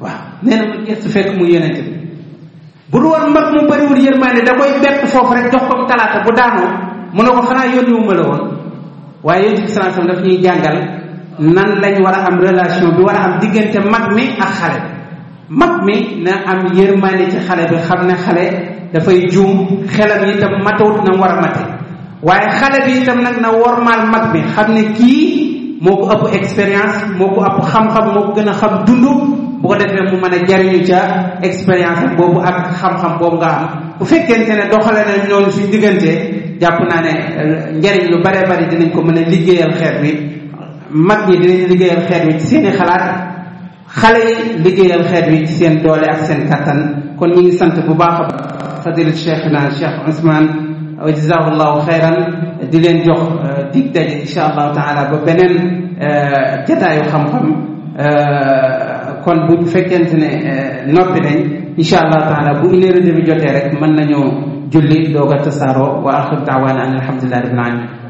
waaw nee na ma gestu fekk mu yonent bi bu du woon mag mu bariwul yërmaande da koy foofu rek jox ko talaata bu daanoo mu ne ko xanaa yónniwuma la woon waaye yonent bi sallallahu alayhi wasallam ñuy jàngal nan lañ war a am relation bi war a am diggante mag mi ak xale mag mi na am yërmande ci xale bi xam ne xale dafay juum xelam tam matawut na war a mate waaye xale bi itam nag na wormaal mag mi xam ne kii moo ko ëpp expérience moo ko ëpp xam-xam moo ko gën a xam dund bu ko defee mu mën jariñu ca expérience am boobu ak xam-xam boobu nga am bu fekkente ne doxale nañ loolu suñ diggante jàpp naa ne euh, njariñ lu bare bari dinañ ko mën liggéeyal xeet wi mag yi dinañ liggéeyal xeet wi ci seen xalaat xale yi liggéeyal xeet wi ci seen doole ak seen kattan kon mu ngi sant bu baax a baax fadil cheikh na cheikh Ousmane wa jazahullahu xayran di leen jox euh, dig daje incha allahu taala ba beneen euh, jataayu xam-xam kon bu fekkente ne euh, noppi nañ incha allah taala bu une heure demi jotee rek mën nañoo julli doog a tasaaroo wa axiru daawaana an alhamdulilahi rabbil alamin